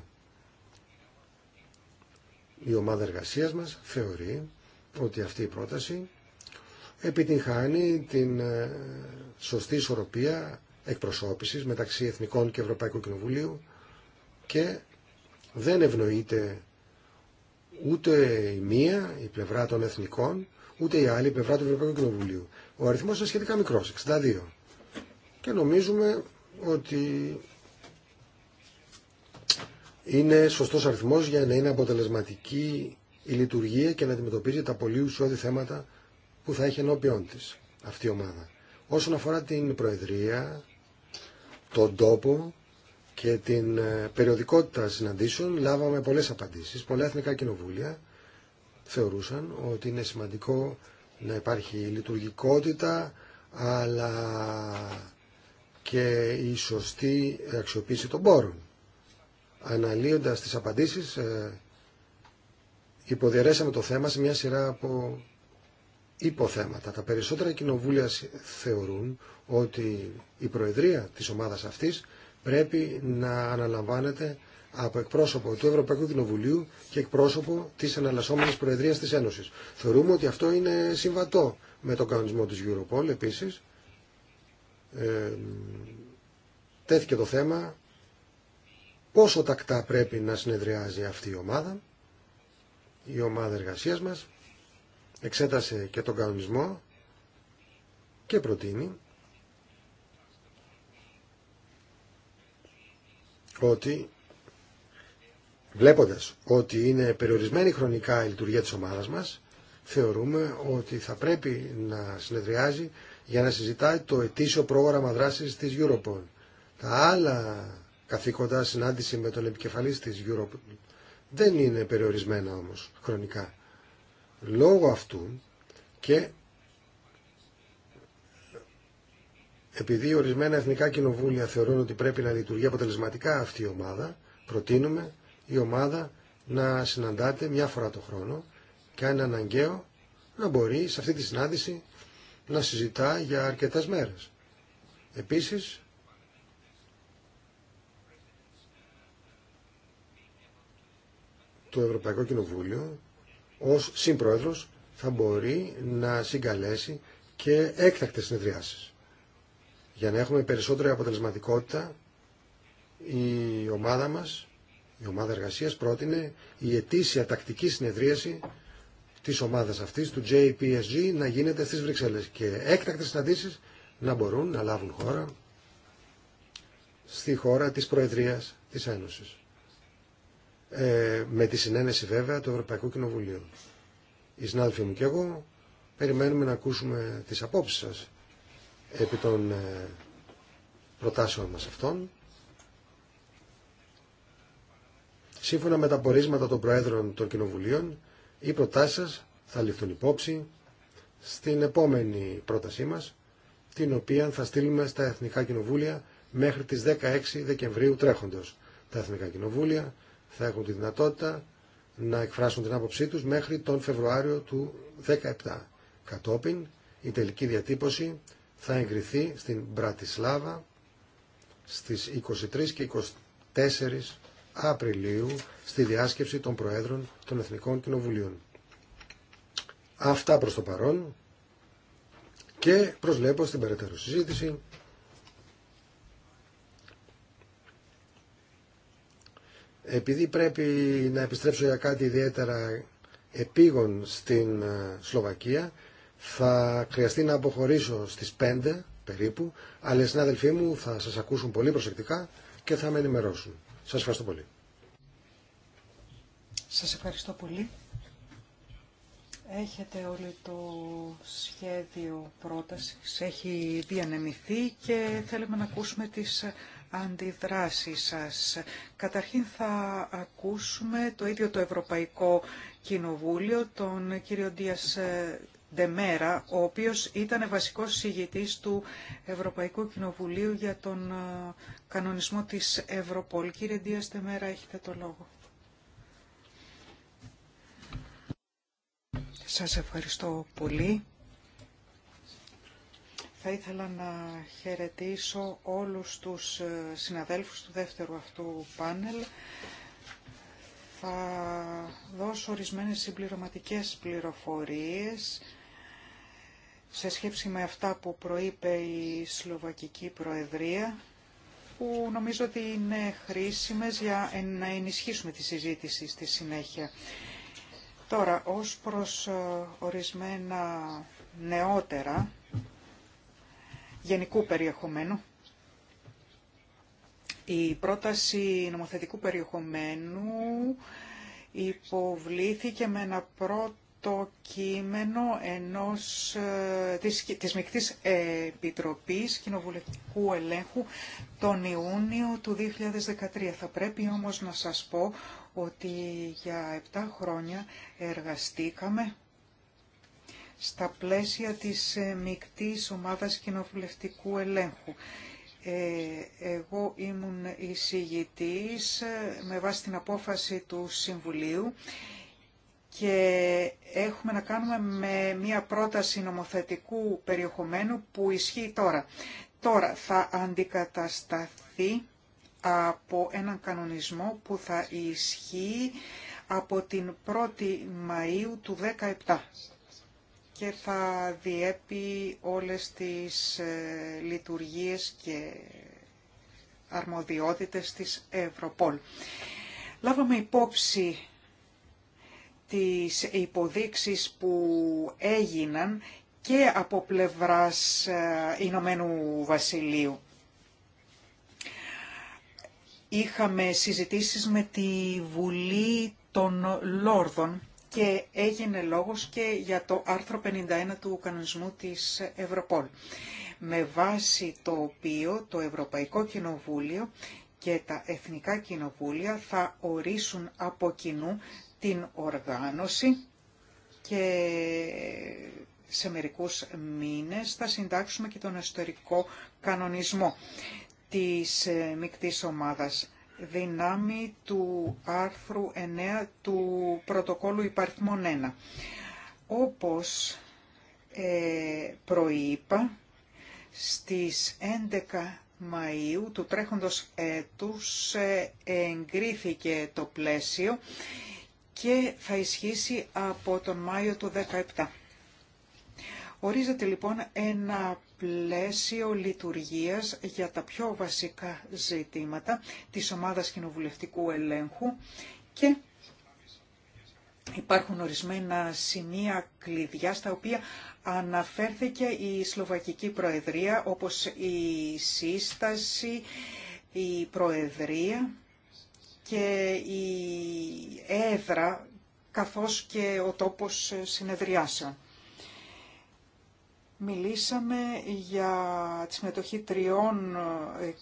C: Η ομάδα εργασία μα θεωρεί ότι αυτή η πρόταση επιτυγχάνει την ε, σωστή ισορροπία εκπροσώπησης μεταξύ Εθνικών και Ευρωπαϊκού Κοινοβουλίου και δεν ευνοείται ούτε η μία, η πλευρά των Εθνικών, ούτε η άλλη, η πλευρά του Ευρωπαϊκού Κοινοβουλίου. Ο αριθμός είναι σχετικά μικρός, 62. Και νομίζουμε ότι είναι σωστός αριθμός για να είναι αποτελεσματική η λειτουργία και να αντιμετωπίζει τα πολύ ουσιώδη θέματα που θα έχει ενώπιόν της αυτή η ομάδα. Όσον αφορά την Προεδρία, τον τόπο και την ε, περιοδικότητα συναντήσεων, λάβαμε πολλές απαντήσεις. Πολλά εθνικά κοινοβούλια θεωρούσαν ότι είναι σημαντικό να υπάρχει λειτουργικότητα αλλά και η σωστή αξιοποίηση των πόρων. Αναλύοντας τις απαντήσεις ε, υποδιαιρέσαμε το θέμα σε μια σειρά από υποθέματα. Τα περισσότερα κοινοβούλια θεωρούν ότι η προεδρία της ομάδας αυτής πρέπει να αναλαμβάνεται από εκπρόσωπο του Ευρωπαϊκού Δημοβουλίου και εκπρόσωπο τη εναλλασσόμενη Προεδρία τη Ένωση. Θεωρούμε ότι αυτό είναι συμβατό με τον κανονισμό τη Europol επίση. Ε, τέθηκε το θέμα πόσο τακτά πρέπει να συνεδριάζει αυτή η ομάδα, η ομάδα εργασίας μας, εξέτασε και τον κανονισμό και προτείνει ότι Βλέποντας ότι είναι περιορισμένη χρονικά η λειτουργία της ομάδας μας, θεωρούμε ότι θα πρέπει να συνεδριάζει για να συζητάει το ετήσιο πρόγραμμα δράσης της Europol. Τα άλλα καθήκοντα συνάντηση με τον επικεφαλής της Europol δεν είναι περιορισμένα όμως χρονικά. Λόγω αυτού και επειδή ορισμένα εθνικά κοινοβούλια θεωρούν ότι πρέπει να λειτουργεί αποτελεσματικά αυτή η ομάδα, προτείνουμε η ομάδα να συναντάται μια φορά το χρόνο και αν είναι αναγκαίο να μπορεί σε αυτή τη συνάντηση να συζητά για αρκετές μέρες. Επίσης, το Ευρωπαϊκό Κοινοβούλιο ως συμπρόεδρος θα μπορεί να συγκαλέσει και έκτακτες συνεδριάσεις. Για να έχουμε περισσότερη αποτελεσματικότητα η ομάδα μας η ομάδα εργασία πρότεινε η ετήσια τακτική συνεδρίαση της ομάδας αυτής, του JPSG, να γίνεται στις Βρυξέλλες και έκτακτες συναντήσεις να μπορούν να λάβουν χώρα στη χώρα της Προεδρίας της Ένωσης. Ε, με τη συνένεση βέβαια του Ευρωπαϊκού Κοινοβουλίου. Οι συνάδελφοι μου και εγώ περιμένουμε να ακούσουμε τις απόψεις σας επί των ε, προτάσεων μας αυτών Σύμφωνα με τα πορίσματα των Προέδρων των Κοινοβουλίων, οι προτάσει σα θα ληφθούν υπόψη στην επόμενη πρότασή μα, την οποία θα στείλουμε στα Εθνικά Κοινοβούλια μέχρι τις 16 Δεκεμβρίου τρέχοντος. Τα Εθνικά Κοινοβούλια θα έχουν τη δυνατότητα να εκφράσουν την άποψή τους μέχρι τον Φεβρουάριο του 2017. Κατόπιν, η τελική διατύπωση θα εγκριθεί στην Μπρατισλάβα στις 23 και 24 Απριλίου στη διάσκεψη των Προέδρων των Εθνικών Κοινοβουλίων. Αυτά προς το παρόν και προσλέπω στην περαιτέρω συζήτηση επειδή πρέπει να επιστρέψω για κάτι ιδιαίτερα επίγον στην ε, Σλοβακία θα χρειαστεί να αποχωρήσω στις 5 περίπου αλλά οι συνάδελφοί μου θα σας ακούσουν πολύ προσεκτικά και θα με ενημερώσουν. Σας ευχαριστώ πολύ.
B: Σας ευχαριστώ πολύ. Έχετε όλο το σχέδιο πρότασης, έχει διανεμηθεί και θέλουμε να ακούσουμε τις αντιδράσεις σας. Καταρχήν θα ακούσουμε το ίδιο το Ευρωπαϊκό Κοινοβούλιο, τον κύριο Ντίας Ντεμέρα, ο οποίος ήταν βασικός συγητής του Ευρωπαϊκού Κοινοβουλίου για τον ε, κανονισμό της Ευρωπόλ. Κύριε Ντίας Ντεμέρα, έχετε το λόγο. Σας ευχαριστώ πολύ. Θα ήθελα να χαιρετήσω όλους τους ε, συναδέλφους του δεύτερου αυτού πάνελ. Θα δώσω ορισμένες συμπληρωματικές πληροφορίες σε σχέση με αυτά που προείπε η Σλοβακική Προεδρία, που νομίζω ότι είναι χρήσιμες για να ενισχύσουμε τη συζήτηση στη συνέχεια. Τώρα, ως προς ε, ορισμένα νεότερα, γενικού περιεχομένου, η πρόταση νομοθετικού περιεχομένου υποβλήθηκε με ένα πρώτο το κείμενο ενός, ε, της, της Μικτής Επιτροπής Κοινοβουλευτικού Ελέγχου τον Ιούνιο του 2013. Θα πρέπει όμως να σας πω ότι για 7 χρόνια εργαστήκαμε στα πλαίσια της ε, Μικτής Ομάδας Κοινοβουλευτικού Ελέγχου. Ε, εγώ ήμουν εισηγητής με βάση την απόφαση του Συμβουλίου και έχουμε να κάνουμε με μια πρόταση νομοθετικού περιεχομένου που ισχύει τώρα. Τώρα θα αντικατασταθεί από έναν κανονισμό που θα ισχύει από την 1η Μαΐου του 2017 και θα διέπει όλες τις ε, λειτουργίες και αρμοδιότητες της Ευρωπόλ. Λάβαμε υπόψη τις υποδείξεις που έγιναν και από πλευράς ε, Ηνωμένου Βασιλείου. Είχαμε συζητήσεις με τη Βουλή των Λόρδων και έγινε λόγος και για το άρθρο 51 του κανονισμού της Ευρωπόλ, με βάση το οποίο το Ευρωπαϊκό Κοινοβούλιο και τα Εθνικά Κοινοβούλια θα ορίσουν από κοινού την οργάνωση και σε μερικούς μήνες θα συντάξουμε και τον ιστορικό κανονισμό της ε, μικτής ομάδας δυνάμει του άρθρου 9 του πρωτοκόλου υπαριθμών 1. Όπως ε, προείπα, στις 11 Μαΐου του τρέχοντος έτους ε, εγκρίθηκε το πλαίσιο και θα ισχύσει από τον Μάιο του 2017. Ορίζεται λοιπόν ένα πλαίσιο λειτουργίας για τα πιο βασικά ζητήματα της ομάδας κοινοβουλευτικού ελέγχου και υπάρχουν ορισμένα σημεία κλειδιά στα οποία αναφέρθηκε η Σλοβακική Προεδρία όπως η σύσταση, η Προεδρία και η έδρα καθώς και ο τόπος συνεδριάσεων. Μιλήσαμε για τη συμμετοχή τριών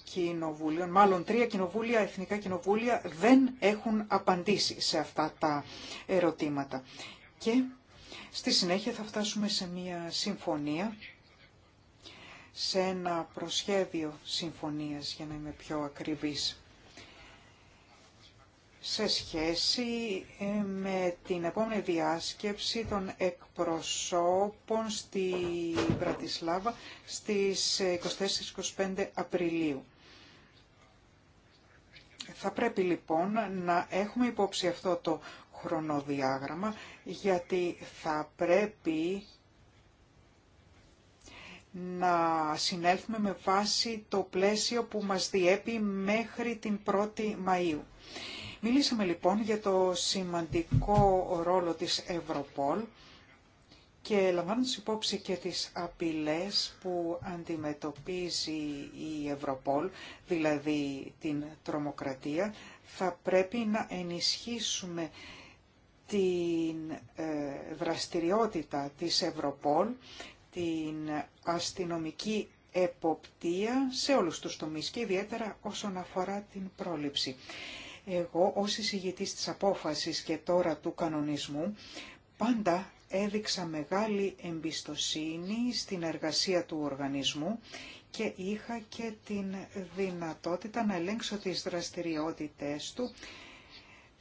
B: κοινοβούλιων, μάλλον τρία κοινοβούλια, εθνικά κοινοβούλια δεν έχουν απαντήσει σε αυτά τα ερωτήματα. Και στη συνέχεια θα φτάσουμε σε μια συμφωνία, σε ένα προσχέδιο συμφωνίας για να είμαι πιο ακριβής σε σχέση ε, με την επόμενη διάσκεψη των εκπροσώπων στη Βρατισλάβα στις 24-25 ε, Απριλίου. Θα πρέπει λοιπόν να έχουμε υπόψη αυτό το χρονοδιάγραμμα γιατί θα πρέπει να συνέλθουμε με βάση το πλαίσιο που μας διέπει μέχρι την 1η Μαΐου. Μιλήσαμε λοιπόν για το σημαντικό ρόλο της Ευρωπόλ και λαμβάνοντας υπόψη και τις απειλές που αντιμετωπίζει η Ευρωπόλ, δηλαδή την τρομοκρατία, θα πρέπει να ενισχύσουμε την ε, δραστηριότητα της Ευρωπόλ, την αστυνομική εποπτεία σε όλους τους τομείς και ιδιαίτερα όσον αφορά την πρόληψη. Εγώ ως εισηγητής της απόφασης και τώρα του κανονισμού πάντα έδειξα μεγάλη εμπιστοσύνη στην εργασία του οργανισμού και είχα και την δυνατότητα να ελέγξω τις δραστηριότητες του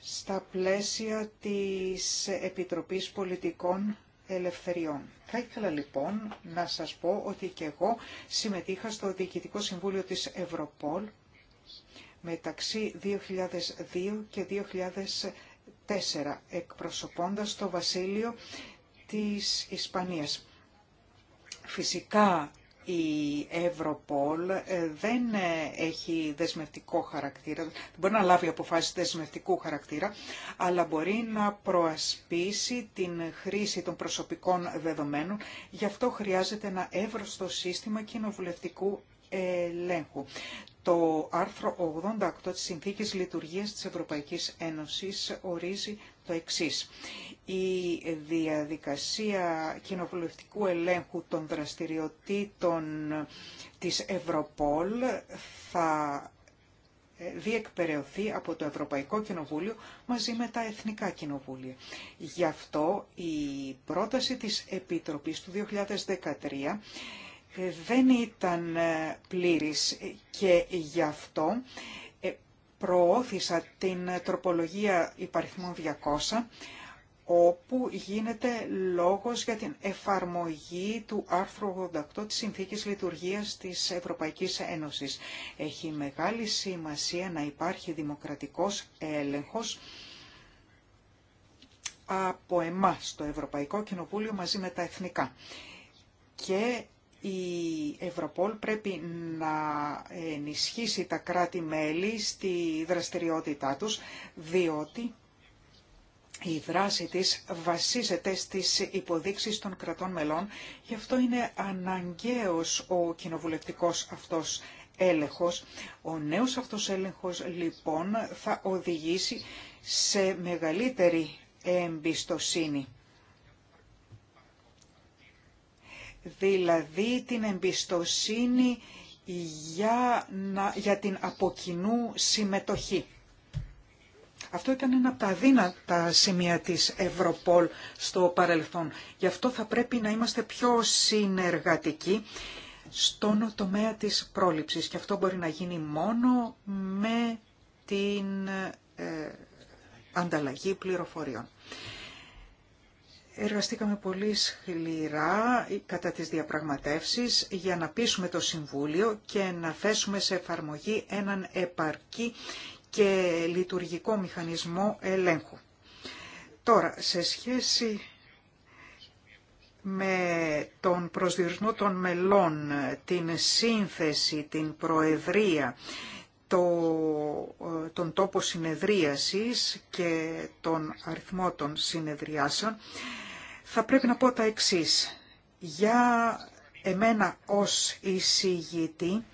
B: στα πλαίσια της Επιτροπής Πολιτικών Ελευθεριών. Θα ήθελα λοιπόν να σας πω ότι και εγώ συμμετείχα στο Διοικητικό Συμβούλιο της Ευρωπόλ μεταξύ 2002 και 2004, εκπροσωπώντας το βασίλειο της Ισπανίας. Φυσικά η Ευρωπόλ ε, δεν ε, έχει δεσμευτικό χαρακτήρα, δεν μπορεί να λάβει αποφάσεις δεσμευτικού χαρακτήρα, αλλά μπορεί να προασπίσει την χρήση των προσωπικών δεδομένων. Γι' αυτό χρειάζεται ένα εύρωστο σύστημα κοινοβουλευτικού ελέγχου. Το άρθρο 88 της Συνθήκης Λειτουργίας της Ευρωπαϊκής Ένωσης ορίζει το εξής. Η διαδικασία κοινοβουλευτικού ελέγχου των δραστηριοτήτων της Ευρωπόλ θα διεκπεραιωθεί από το Ευρωπαϊκό Κοινοβούλιο μαζί με τα Εθνικά Κοινοβούλια. Γι' αυτό η πρόταση της Επιτροπής του 2013 ε, δεν ήταν ε, πλήρης και γι' αυτό ε, προώθησα την τροπολογία υπαριθμών 200 όπου γίνεται λόγος για την εφαρμογή του άρθρου 88 της Συνθήκης Λειτουργίας της Ευρωπαϊκής Ένωσης. Έχει μεγάλη σημασία να υπάρχει δημοκρατικός έλεγχος από εμάς το Ευρωπαϊκό Κοινοβούλιο μαζί με τα εθνικά. Και η Ευρωπόλ πρέπει να ενισχύσει τα κράτη-μέλη στη δραστηριότητά τους, διότι η δράση της βασίζεται στις υποδείξεις των κρατών μελών, γι' αυτό είναι αναγκαίος ο κοινοβουλευτικός αυτός έλεγχος. Ο νέος αυτός έλεγχος λοιπόν θα οδηγήσει σε μεγαλύτερη εμπιστοσύνη δηλαδή την εμπιστοσύνη για, να, για την αποκοινού συμμετοχή. Αυτό ήταν ένα από τα δύνατα σημεία της Ευρωπόλ στο παρελθόν. Γι' αυτό θα πρέπει να είμαστε πιο συνεργατικοί στον τομέα της πρόληψης και αυτό μπορεί να γίνει μόνο με την ε, ανταλλαγή πληροφοριών. Εργαστήκαμε πολύ σκληρά κατά τις διαπραγματεύσεις για να πείσουμε το Συμβούλιο και να θέσουμε σε εφαρμογή έναν επαρκή και λειτουργικό μηχανισμό ελέγχου. Τώρα, σε σχέση με τον προσδιορισμό των μελών, την σύνθεση, την προεδρία ε, τον τόπο συνεδρίασης και τον αριθμό των συνεδριάσεων, θα πρέπει να πω τα εξής. Για εμένα ως εισηγητή,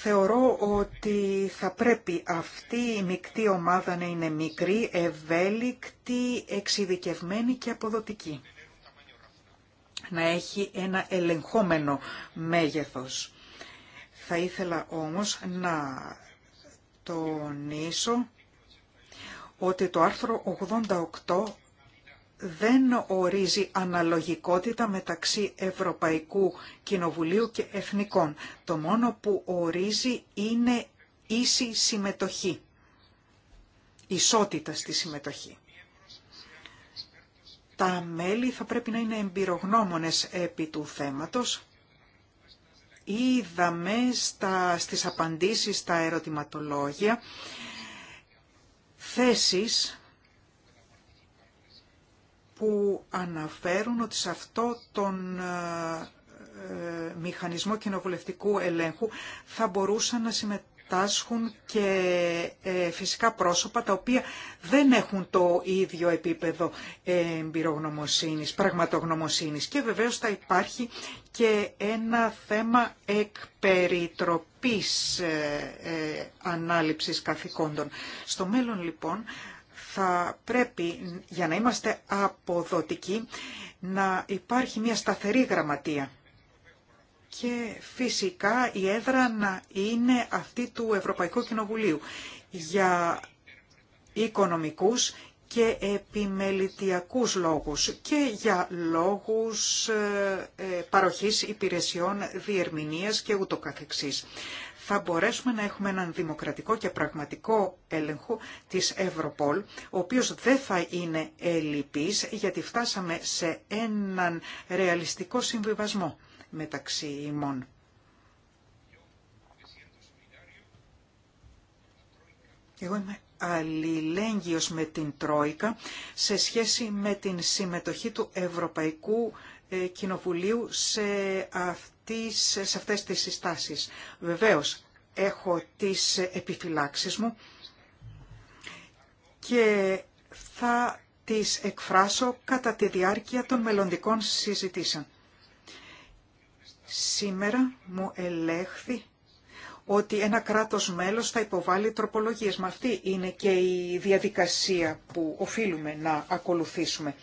B: Θεωρώ ότι θα πρέπει αυτή η μεικτή ομάδα να είναι μικρή, ευέλικτη, εξειδικευμένη και αποδοτική. Να έχει ένα ελεγχόμενο μέγεθος. Θα ήθελα όμως να τονίσω ότι το άρθρο 88 δεν ορίζει αναλογικότητα μεταξύ Ευρωπαϊκού Κοινοβουλίου και Εθνικών. Το μόνο που ορίζει είναι ίση συμμετοχή, ισότητα στη συμμετοχή. Τα μέλη θα πρέπει να είναι εμπειρογνώμονες επί του θέματος είδαμε στα, στις απαντήσεις στα ερωτηματολόγια θέσεις που αναφέρουν ότι σε αυτό τον ε, ε, μηχανισμό κοινοβουλευτικού ελέγχου θα μπορούσαν να συμμετέχουν και ε, φυσικά πρόσωπα τα οποία δεν έχουν το ίδιο επίπεδο ε, εμπειρογνωμοσύνης, πραγματογνωμοσύνης. Και βεβαίως θα υπάρχει και ένα θέμα εκπεριτροπής ε, ανάληψης καθηκόντων. Στο μέλλον λοιπόν θα πρέπει για να είμαστε αποδοτικοί να υπάρχει μια σταθερή γραμματεία και φυσικά η έδρα να είναι αυτή του Ευρωπαϊκού Κοινοβουλίου για οικονομικούς και επιμελητιακούς λόγους και για λόγους ε, ε, παροχής υπηρεσιών διερμηνίας και ούτω καθεξής. Θα μπορέσουμε να έχουμε έναν δημοκρατικό και πραγματικό έλεγχο της Ευρωπόλ, ο οποίος δεν θα είναι ελλειπής γιατί φτάσαμε σε έναν ρεαλιστικό συμβιβασμό μεταξύ ημών. Εγώ είμαι αλληλέγγυος με την Τρόικα σε σχέση με την συμμετοχή του Ευρωπαϊκού ε, Κοινοβουλίου σε, αυτής, σε αυτές τις συστάσεις. Βεβαίως, έχω τις επιφυλάξεις μου και θα τις εκφράσω κατά τη διάρκεια των μελλοντικών συζητήσεων. Σήμερα μου ελέγχθη ότι ένα κράτος μέλος θα υποβάλει τροπολογίες. Μα αυτή είναι και η διαδικασία που οφείλουμε να ακολουθήσουμε.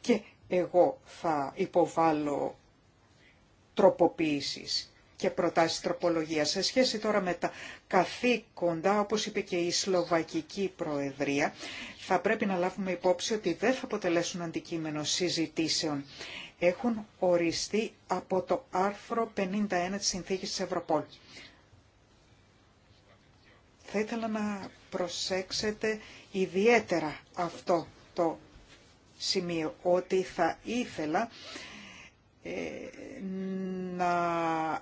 B: Και εγώ θα υποβάλω τροποποίησης και προτάσεις τροπολογίας. Σε σχέση τώρα με τα καθήκοντα, όπως είπε και η Σλοβακική Προεδρία, θα πρέπει να λάβουμε υπόψη ότι δεν θα αποτελέσουν αντικείμενο συζητήσεων έχουν οριστεί από το άρθρο 51 της Συνθήκης της Ευρωπόλ. Θα ήθελα να προσέξετε ιδιαίτερα αυτό το σημείο, ότι θα ήθελα ε, να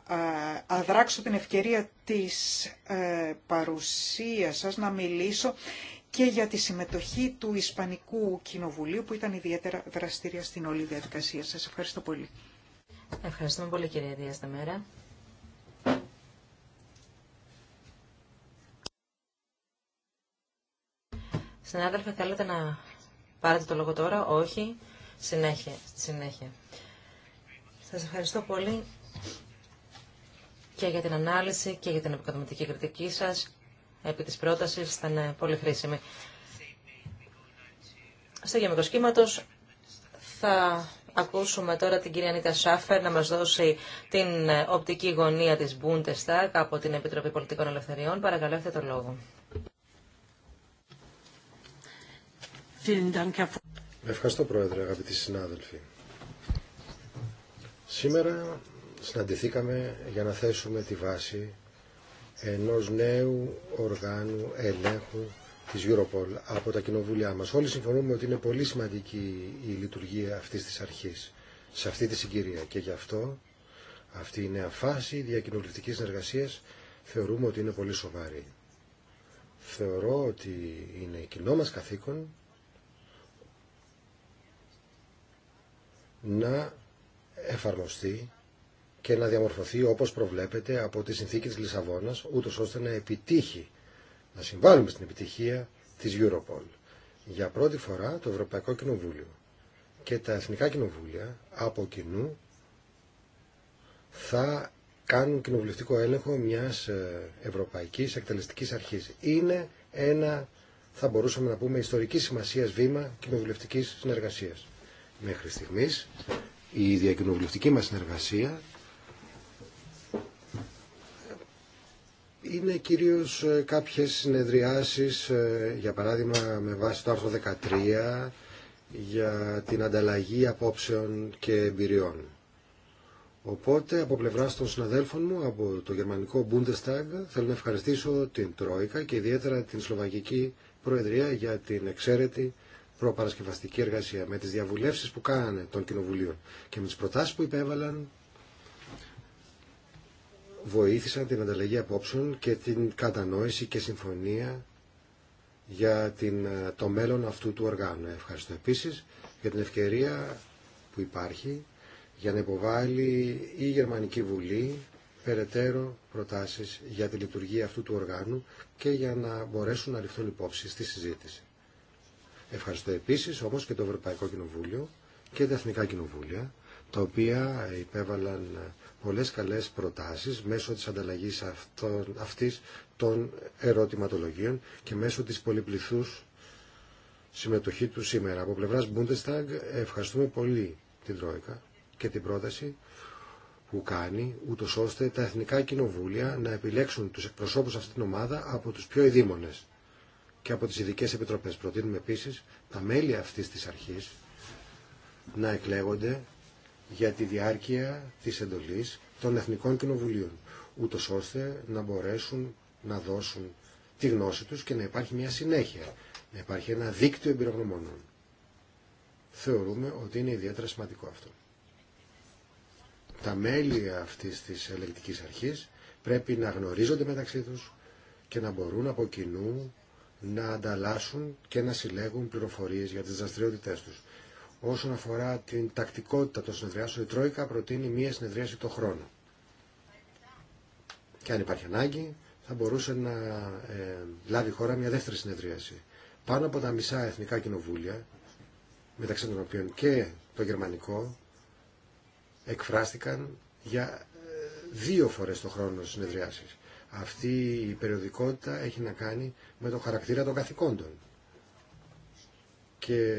B: ε, αδράξω την ευκαιρία της ε, παρουσίας σας να μιλήσω και για τη συμμετοχή του Ισπανικού Κοινοβουλίου που ήταν ιδιαίτερα δραστήρια στην όλη διαδικασία. Σας ευχαριστώ πολύ.
D: Ευχαριστούμε πολύ κυρία Δίας Σταμέρα. Συνάδελφε, θέλετε να πάρετε το λόγο τώρα. Όχι. Συνέχεια. Στη συνέχεια. Σας ευχαριστώ πολύ και για την ανάλυση και για την επικοδομητική κριτική σας επί της πρότασης ήταν ε, πολύ χρήσιμη. Στο γεμικό σχήματος θα ακούσουμε τώρα την κυρία Νίτα Σάφερ να μας δώσει την ε, οπτική γωνία της Bundestag από την Επιτροπή Πολιτικών Ελευθεριών. Παρακαλώ, έχετε το λόγο.
C: Ευχαριστώ, Πρόεδρε, αγαπητοί συνάδελφοι. Σήμερα συναντηθήκαμε για να θέσουμε τη βάση ενός νέου οργάνου ελέγχου της Europol από τα κοινοβούλια μας. Όλοι συμφωνούμε ότι είναι πολύ σημαντική η λειτουργία αυτής της αρχής, σε αυτή τη συγκυρία. Και γι' αυτό αυτή η νέα φάση διακοινοβουλευτικής συνεργασίας θεωρούμε ότι είναι πολύ σοβαρή. Θεωρώ ότι είναι κοινό μας καθήκον να εφαρμοστεί και να διαμορφωθεί όπως προβλέπεται από τη συνθήκη της Λισαβόνας, ούτως ώστε να επιτύχει, να συμβάλλουμε στην επιτυχία της Europol. Για πρώτη φορά το Ευρωπαϊκό Κοινοβούλιο και τα Εθνικά Κοινοβούλια από κοινού θα κάνουν κοινοβουλευτικό έλεγχο μιας ε, Ευρωπαϊκής Εκτελεστικής Αρχής. Είναι ένα, θα μπορούσαμε να πούμε, ιστορική σημασία βήμα κοινοβουλευτικής συνεργασίας. Μέχρι στιγμής η διακοινοβουλευτική μας συνεργασία είναι κυρίως ε, κάποιες συνεδριάσεις, ε, για παράδειγμα με βάση το άρθρο 13, για την ανταλλαγή απόψεων και εμπειριών. Οπότε από πλευρά των συναδέλφων μου από το γερμανικό Bundestag θέλω να ευχαριστήσω την Τρόικα και ιδιαίτερα την Σλοβακική Προεδρία για την εξαίρετη προπαρασκευαστική εργασία με τις διαβουλεύσεις που κάνανε των κοινοβουλίων και με τις προτάσεις που υπέβαλαν βοήθησαν την ανταλλαγή απόψεων και την κατανόηση και συμφωνία για την, ε, το μέλλον αυτού του οργάνου. Ευχαριστώ επίσης για την ευκαιρία που υπάρχει για να υποβάλει η Γερμανική Βουλή περαιτέρω προτάσεις για τη λειτουργία αυτού του οργάνου και για να μπορέσουν να ληφθούν υπόψη στη συζήτηση. Ευχαριστώ επίσης όμως και το Ευρωπαϊκό Κοινοβούλιο και τα Εθνικά Κοινοβούλια, τα οποία υπέβαλαν ε, πολλές καλές προτάσεις μέσω της ανταλλαγής αυτών, αυτής των ερωτηματολογίων και μέσω της πολυπληθούς συμμετοχή του σήμερα. Από πλευράς Bundestag ευχαριστούμε πολύ την Τρόικα και την πρόταση που κάνει, ούτω ώστε τα εθνικά κοινοβούλια να επιλέξουν τους εκπροσώπους αυτήν την ομάδα από τους πιο ειδήμονες και από τις ειδικέ επιτροπές. Προτείνουμε επίσης τα μέλη αυτής της αρχής να εκλέγονται για τη διάρκεια της εντολής των Εθνικών Κοινοβουλίων, ούτω ώστε να μπορέσουν να δώσουν τη γνώση τους και να υπάρχει μια συνέχεια, να υπάρχει ένα δίκτυο εμπειρογνωμόνων. Θεωρούμε ότι είναι ιδιαίτερα σημαντικό αυτό. Τα μέλη αυτής της ελεγκτικής αρχής πρέπει να γνωρίζονται μεταξύ τους και να μπορούν από κοινού να ανταλλάσσουν και να συλλέγουν πληροφορίες για τις δραστηριότητές τους. Όσον αφορά την τακτικότητα των συνεδριάσεων, η Τρόικα προτείνει μία συνεδρίαση το χρόνο. Και αν υπάρχει ανάγκη, θα μπορούσε να ε, λάβει η χώρα μια δεύτερη συνεδρίαση. Πάνω από τα μισά εθνικά κοινοβούλια, μεταξύ των οποίων και το γερμανικό, εκφράστηκαν για ε, δύο φορές το χρόνο συνεδριάσεις. Αυτή η περιοδικότητα έχει να κάνει με το χαρακτήρα των καθηκόντων και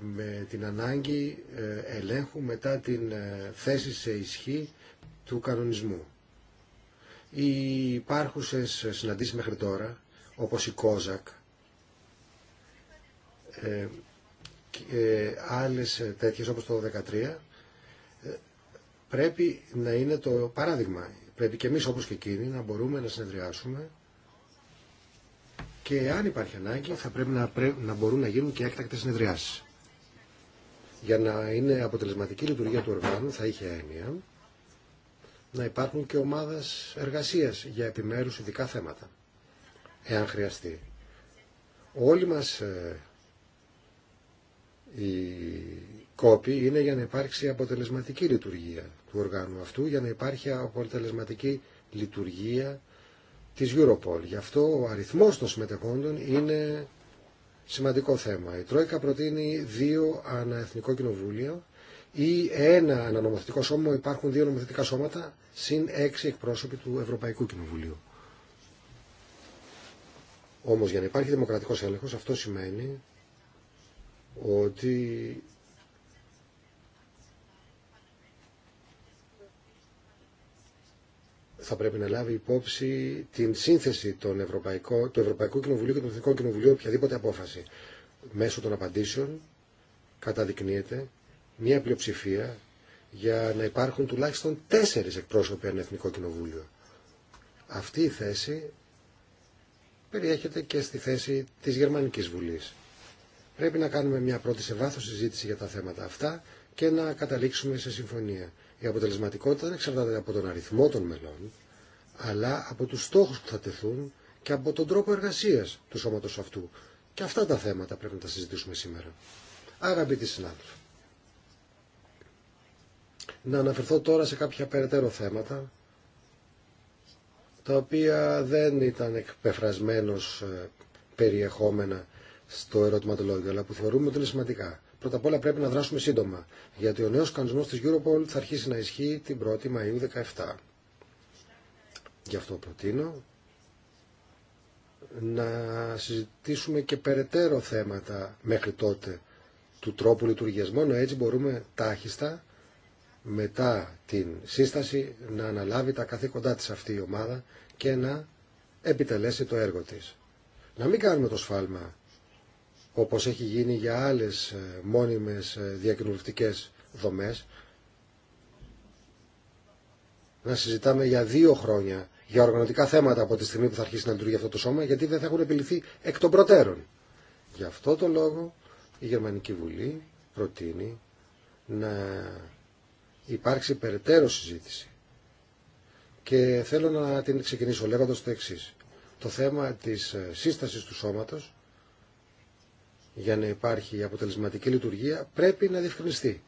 C: με την ανάγκη ε, ελέγχου μετά την ε, θέση σε ισχύ του κανονισμού. Οι υπάρχουσες συναντήσεις μέχρι τώρα, όπως η ΚΟΖΑΚ και ε, άλλες τέτοιες όπως το 2013, πρέπει να είναι το παράδειγμα. Πρέπει και εμείς όπως και εκείνοι να μπορούμε να συνεδριάσουμε και αν υπάρχει ανάγκη θα πρέπει να, να μπορούν να γίνουν και έκτακτες συνεδριάσεις. Για να είναι αποτελεσματική η λειτουργία του οργάνου θα είχε έννοια να υπάρχουν και ομάδες εργασία για επιμέρους ειδικά θέματα, εάν χρειαστεί. Όλοι μας ε, οι κόποι είναι για να υπάρξει αποτελεσματική λειτουργία του οργάνου αυτού, για να υπάρχει αποτελεσματική λειτουργία της Europol. Γι' αυτό ο αριθμός των συμμετεχόντων είναι σημαντικό θέμα. Η Τρόικα προτείνει δύο αναεθνικό κοινοβούλιο ή ένα ανανομοθετικό σώμα, υπάρχουν δύο νομοθετικά σώματα, συν έξι εκπρόσωποι του Ευρωπαϊκού Κοινοβουλίου. Όμως για να υπάρχει δημοκρατικός έλεγχος αυτό σημαίνει ότι θα πρέπει να λάβει υπόψη την σύνθεση των Ευρωπαϊκό, του Ευρωπαϊκού Κοινοβουλίου και του Εθνικού Κοινοβουλίου οποιαδήποτε απόφαση. Μέσω των απαντήσεων καταδεικνύεται μια πλειοψηφία για να υπάρχουν τουλάχιστον τέσσερις εκπρόσωποι ένα Εθνικό Κοινοβούλιο. Αυτή η θέση περιέχεται και στη θέση της Γερμανικής Βουλής. Πρέπει να κάνουμε μια πρώτη σε βάθος συζήτηση για τα θέματα αυτά και να καταλήξουμε σε συμφωνία. Η αποτελεσματικότητα δεν εξαρτάται από τον αριθμό των μελών, αλλά από τους στόχους που θα τεθούν και από τον τρόπο εργασίας του σώματος αυτού. Και αυτά τα θέματα πρέπει να τα συζητήσουμε σήμερα. Αγαπητοί συνάδελφοι, να αναφερθώ τώρα σε κάποια περαιτέρω θέματα, τα οποία δεν ήταν εκπεφρασμένος ε, περιεχόμενα στο ερωτηματολόγιο, αλλά που θεωρούμε ότι είναι σημαντικά. Πρώτα απ' όλα πρέπει να δράσουμε σύντομα, γιατί ο νέος κανονισμός της Europol θα αρχίσει να ισχύει την 1η Μαΐου 17. Γι' αυτό προτείνω να συζητήσουμε και περαιτέρω θέματα μέχρι τότε του τρόπου λειτουργίας. Μόνο έτσι μπορούμε τάχιστα μετά την σύσταση να αναλάβει τα καθήκοντά της αυτή η ομάδα και να επιτελέσει το έργο της. Να μην κάνουμε το σφάλμα όπως έχει γίνει για άλλες ε, μόνιμες ε, διακοινωνιστικές δομές, να συζητάμε για δύο χρόνια για οργανωτικά θέματα από τη στιγμή που θα αρχίσει να λειτουργεί αυτό το σώμα, γιατί δεν θα έχουν επιληθεί εκ των προτέρων. Γι' αυτό το λόγο η Γερμανική Βουλή προτείνει να υπάρξει περαιτέρω συζήτηση. Και θέλω να την ξεκινήσω λέγοντας το εξής. Το θέμα της ε, σύστασης του σώματος για να υπάρχει αποτελεσματική λειτουργία πρέπει να διευκρινιστεί.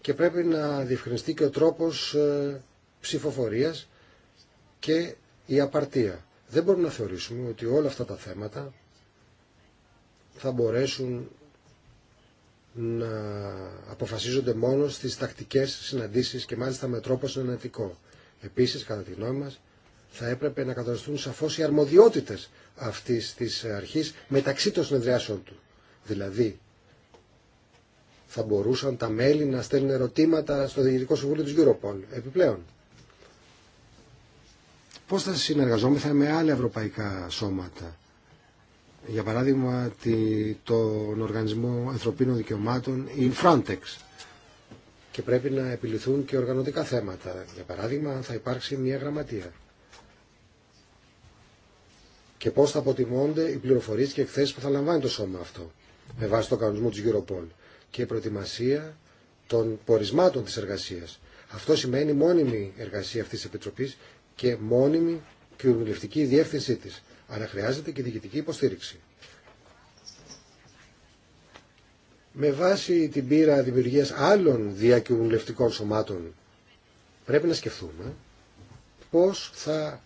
C: Και πρέπει να διευκρινιστεί και ο τρόπος ε, ψηφοφορίας και η απαρτία. Δεν μπορούμε να θεωρήσουμε ότι όλα αυτά τα θέματα θα μπορέσουν να αποφασίζονται μόνο στις τακτικές συναντήσεις και μάλιστα με τρόπο συναντικό. Επίσης, κατά τη γνώμη μας, θα έπρεπε να καταστούν σαφώς οι αρμοδιότητε αυτή τη αρχή μεταξύ των συνεδριάσεων του. Δηλαδή, θα μπορούσαν τα μέλη να στέλνουν ερωτήματα στο Διευθυντικό Συμβούλιο τη Europol. Επιπλέον, Πώ θα συνεργαζόμεθα με άλλα ευρωπαϊκά σώματα. Για παράδειγμα, τον Οργανισμό Ανθρωπίνων Δικαιωμάτων, η Frontex, και πρέπει να επιληθούν και οργανωτικά θέματα. Για παράδειγμα, θα υπάρξει μια γραμματεία και πώς θα αποτιμώνται οι πληροφορίες και εκθέσεις που θα λαμβάνει το σώμα αυτό με βάση το κανονισμό της Europol και η προετοιμασία των πορισμάτων της εργασίας. Αυτό σημαίνει μόνιμη εργασία αυτής της Επιτροπής και μόνιμη κοινοβουλευτική διεύθυνσή της. Αλλά χρειάζεται και διοικητική υποστήριξη. Με βάση την πείρα δημιουργία άλλων διακοινοβουλευτικών σωμάτων πρέπει να σκεφτούμε πώς θα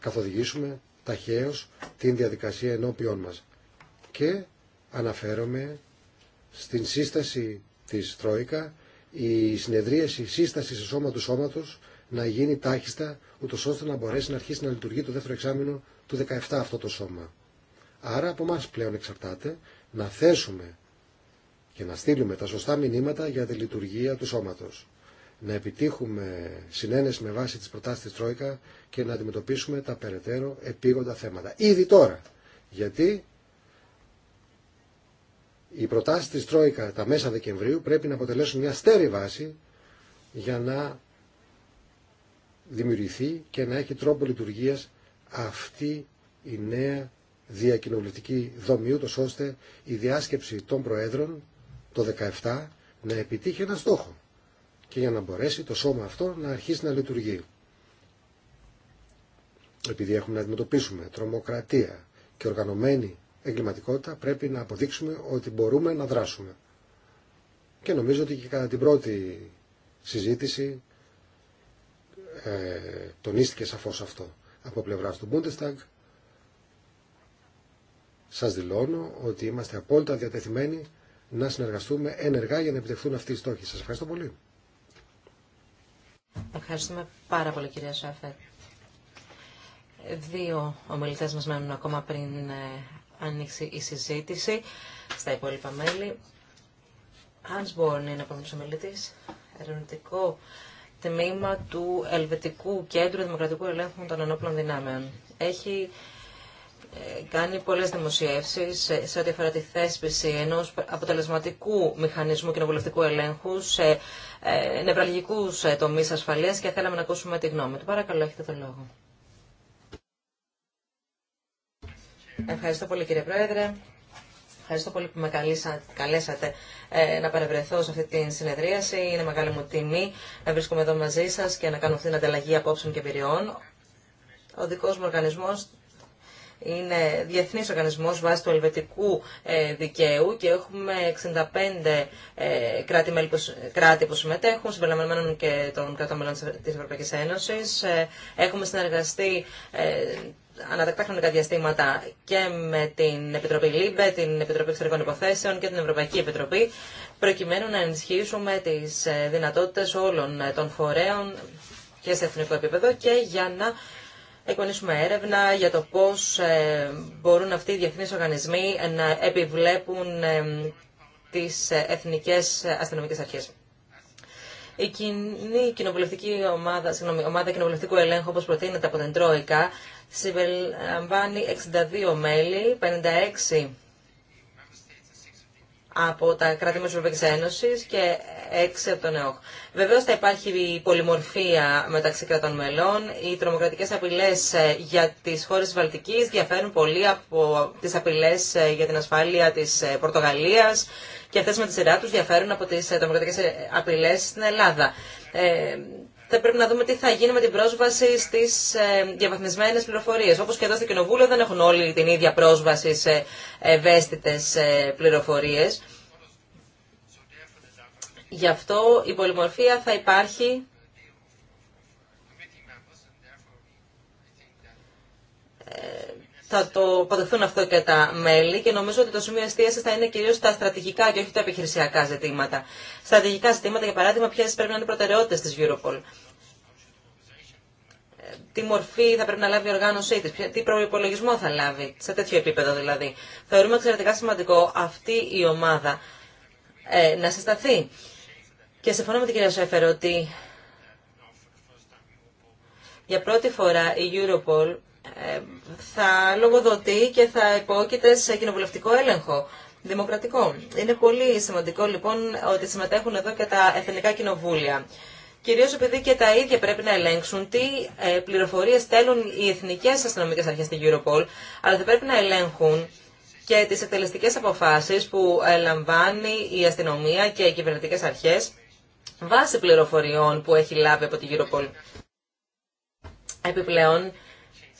C: καθοδηγήσουμε ταχαίως την διαδικασία ενώπιών μας. Και αναφέρομαι στην σύσταση της Τρόικα η συνεδρίαση η σύσταση σε σώμα του σώματος να γίνει τάχιστα ούτω ώστε να μπορέσει να αρχίσει να λειτουργεί το δεύτερο εξάμεινο του 17 αυτό το σώμα. Άρα από εμά πλέον εξαρτάται να θέσουμε και να στείλουμε τα σωστά μηνύματα για τη λειτουργία του σώματος να επιτύχουμε συνένεση με βάση τις προτάσεις της Τρόικα και να αντιμετωπίσουμε τα περαιτέρω επίγοντα θέματα. Ήδη τώρα. Γιατί οι προτάσεις της Τρόικα τα μέσα Δεκεμβρίου πρέπει να αποτελέσουν μια στέρη βάση για να δημιουργηθεί και να έχει τρόπο λειτουργίας αυτή η νέα διακοινοβουλευτική δομή, ούτως ώστε η διάσκεψη των Προέδρων το 2017 να επιτύχει ένα στόχο και για να μπορέσει το σώμα αυτό να αρχίσει να λειτουργεί. Επειδή έχουμε να αντιμετωπίσουμε τρομοκρατία και οργανωμένη εγκληματικότητα, πρέπει να αποδείξουμε ότι μπορούμε να δράσουμε. Και νομίζω ότι και κατά την πρώτη συζήτηση ε, τονίστηκε σαφώς αυτό από πλευρά του Bundestag. Σας δηλώνω ότι είμαστε απόλυτα διατεθειμένοι να συνεργαστούμε ενεργά για να επιτευχθούν αυτοί οι στόχοι. Σας ευχαριστώ πολύ.
D: Ευχαριστούμε πάρα πολύ κυρία Σάφερ. Δύο ομιλητές μας μένουν ακόμα πριν ε, ανοίξει η συζήτηση στα υπόλοιπα μέλη. Hans Born είναι ο επόμενος ομιλητής, ερευνητικό τμήμα του Ελβετικού Κέντρου Δημοκρατικού Ελέγχου των Ενόπλων Δυνάμεων. Έχει ε, κάνει πολλές δημοσιεύσεις σε ό,τι αφορά τη θέσπιση ενός αποτελεσματικού μηχανισμού κοινοβουλευτικού ελέγχου σε ε, νευραλγικούς ε, τομείς ασφαλείας και θέλαμε να ακούσουμε τη γνώμη του. Παρακαλώ, έχετε το λόγο. Ευχαριστώ πολύ κύριε Πρόεδρε. Ευχαριστώ πολύ που με καλέσατε ε, να παρευρεθώ σε αυτή την συνεδρίαση. Είναι μεγάλη μου τιμή να βρίσκομαι εδώ μαζί σας και να κάνω αυτή την ανταλλαγή απόψεων και εμπειριών. Ο δικός μου οργανισμός είναι διεθνής οργανισμός βάσει του ελβετικού ε, δικαίου και έχουμε 65 ε, κράτη που συμμετέχουν, συμπεριλαμβανομένων και των κρατών μελών της Ευρωπαϊκής Ένωσης. Ε, έχουμε συνεργαστεί ανατακτά χρονικά διαστήματα και με την Επιτροπή ΛΥΜΠΕ, την Επιτροπή Εξωτερικών Υποθέσεων και την Ευρωπαϊκή Επιτροπή, προκειμένου να ενισχύσουμε τις δυνατότητες όλων των φορέων και σε εθνικό επίπεδο και για να εικονίσουμε έρευνα για το πώς ε, μπορούν αυτοί οι διεθνείς οργανισμοί να επιβλέπουν ε, τις εθνικές αστυνομικές αρχές. Η κοινή κοινοβουλευτική ομάδα, συγγνώμη, ομάδα κοινοβουλευτικού ελέγχου, όπως προτείνεται από την Τρόικα, συμπεριλαμβάνει 62 μέλη, 56 από τα κράτη της Ευρωπαϊκής Ένωσης και έξι από τον ΕΟΚ. Βεβαίως θα υπάρχει η πολυμορφία μεταξύ κρατών μελών. Οι τρομοκρατικές απειλές ε, για τις χώρες της Βαλτικής διαφέρουν πολύ από τις απειλές ε, για την ασφάλεια της ε, Πορτογαλίας και αυτές με τη σειρά διαφέρουν από τις τρομοκρατικές απειλές στην Ελλάδα θα πρέπει να δούμε τι θα γίνει με την πρόσβαση στι ε, διαβαθμισμένε πληροφορίε. Όπω και εδώ στο Κοινοβούλιο δεν έχουν όλοι την ίδια πρόσβαση σε ευαίσθητε πληροφορίε. Γι' αυτό η πολυμορφία θα υπάρχει θα το αποδεχθούν αυτό και τα μέλη και νομίζω ότι το σημείο εστίαση θα είναι κυρίω τα στρατηγικά και όχι τα επιχειρησιακά ζητήματα. Στρατηγικά ζητήματα, για παράδειγμα, ποιε πρέπει να είναι οι προτεραιότητε τη Europol. Τι μορφή θα πρέπει να λάβει η οργάνωσή τη, τι προπολογισμό θα λάβει, σε τέτοιο επίπεδο δηλαδή. Θεωρούμε εξαιρετικά σημαντικό αυτή η ομάδα ε, να συσταθεί. Και συμφωνώ με την κυρία Σέφερ ότι για πρώτη φορά η Europol ε, θα λογοδοτεί και θα υπόκειται σε κοινοβουλευτικό έλεγχο. Δημοκρατικό. Είναι πολύ σημαντικό λοιπόν ότι συμμετέχουν εδώ και τα εθνικά κοινοβούλια. Κυρίω επειδή και τα ίδια πρέπει να ελέγξουν τι ε, πληροφορίε στέλνουν οι εθνικέ αστυνομικέ αρχέ στην Europol, αλλά θα πρέπει να ελέγχουν και τι εκτελεστικέ αποφάσει που ε, λαμβάνει η αστυνομία και οι κυβερνητικέ αρχέ βάσει πληροφοριών που έχει λάβει από την Europol. Επιπλέον,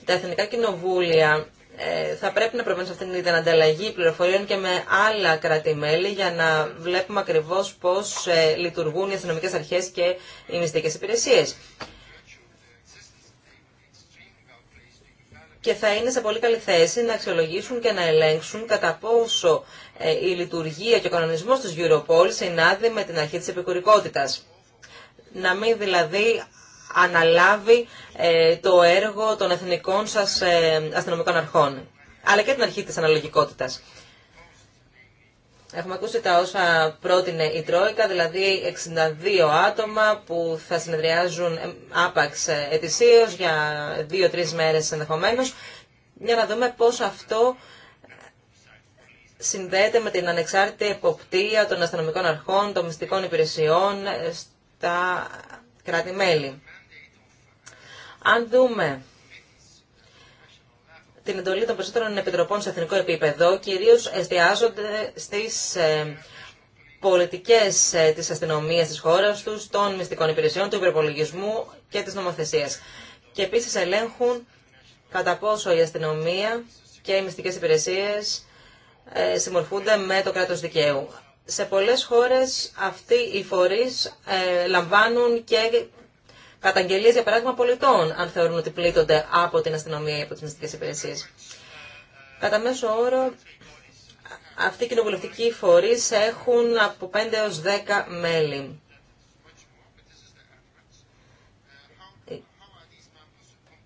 D: τα εθνικά κοινοβούλια ε, θα πρέπει να προβαίνουν σε αυτήν την ανταλλαγή πληροφοριών και με άλλα κράτη-μέλη για να βλέπουμε ακριβώς πώς ε, λειτουργούν οι αστυνομικέ αρχές και οι μυστικές υπηρεσίες. Και θα είναι σε πολύ καλή θέση να αξιολογήσουν και να ελέγξουν κατά πόσο ε, η λειτουργία και ο κανονισμός της Europol συνάδει με την αρχή της επικουρικότητας. Να μην δηλαδή αναλάβει ε, το έργο των εθνικών σας ε, αστυνομικών αρχών, αλλά και την αρχή της αναλογικότητας. Έχουμε ακούσει τα όσα πρότεινε η Τρόικα, δηλαδή 62 άτομα που θα συνεδριάζουν ε, άπαξ ετησίως για 2-3 μέρες ενδεχομένως, για να δούμε πώς αυτό συνδέεται με την ανεξάρτητη εποπτεία των αστυνομικών αρχών, των μυστικών υπηρεσιών στα κράτη-μέλη. Αν δούμε την εντολή των περισσότερων επιτροπών σε εθνικό επίπεδο, κυρίως εστιάζονται στις ε, πολιτικές ε, της αστυνομίας της χώρας τους, των μυστικών υπηρεσιών, του υπερπολογισμού και της νομοθεσίας. Και επίσης ελέγχουν κατά πόσο η αστυνομία και οι μυστικές υπηρεσίες ε, συμμορφούνται με το κράτος δικαίου. Σε πολλές χώρες αυτοί οι φορείς λαμβάνουν και καταγγελίες για παράδειγμα πολιτών, αν θεωρούν ότι πλήττονται από την αστυνομία ή από τις μυστικέ υπηρεσίε. Κατά μέσο όρο, αυτοί οι κοινοβουλευτικοί φορείς έχουν από 5 έως 10 μέλη.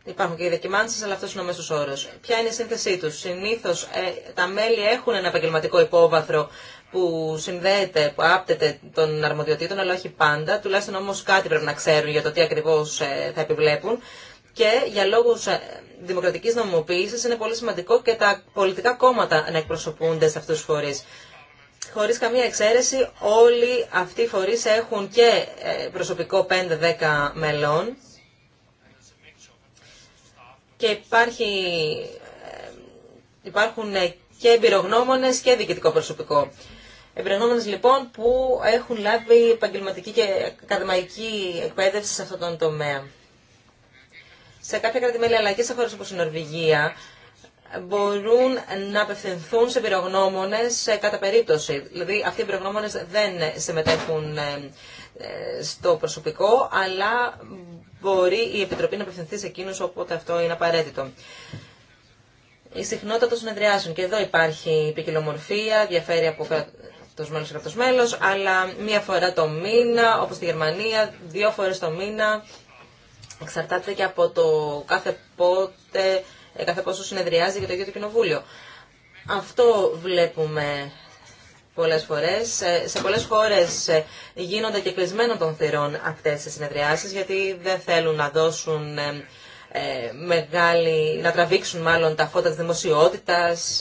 D: Υπάρχουν και οι δεκιμάνσει, αλλά αυτό είναι ο μέσο όρο. Ποια είναι η σύνθεσή του. Συνήθω ε, τα μέλη έχουν ένα επαγγελματικό υπόβαθρο που συνδέεται, που άπτεται των αρμοδιοτήτων, αλλά όχι πάντα. Τουλάχιστον όμω κάτι πρέπει να ξέρουν για το τι ακριβώ ε, θα επιβλέπουν. Και για λόγους ε, δημοκρατική νομοποίηση είναι πολύ σημαντικό και τα πολιτικά κόμματα να εκπροσωπούνται σε αυτού του φορεί. Χωρί καμία εξαίρεση όλοι αυτοί οι φορεί έχουν και ε, προσωπικό 5-10 μελών και υπάρχει, υπάρχουν και εμπειρογνώμονες και διοικητικό προσωπικό. Εμπειρογνώμονες λοιπόν που έχουν λάβει επαγγελματική και ακαδημαϊκή εκπαίδευση σε αυτόν τον τομέα. Σε κάποια κράτη-μέλη, αλλά και σε χώρε όπω η Νορβηγία μπορούν να απευθυνθούν σε πυρογνώμονε κατά περίπτωση. Δηλαδή αυτοί οι εμπειρογνώμονε δεν συμμετέχουν ε, ε, στο προσωπικό, αλλά μπορεί η Επιτροπή να απευθυνθεί σε εκείνου όποτε αυτό είναι απαραίτητο. Η συχνότητα των συνεδριάσεων. Και εδώ υπάρχει ποικιλομορφία, διαφέρει από το κράτο μέλο, αλλά μία φορά το μήνα, όπω στη Γερμανία, δύο φορέ το μήνα. Εξαρτάται και από το κάθε πότε, ε, κάθε πόσο συνεδριάζει και το ίδιο το κοινοβούλιο. Αυτό βλέπουμε πολλές φορές. Ε, σε πολλές χώρες ε, γίνονται και κλεισμένο των θυρών αυτές οι συνεδριάσεις, γιατί δεν θέλουν να δώσουν μεγάλη, να τραβήξουν μάλλον τα φώτα της δημοσιότητας,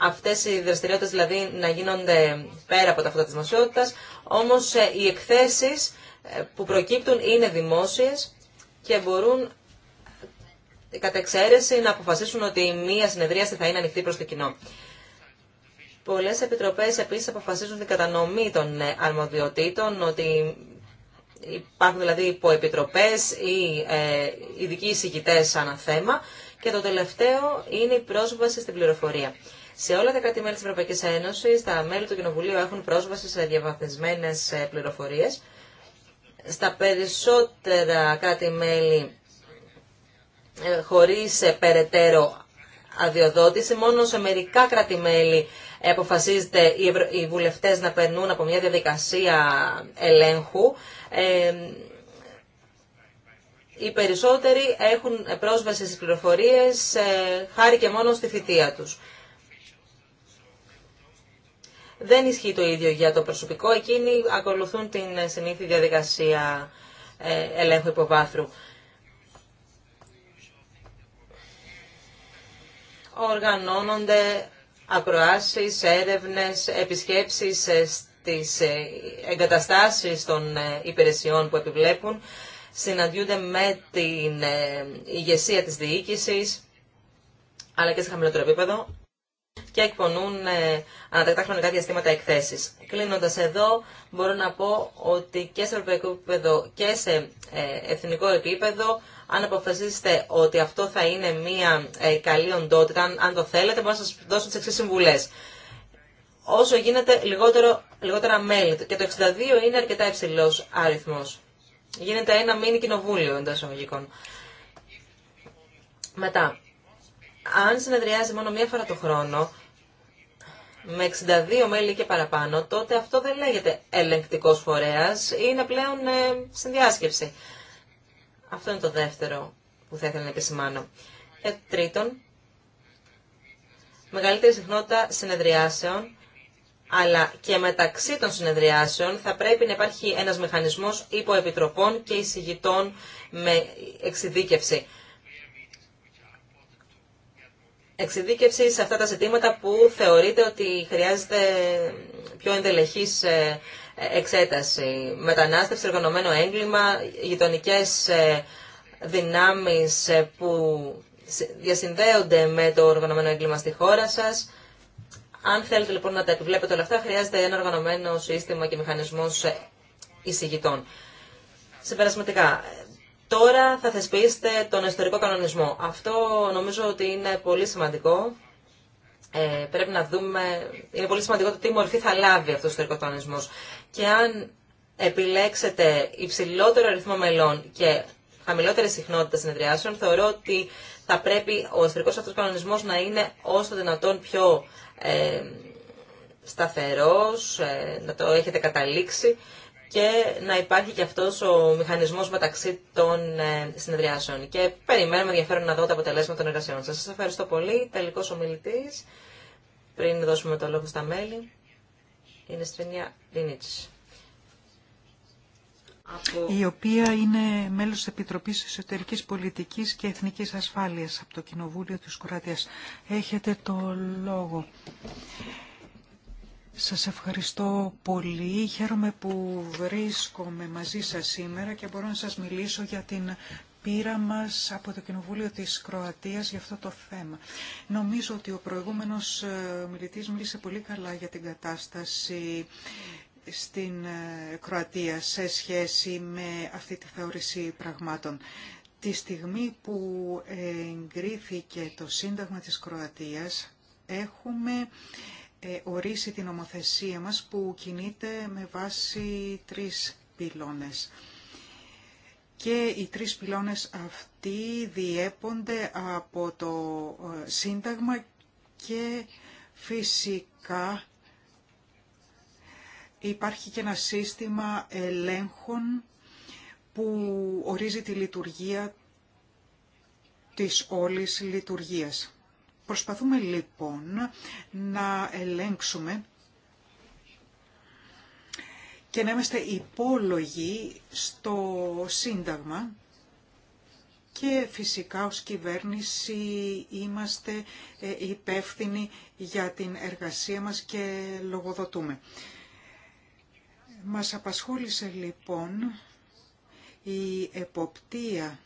D: Αυτέ οι δραστηριότητε δηλαδή να γίνονται πέρα από τα φώτα τη δημοσιότητα. όμως ε, οι εκθέσεις ε, που προκύπτουν είναι δημόσιες και μπορούν ε, κατά εξαίρεση να αποφασίσουν ότι μία συνεδρίαση θα είναι ανοιχτή προς το κοινό. Πολλέ επιτροπές επίσης αποφασίζουν την κατανομή των αρμοδιοτήτων, ότι υπάρχουν δηλαδή υποεπιτροπέ ή ειδικοί σε ανά θέμα. Και το τελευταίο είναι η πρόσβαση στην πληροφορία. Σε όλα τα κράτη-μέλη της Ευρωπαϊκής Ένωσης, τα μέλη του Κοινοβουλίου έχουν πρόσβαση σε διαβαθμισμένες ε, πληροφορίες. Στα περισσότερα κράτη-μέλη, ε, χωρίς ε, περαιτέρω αδειοδότηση, μόνο σε μερικά κράτη-μέλη αποφασίζεται οι βουλευτές να περνούν από μια διαδικασία ελέγχου. Οι περισσότεροι έχουν πρόσβαση στις πληροφορίες χάρη και μόνο στη θητεία τους. Δεν ισχύει το ίδιο για το προσωπικό. Εκείνοι ακολουθούν την συνήθη διαδικασία ε, ελέγχου υποβάθρου. Οργανώνονται ακροάσεις, έρευνες, επισκέψεις ε, στις ε, εγκαταστάσεις των υπηρεσιών που επιβλέπουν. Συναντιούνται με την ηγεσία της διοίκησης, αλλά και σε χαμηλότερο επίπεδο και εκπονούν ε, ανατακτά χρονικά διαστήματα εκθέσεις. Κλείνοντας εδώ, μπορώ να πω ότι και σε ευρωπαϊκό επίπεδο και σε ε, εθνικό επίπεδο, αν αποφασίσετε ότι αυτό θα είναι μια ε, καλή οντότητα, αν, αν το θέλετε, μπορώ να σας δώσω τις εξής συμβουλές. Όσο γίνεται λιγότερο, λιγότερα μέλη, και το 62 είναι αρκετά υψηλός αριθμός. Γίνεται ένα μήνυ κοινοβούλιο εντό εισαγωγικών. Μετά, αν συνεδριάζει μόνο μία φορά το χρόνο, με 62 μέλη και παραπάνω, τότε αυτό δεν λέγεται ελεγκτικός φορέας, είναι πλέον ε, συνδιάσκεψη. Αυτό είναι το δεύτερο που θα ήθελα να επισημάνω. Ε, τρίτον, μεγαλύτερη συχνότητα συνεδριάσεων, αλλά και μεταξύ των συνεδριάσεων θα πρέπει να υπάρχει ένας μηχανισμός υποεπιτροπών και εισηγητών με εξειδίκευση εξειδίκευση σε αυτά τα ζητήματα που θεωρείτε ότι χρειάζεται πιο εντελεχής ε, εξέταση. Μετανάστευση, οργανωμένο έγκλημα, γειτονικέ ε, δυνάμεις ε, που διασυνδέονται με το οργανωμένο έγκλημα στη χώρα σας. Αν θέλετε λοιπόν να τα επιβλέπετε όλα αυτά, χρειάζεται ένα οργανωμένο σύστημα και μηχανισμός εισηγητών. Συμπερασματικά, Τώρα θα θεσπίσετε τον ιστορικό κανονισμό. Αυτό νομίζω ότι είναι πολύ σημαντικό. Ε, πρέπει να δούμε, είναι πολύ σημαντικό το τι μορφή θα λάβει αυτός ο ιστορικό κανονισμός. Και αν επιλέξετε υψηλότερο αριθμό μελών και χαμηλότερη συχνότητα συνεδριάσεων, θεωρώ ότι θα πρέπει ο ιστορικός αυτός κανονισμός να είναι όσο δυνατόν πιο ε, σταθερός, ε, να το έχετε καταλήξει και να υπάρχει και αυτός ο μηχανισμός μεταξύ των ε, συνεδριάσεων. Και περιμένουμε ενδιαφέρον να δω τα αποτελέσματα των εργασιών σας. Σας ευχαριστώ πολύ. Τελικός ομιλητής, πριν δώσουμε το λόγο στα μέλη, είναι Στρίνια Ρινίτσης.
B: Από... η οποία είναι μέλος της Επιτροπής Εσωτερικής Πολιτικής και Εθνικής Ασφάλειας από το Κοινοβούλιο της Κροατίας. Έχετε το λόγο. Σας ευχαριστώ πολύ. Χαίρομαι που βρίσκομαι μαζί σας σήμερα και μπορώ να σας μιλήσω για την πείρα μας από το Κοινοβούλιο της Κροατίας για αυτό το θέμα. Νομίζω ότι ο προηγούμενος ε, μιλητής μίλησε πολύ καλά για την κατάσταση στην ε, Κροατία σε σχέση με αυτή τη θεώρηση πραγμάτων. Τη στιγμή που εγκρίθηκε το Σύνταγμα της Κροατίας έχουμε ε, ορίσει την ομοθεσία μας που κινείται με βάση τρεις πυλώνες. Και οι τρεις πυλώνες αυτοί διέπονται από το ε, Σύνταγμα και φυσικά υπάρχει και ένα σύστημα ελέγχων που ορίζει τη λειτουργία της όλης λειτουργίας. Προσπαθούμε λοιπόν να ελέγξουμε και να είμαστε υπόλογοι στο Σύνταγμα και φυσικά ως κυβέρνηση είμαστε ε, υπεύθυνοι για την εργασία μας και λογοδοτούμε. Μας απασχόλησε λοιπόν η εποπτεία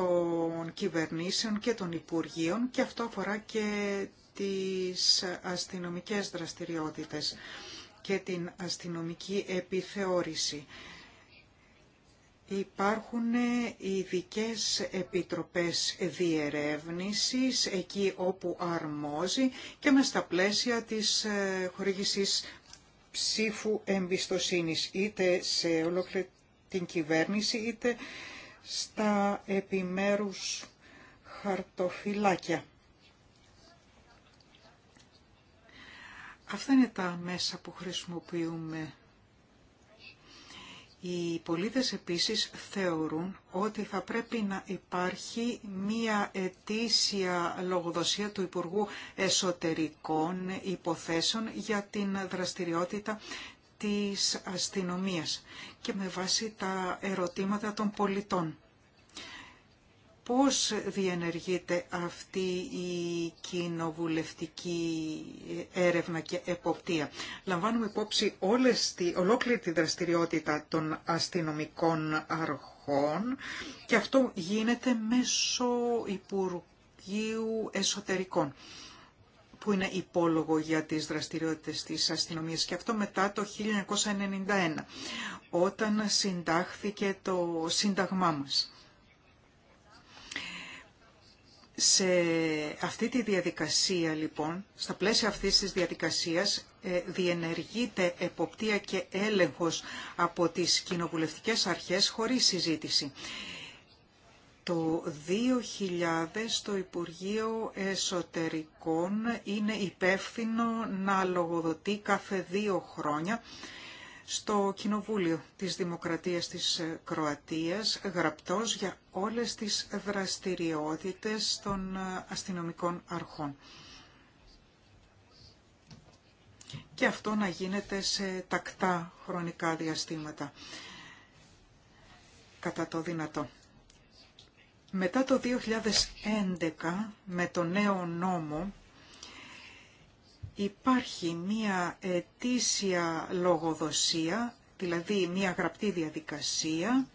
B: των κυβερνήσεων και των Υπουργείων και αυτό αφορά και τις αστυνομικές δραστηριότητες και την αστυνομική επιθεώρηση. Υπάρχουν ειδικέ επιτροπές διερεύνησης εκεί όπου αρμόζει και με στα πλαίσια της ε, χορήγησης ψήφου εμπιστοσύνης είτε σε ολόκληρη την κυβέρνηση είτε στα επιμέρους χαρτοφυλάκια. Αυτά είναι τα μέσα που χρησιμοποιούμε. Οι πολίτες επίσης θεωρούν ότι θα πρέπει να υπάρχει μία ετήσια λογοδοσία του Υπουργού Εσωτερικών Υποθέσεων για την δραστηριότητα της αστυνομίας και με βάση τα ερωτήματα των πολιτών. Πώς διενεργείται αυτή η κοινοβουλευτική έρευνα και εποπτεία. Λαμβάνουμε υπόψη όλες τη, ολόκληρη τη δραστηριότητα των αστυνομικών αρχών και αυτό γίνεται μέσω Υπουργείου Εσωτερικών που είναι υπόλογο για τις δραστηριότητες της αστυνομίας και αυτό μετά το 1991 όταν συντάχθηκε το σύνταγμά μας. Σε αυτή τη διαδικασία λοιπόν, στα πλαίσια αυτής της διαδικασίας ε, διενεργείται εποπτεία και έλεγχος από τις κοινοβουλευτικές αρχές χωρίς συζήτηση το 2000 το Υπουργείο Εσωτερικών είναι υπεύθυνο να λογοδοτεί κάθε δύο χρόνια στο Κοινοβούλιο της Δημοκρατίας της Κροατίας, γραπτός για όλες τις δραστηριότητες των αστυνομικών αρχών. Και αυτό να γίνεται σε τακτά χρονικά διαστήματα, κατά το δυνατόν. Μετά το 2011, με το νέο νόμο, υπάρχει μία ετήσια λογοδοσία, δηλαδή μία γραπτή διαδικασία,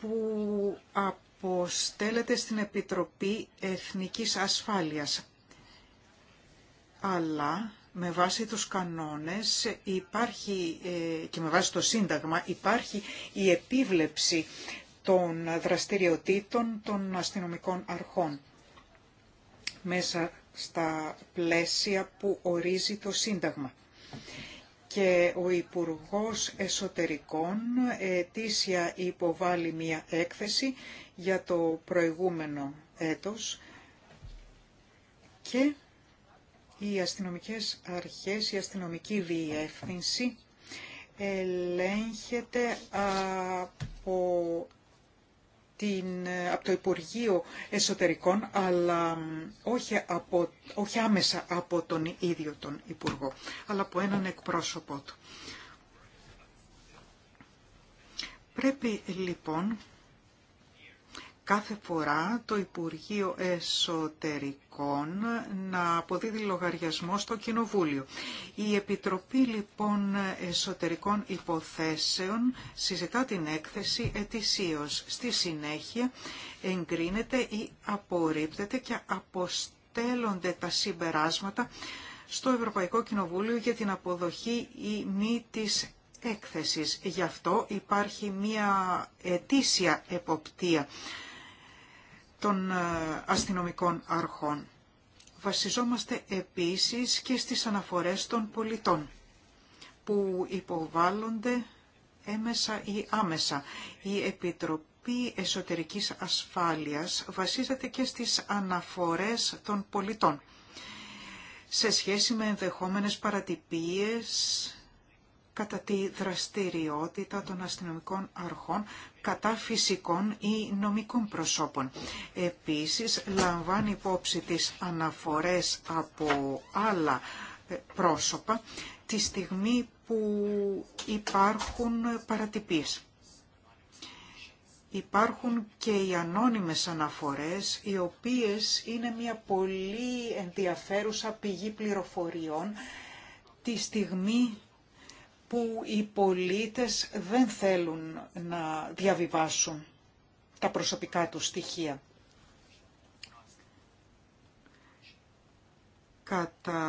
B: που αποστέλλεται στην Επιτροπή Εθνικής Ασφάλειας. Αλλά με βάση τους κανόνες υπάρχει, ε, και με βάση το Σύνταγμα υπάρχει η επίβλεψη των δραστηριοτήτων των αστυνομικών αρχών μέσα στα πλαίσια που ορίζει το Σύνταγμα. Και ο Υπουργός Εσωτερικών ετήσια υποβάλλει μία έκθεση για το προηγούμενο έτος και οι αστυνομικές αρχές, η αστυνομική διεύθυνση ελέγχεται από την, ε, από το Υπουργείο Εσωτερικών, αλλά όχι, από, όχι άμεσα από τον ίδιο τον Υπουργό, αλλά από έναν εκπρόσωπό του. Πρέπει λοιπόν κάθε φορά το Υπουργείο Εσωτερικών να αποδίδει λογαριασμό στο Κοινοβούλιο. Η Επιτροπή λοιπόν Εσωτερικών Υποθέσεων συζητά την έκθεση ετησίως. Στη συνέχεια εγκρίνεται ή απορρίπτεται και αποστέλλονται τα συμπεράσματα στο Ευρωπαϊκό Κοινοβούλιο για την αποδοχή ή μη της έκθεσης. Γι' αυτό υπάρχει μια ετήσια εποπτεία των ε, αστυνομικών αρχών. Βασιζόμαστε επίσης και στις αναφορές των πολιτών που υποβάλλονται έμεσα ή άμεσα. Η Επιτροπή Εσωτερικής Ασφάλειας βασίζεται και στις αναφορές των πολιτών σε σχέση με ενδεχόμενες παρατυπίες κατά τη δραστηριότητα των αστυνομικών αρχών κατά φυσικών ή νομικών προσώπων. Επίσης, λαμβάνει υπόψη τις αναφορές από άλλα ε, πρόσωπα τη στιγμή που υπάρχουν παρατυπίες. Υπάρχουν και οι ανώνυμες αναφορές, οι οποίες είναι μια πολύ ενδιαφέρουσα πηγή πληροφοριών τη στιγμή που οι πολίτες δεν θέλουν να διαβιβάσουν τα προσωπικά τους στοιχεία. Κατά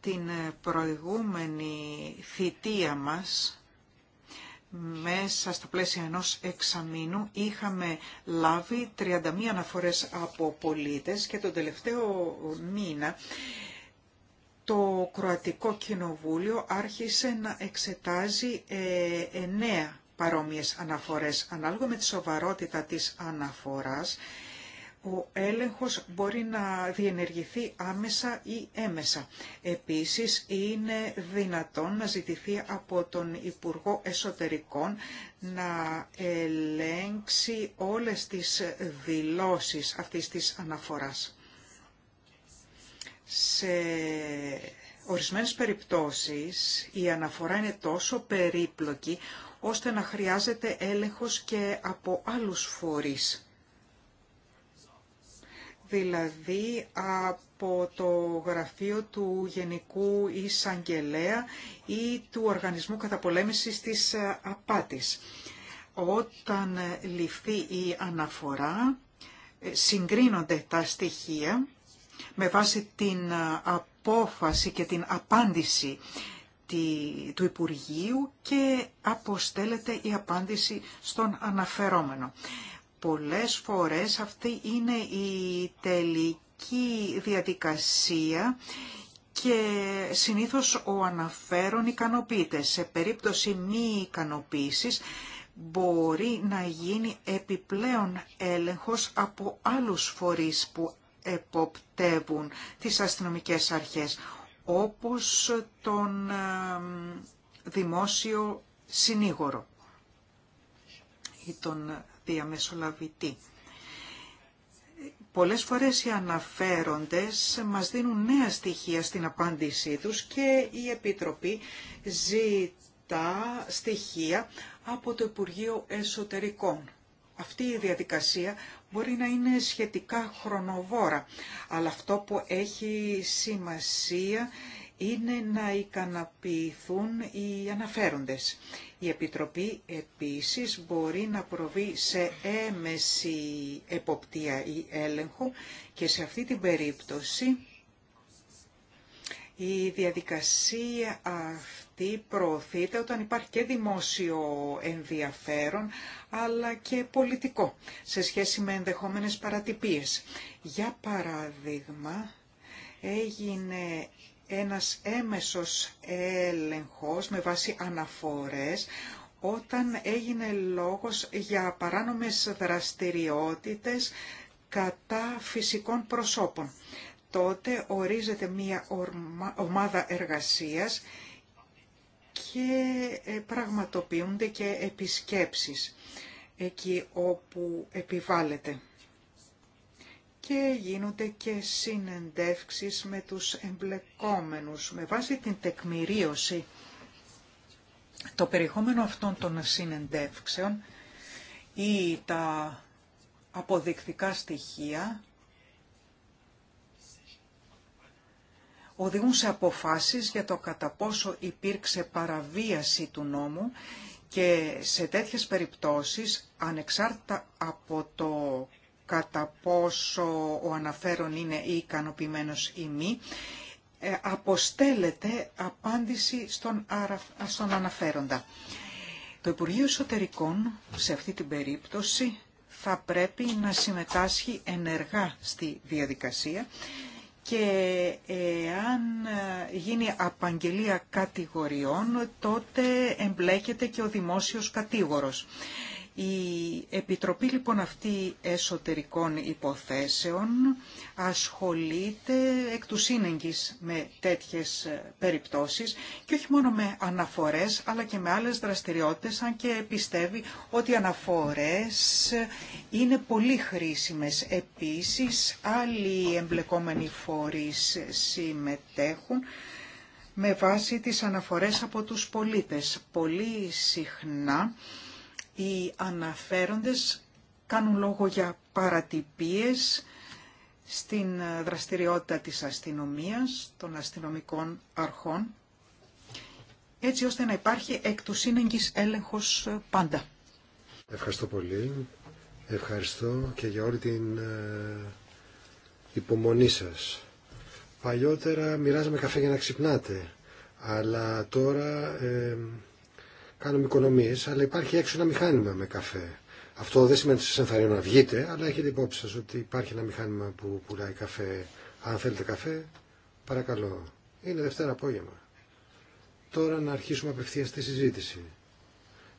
B: την προηγούμενη θητεία μας, μέσα στα πλαίσια ενός εξαμήνου είχαμε λάβει 31 αναφορές από πολίτες και τον τελευταίο μήνα το Κροατικό Κοινοβούλιο άρχισε να εξετάζει ε, εννέα παρόμοιες αναφορές. Ανάλογα με τη σοβαρότητα της αναφοράς, ο έλεγχος μπορεί να διενεργηθεί άμεσα ή έμεσα. Επίσης, είναι δυνατόν να ζητηθεί από τον Υπουργό Εσωτερικών να ελέγξει όλες τις δηλώσεις αυτής της αναφοράς. Σε ορισμένες περιπτώσεις η αναφορά είναι τόσο περίπλοκη ώστε να χρειάζεται έλεγχος και από άλλους φορείς. Δηλαδή από το γραφείο του Γενικού Εισαγγελέα ή του Οργανισμού Καταπολέμησης της ε, Απάτης. Όταν ε, ληφθεί η αναφορά ε, συγκρίνονται τα στοιχεία με βάση την ε, απόφαση και την απάντηση του Υπουργείου και αποστέλλεται η απάντηση στον αναφερόμενο. Πολλές φορές αυτή είναι η τελική διαδικασία και συνήθως ο αναφέρον ικανοποιείται. Σε περίπτωση μη ικανοποίησης μπορεί να γίνει επιπλέον έλεγχος από άλλους φορείς που εποπτεύουν τις αστυνομικές αρχές, όπως τον δημόσιο συνήγορο ή τον διαμεσολαβητή. Πολλές φορές οι αναφέροντες μας δίνουν νέα στοιχεία στην απάντησή τους και η Επιτροπή ζητά στοιχεία από το Υπουργείο Εσωτερικών. Αυτή η διαδικασία μπορεί να είναι σχετικά χρονοβόρα, αλλά αυτό που έχει σημασία είναι να ικανοποιηθούν οι αναφέροντες. Η Επιτροπή επίσης μπορεί να προβεί σε έμεση εποπτεία ή έλεγχο και σε αυτή την περίπτωση η διαδικασία αυτή προωθείται όταν υπάρχει και δημόσιο ενδιαφέρον, αλλά και πολιτικό, σε σχέση με ενδεχόμενες παρατυπίες. Για παράδειγμα, έγινε ένας έμεσος έλεγχος με βάση αναφορές όταν έγινε λόγος για παράνομες δραστηριότητες κατά φυσικών προσώπων τότε ορίζεται μία ομάδα εργασίας και ε, πραγματοποιούνται και επισκέψεις εκεί όπου επιβάλλεται. Και γίνονται και συνεντεύξεις με τους εμπλεκόμενους. Με βάση την τεκμηρίωση, το περιεχόμενο αυτών των συνεντεύξεων ή τα αποδεικτικά στοιχεία οδηγούν σε αποφάσεις για το κατά πόσο υπήρξε παραβίαση του νόμου και σε τέτοιες περιπτώσεις, ανεξάρτητα από το κατά πόσο ο αναφέρον είναι ή ικανοποιημένος ή μη, ε, αποστέλλεται απάντηση στον, στον αναφέροντα. Το Υπουργείο Εσωτερικών σε αυτή την περίπτωση θα πρέπει να συμμετάσχει ενεργά στη διαδικασία και εάν γίνει απαγγελία κατηγοριών τότε εμπλέκεται και ο δημόσιος κατήγορος. Η Επιτροπή λοιπόν αυτή εσωτερικών υποθέσεων ασχολείται εκ του σύνεγγης με τέτοιες ε, περιπτώσεις και όχι μόνο με αναφορές αλλά και με άλλες δραστηριότητες αν και πιστεύει ότι οι αναφορές είναι πολύ χρήσιμες. Επίσης άλλοι εμπλεκόμενοι φορείς συμμετέχουν με βάση τις αναφορές από τους πολίτες. Πολύ συχνά οι αναφέροντες κάνουν λόγο για παρατυπίες στην δραστηριότητα της αστυνομίας, των αστυνομικών αρχών, έτσι ώστε να υπάρχει εκ του σύνεγγης έλεγχος
C: πάντα. Ευχαριστώ πολύ. Ευχαριστώ και για όλη την ε, υπομονή σας. Παλιότερα μοιράζαμε καφέ για να ξυπνάτε, αλλά τώρα ε, κάνουμε οικονομίε, αλλά υπάρχει έξω ένα μηχάνημα με καφέ. Αυτό δεν σημαίνει ότι σας ενθαρρύνω να βγείτε, αλλά έχετε υπόψη σα ότι υπάρχει ένα μηχάνημα που πουλάει καφέ. Αν θέλετε καφέ, παρακαλώ. Είναι Δευτέρα απόγευμα. Τώρα να αρχίσουμε απευθεία τη συζήτηση.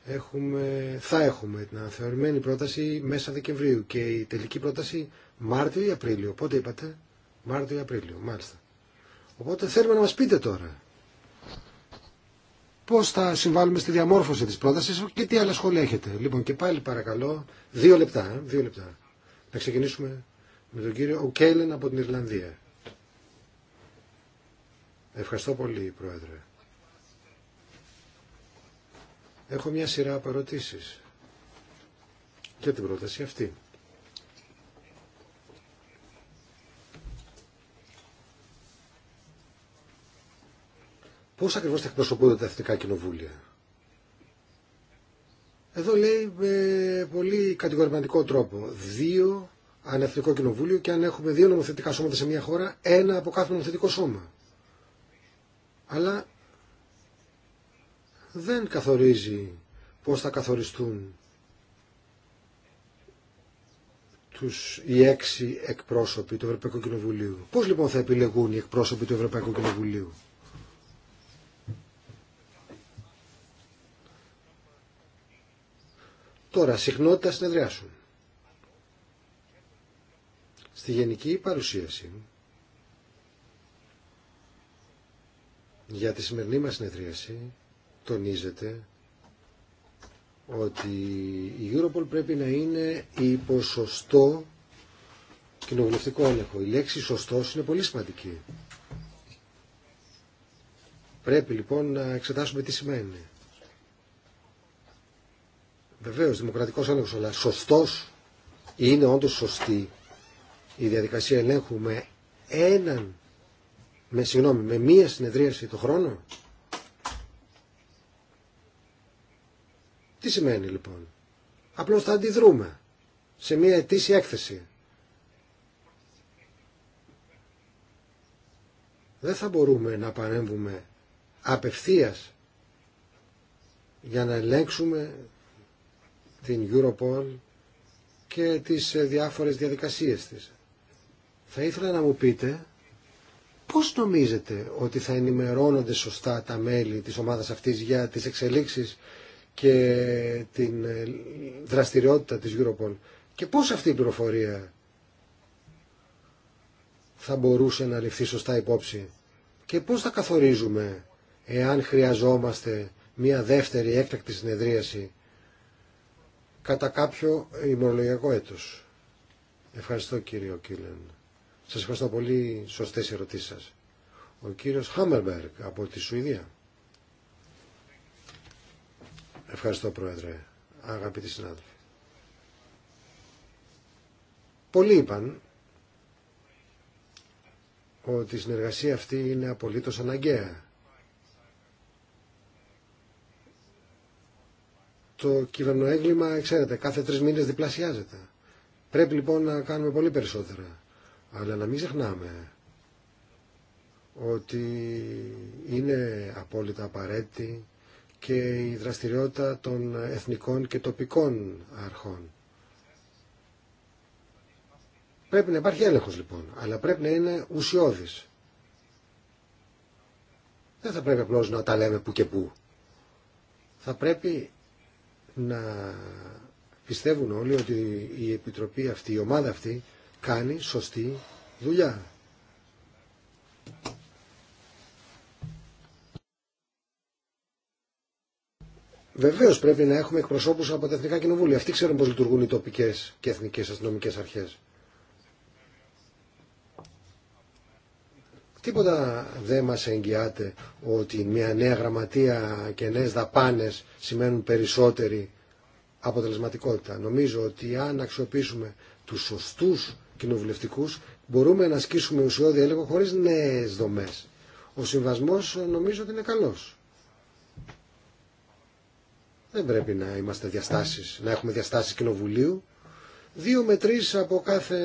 C: Έχουμε, θα έχουμε την αναθεωρημένη πρόταση μέσα Δεκεμβρίου και η τελική πρόταση Μάρτιο ή Απρίλιο. Πότε είπατε? Μάρτιο ή Απρίλιο, μάλιστα. Οπότε θέλουμε να μα πείτε τώρα πώς θα συμβάλλουμε στη διαμόρφωση της πρότασης και τι άλλα σχόλια έχετε. Λοιπόν και πάλι παρακαλώ δύο λεπτά, ε, δύο λεπτά. Να ξεκινήσουμε με τον κύριο Οκέιλεν από την Ιρλανδία. Ευχαριστώ πολύ Πρόεδρε. Έχω μια σειρά από για την πρόταση αυτή. Πώς ακριβώς θα εκπροσωπούνται τα εθνικά κοινοβούλια. Εδώ λέει με πολύ κατηγορηματικό τρόπο. Δύο αν κοινοβούλιο και αν έχουμε δύο νομοθετικά σώματα σε μια χώρα, ένα από κάθε νομοθετικό σώμα. Αλλά δεν καθορίζει πώς θα καθοριστούν τους, οι έξι εκπρόσωποι του Ευρωπαϊκού Κοινοβουλίου. Πώς λοιπόν θα επιλεγούν οι εκπρόσωποι του Ευρωπαϊκού Κοινοβουλίου. Τώρα, συχνότητα συνεδριάσεων. Στη γενική παρουσίαση για τη σημερινή μας συνεδρίαση τονίζεται ότι η Europol πρέπει να είναι υποσωστό σωστό κοινοβουλευτικό έλεγχο. Η λέξη σωστός είναι πολύ σημαντική. Πρέπει λοιπόν να εξετάσουμε τι σημαίνει. Βεβαίω, δημοκρατικό έλεγχο, αλλά σωστό είναι όντω σωστή η διαδικασία ελέγχου με έναν, με συγγνώμη, με μία συνεδρίαση το χρόνο. Τι σημαίνει λοιπόν. Απλώς θα αντιδρούμε σε μία ετήσια έκθεση. Δεν θα μπορούμε να παρέμβουμε απευθείας για να ελέγξουμε την Europol και τις ε, διάφορες διαδικασίες της. Θα ήθελα να μου πείτε πώς νομίζετε ότι θα ενημερώνονται σωστά τα μέλη της ομάδας αυτής για τις εξελίξεις και την ε, δραστηριότητα της Europol και πώς αυτή η πληροφορία θα μπορούσε να ληφθεί σωστά υπόψη και πώς θα καθορίζουμε εάν χρειαζόμαστε μια δεύτερη έκτακτη συνεδρίαση κατά κάποιο ημερολογιακό έτος. Ευχαριστώ κύριο Κίλεν. Σας ευχαριστώ πολύ σωστές ερωτήσεις σας. Ο κύριος Χάμερμπεργκ από τη Σουηδία. Ευχαριστώ πρόεδρε, αγαπητοί συνάδελφοι. Πολλοί είπαν ότι η συνεργασία αυτή είναι απολύτως αναγκαία το κυβερνοέγκλημα, ξέρετε, κάθε τρει μήνες διπλασιάζεται. Πρέπει λοιπόν να κάνουμε πολύ περισσότερα. Αλλά να μην ξεχνάμε ότι είναι απόλυτα απαραίτητη και η δραστηριότητα των εθνικών και τοπικών αρχών. Πρέπει να υπάρχει έλεγχος λοιπόν, αλλά πρέπει να είναι ουσιώδης. Δεν θα πρέπει απλώς να τα λέμε που και που. Θα πρέπει να πιστεύουν όλοι ότι η Επιτροπή αυτή, η ομάδα αυτή κάνει σωστή δουλειά. Βεβαίω πρέπει να έχουμε εκπροσώπου από τα Εθνικά Κοινοβούλια. Αυτοί ξέρουν πώ λειτουργούν οι τοπικέ και εθνικέ αστυνομικέ αρχέ. Τίποτα δεν μας εγγυάται ότι μια νέα γραμματεία και νέες δαπάνες σημαίνουν περισσότερη αποτελεσματικότητα. Νομίζω ότι αν αξιοποιήσουμε τους σωστούς κοινοβουλευτικούς μπορούμε να ασκήσουμε ουσιώδη έλεγχο χωρίς νέες δομές. Ο συμβασμός νομίζω ότι είναι καλός. Δεν πρέπει να είμαστε διαστάσεις, να έχουμε διαστάσεις κοινοβουλίου. Δύο με τρεις από κάθε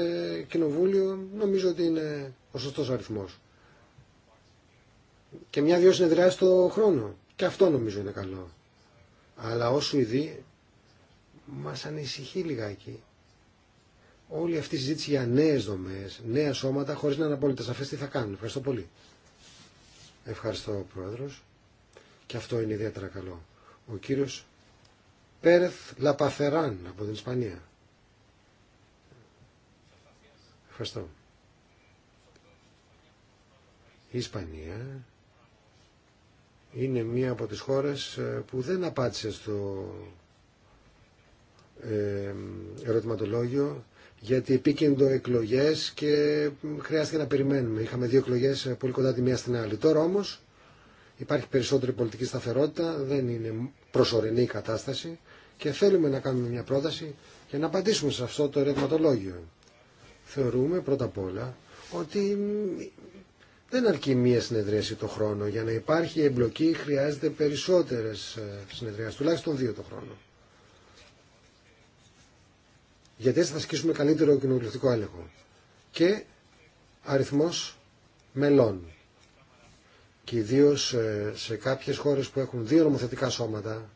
C: κοινοβούλιο νομίζω ότι είναι ο σωστός αριθμός και μια δυο συνεδριάσει το χρόνο. Και αυτό νομίζω είναι καλό. Αλλά όσο Σουηδοί μας ανησυχεί λιγάκι όλη αυτή η συζήτηση για νέε δομέ, νέα σώματα, χωρίς να είναι απόλυτα σαφές τι θα κάνουν. Ευχαριστώ πολύ. Ευχαριστώ, Πρόεδρος. Και αυτό είναι ιδιαίτερα καλό. Ο κύριο Πέρεθ Λαπαθεράν από την Ισπανία. Ευχαριστώ. Η Ισπανία είναι μία από τις χώρες ε, που δεν απάντησε στο ε, ερωτηματολόγιο γιατί επίκεντρο εκλογές και χρειάστηκε να περιμένουμε. Είχαμε δύο εκλογές ε, πολύ κοντά τη μία στην άλλη. Τώρα όμως υπάρχει περισσότερη πολιτική σταθερότητα, δεν είναι προσωρινή η κατάσταση και θέλουμε να κάνουμε μια πρόταση για να απαντήσουμε σε αυτό το ερωτηματολόγιο. Θεωρούμε πρώτα απ' όλα ότι δεν αρκεί μία συνεδρίαση το χρόνο. Για να υπάρχει εμπλοκή χρειάζεται περισσότερες ε, συνεδριάσεις, τουλάχιστον δύο το χρόνο. Γιατί έτσι θα ασκήσουμε καλύτερο κοινοβουλευτικό έλεγχο. Και αριθμός μελών. Και ιδίω ε, σε κάποιες χώρες που έχουν δύο νομοθετικά σώματα,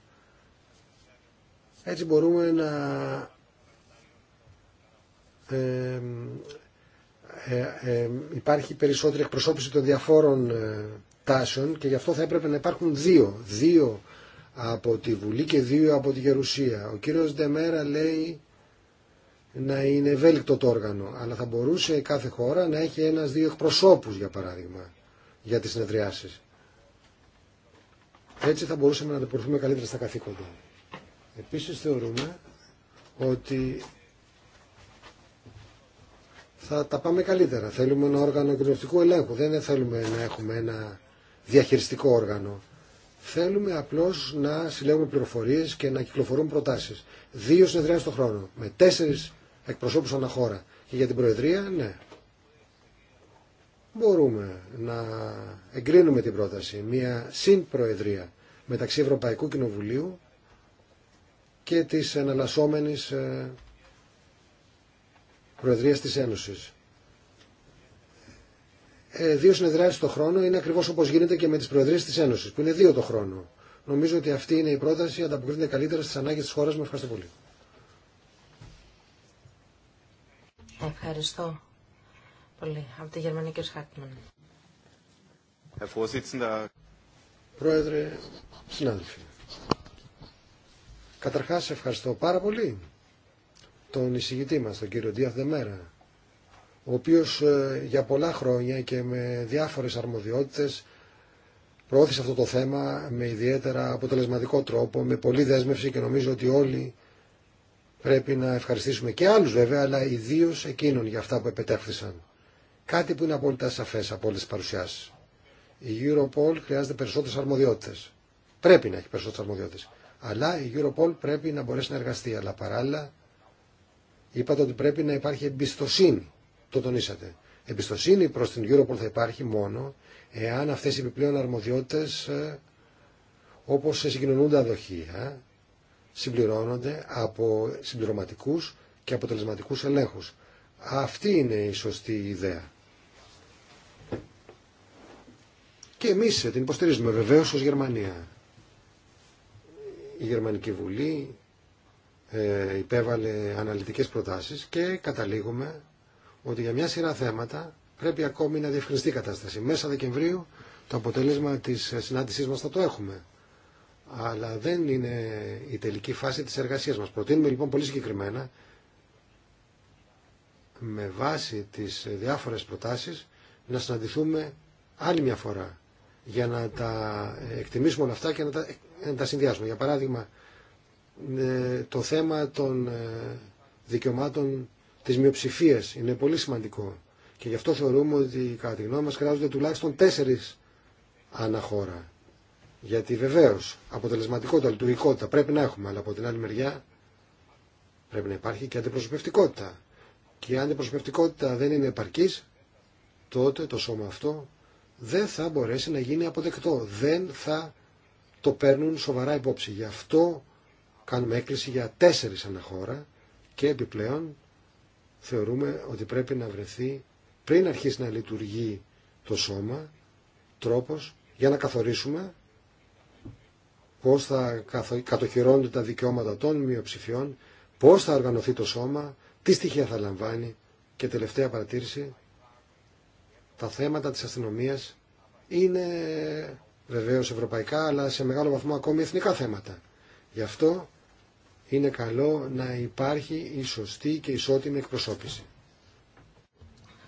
C: έτσι μπορούμε να ε, ε, ε, υπάρχει περισσότερη εκπροσώπηση των διαφόρων ε, τάσεων και γι' αυτό θα έπρεπε να υπάρχουν δύο. Δύο από τη Βουλή και δύο από τη Γερουσία. Ο κύριος Ντεμέρα λέει να είναι ευέλικτο το όργανο, αλλά θα μπορούσε κάθε χώρα να έχει ένας-δύο εκπροσώπους, για παράδειγμα, για τις συνεδριάσεις. Έτσι θα μπορούσαμε να ανταποκριθούμε καλύτερα στα καθήκοντα. Επίσης θεωρούμε ότι θα τα πάμε καλύτερα. Θέλουμε ένα όργανο κοινωνικού ελέγχου. Δεν θέλουμε να έχουμε ένα διαχειριστικό όργανο. Θέλουμε απλώς να συλλέγουμε πληροφορίες και να κυκλοφορούν προτάσεις. Δύο συνεδρία στον χρόνο, με τέσσερι εκπροσώπους ανά χώρα. Και για την Προεδρία, ναι. Μπορούμε να εγκρίνουμε την πρόταση, μια συμπροεδρία μεταξύ Ευρωπαϊκού Κοινοβουλίου και της εναλλασσόμενης ε, Προεδρίας της Ένωσης. Ε, δύο συνεδριάσεις το χρόνο είναι ακριβώς όπως γίνεται και με τις Προεδρίες της Ένωσης, που είναι δύο το χρόνο. Νομίζω ότι αυτή είναι η πρόταση, ανταποκρίνεται καλύτερα στις ανάγκες της χώρας μου. Ευχαριστώ πολύ.
D: Ευχαριστώ πολύ. Από τη Γερμανία και Χάκμαν.
A: Πρόεδρε,
C: συνάδελφοι. Καταρχάς ευχαριστώ πάρα πολύ τον εισηγητή μας, τον κύριο Ντίαθ Δεμέρα, ο οποίος ε, για πολλά χρόνια και με διάφορες αρμοδιότητες προώθησε αυτό το θέμα με ιδιαίτερα αποτελεσματικό τρόπο, με πολλή δέσμευση και νομίζω ότι όλοι πρέπει να ευχαριστήσουμε και άλλους βέβαια, αλλά ιδίω εκείνων για αυτά που επετέχθησαν. Κάτι που είναι απόλυτα σαφές από όλες τις παρουσιάσεις. Η Europol χρειάζεται περισσότερες αρμοδιότητες. Πρέπει να έχει περισσότερες αρμοδιότητες. Αλλά η Europol πρέπει να μπορέσει να εργαστεί. Αλλά παράλληλα Είπατε ότι πρέπει να υπάρχει εμπιστοσύνη. Το τονίσατε. Εμπιστοσύνη προς την Europol θα υπάρχει μόνο εάν αυτές οι επιπλέον αρμοδιότητες ε, όπως σε τα δοχεία συμπληρώνονται από συμπληρωματικού και αποτελεσματικού ελέγχου. Αυτή είναι η σωστή ιδέα. Και εμεί την υποστηρίζουμε βεβαίω ω Γερμανία. Η Γερμανική Βουλή ε, υπέβαλε αναλυτικές προτάσεις και καταλήγουμε ότι για μια σειρά θέματα πρέπει ακόμη να διευκρινιστεί η κατάσταση. Μέσα Δεκεμβρίου το αποτέλεσμα της συνάντησής μας θα το έχουμε. Αλλά δεν είναι η τελική φάση της εργασίας μας. Προτείνουμε λοιπόν πολύ συγκεκριμένα με βάση τις διάφορες προτάσεις να συναντηθούμε άλλη μια φορά για να τα εκτιμήσουμε όλα αυτά και να τα, να τα συνδυάσουμε. Για παράδειγμα, ε, το θέμα των ε, δικαιωμάτων της μειοψηφίας είναι πολύ σημαντικό και γι' αυτό θεωρούμε ότι κατά τη γνώμη μας χρειάζονται τουλάχιστον τέσσερις αναχώρα. Γιατί βεβαίω αποτελεσματικότητα, λειτουργικότητα πρέπει να έχουμε, αλλά από την άλλη μεριά πρέπει να υπάρχει και αντιπροσωπευτικότητα. Και αν η αντιπροσωπευτικότητα δεν είναι επαρκής τότε το σώμα αυτό δεν θα μπορέσει να γίνει αποδεκτό. Δεν θα το παίρνουν σοβαρά υπόψη. Γι' αυτό κάνουμε έκκληση για τέσσερις αναχώρα και επιπλέον θεωρούμε ότι πρέπει να βρεθεί πριν αρχίσει να λειτουργεί το σώμα τρόπος για να καθορίσουμε πώς θα κατοχυρώνονται τα δικαιώματα των μειοψηφιών, πώς θα οργανωθεί το σώμα, τι στοιχεία θα λαμβάνει και τελευταία παρατήρηση, τα θέματα της αστυνομίας είναι βεβαίως ευρωπαϊκά αλλά σε μεγάλο βαθμό ακόμη εθνικά θέματα. Γι' αυτό είναι καλό να υπάρχει η σωστή και ισότιμη εκπροσώπηση.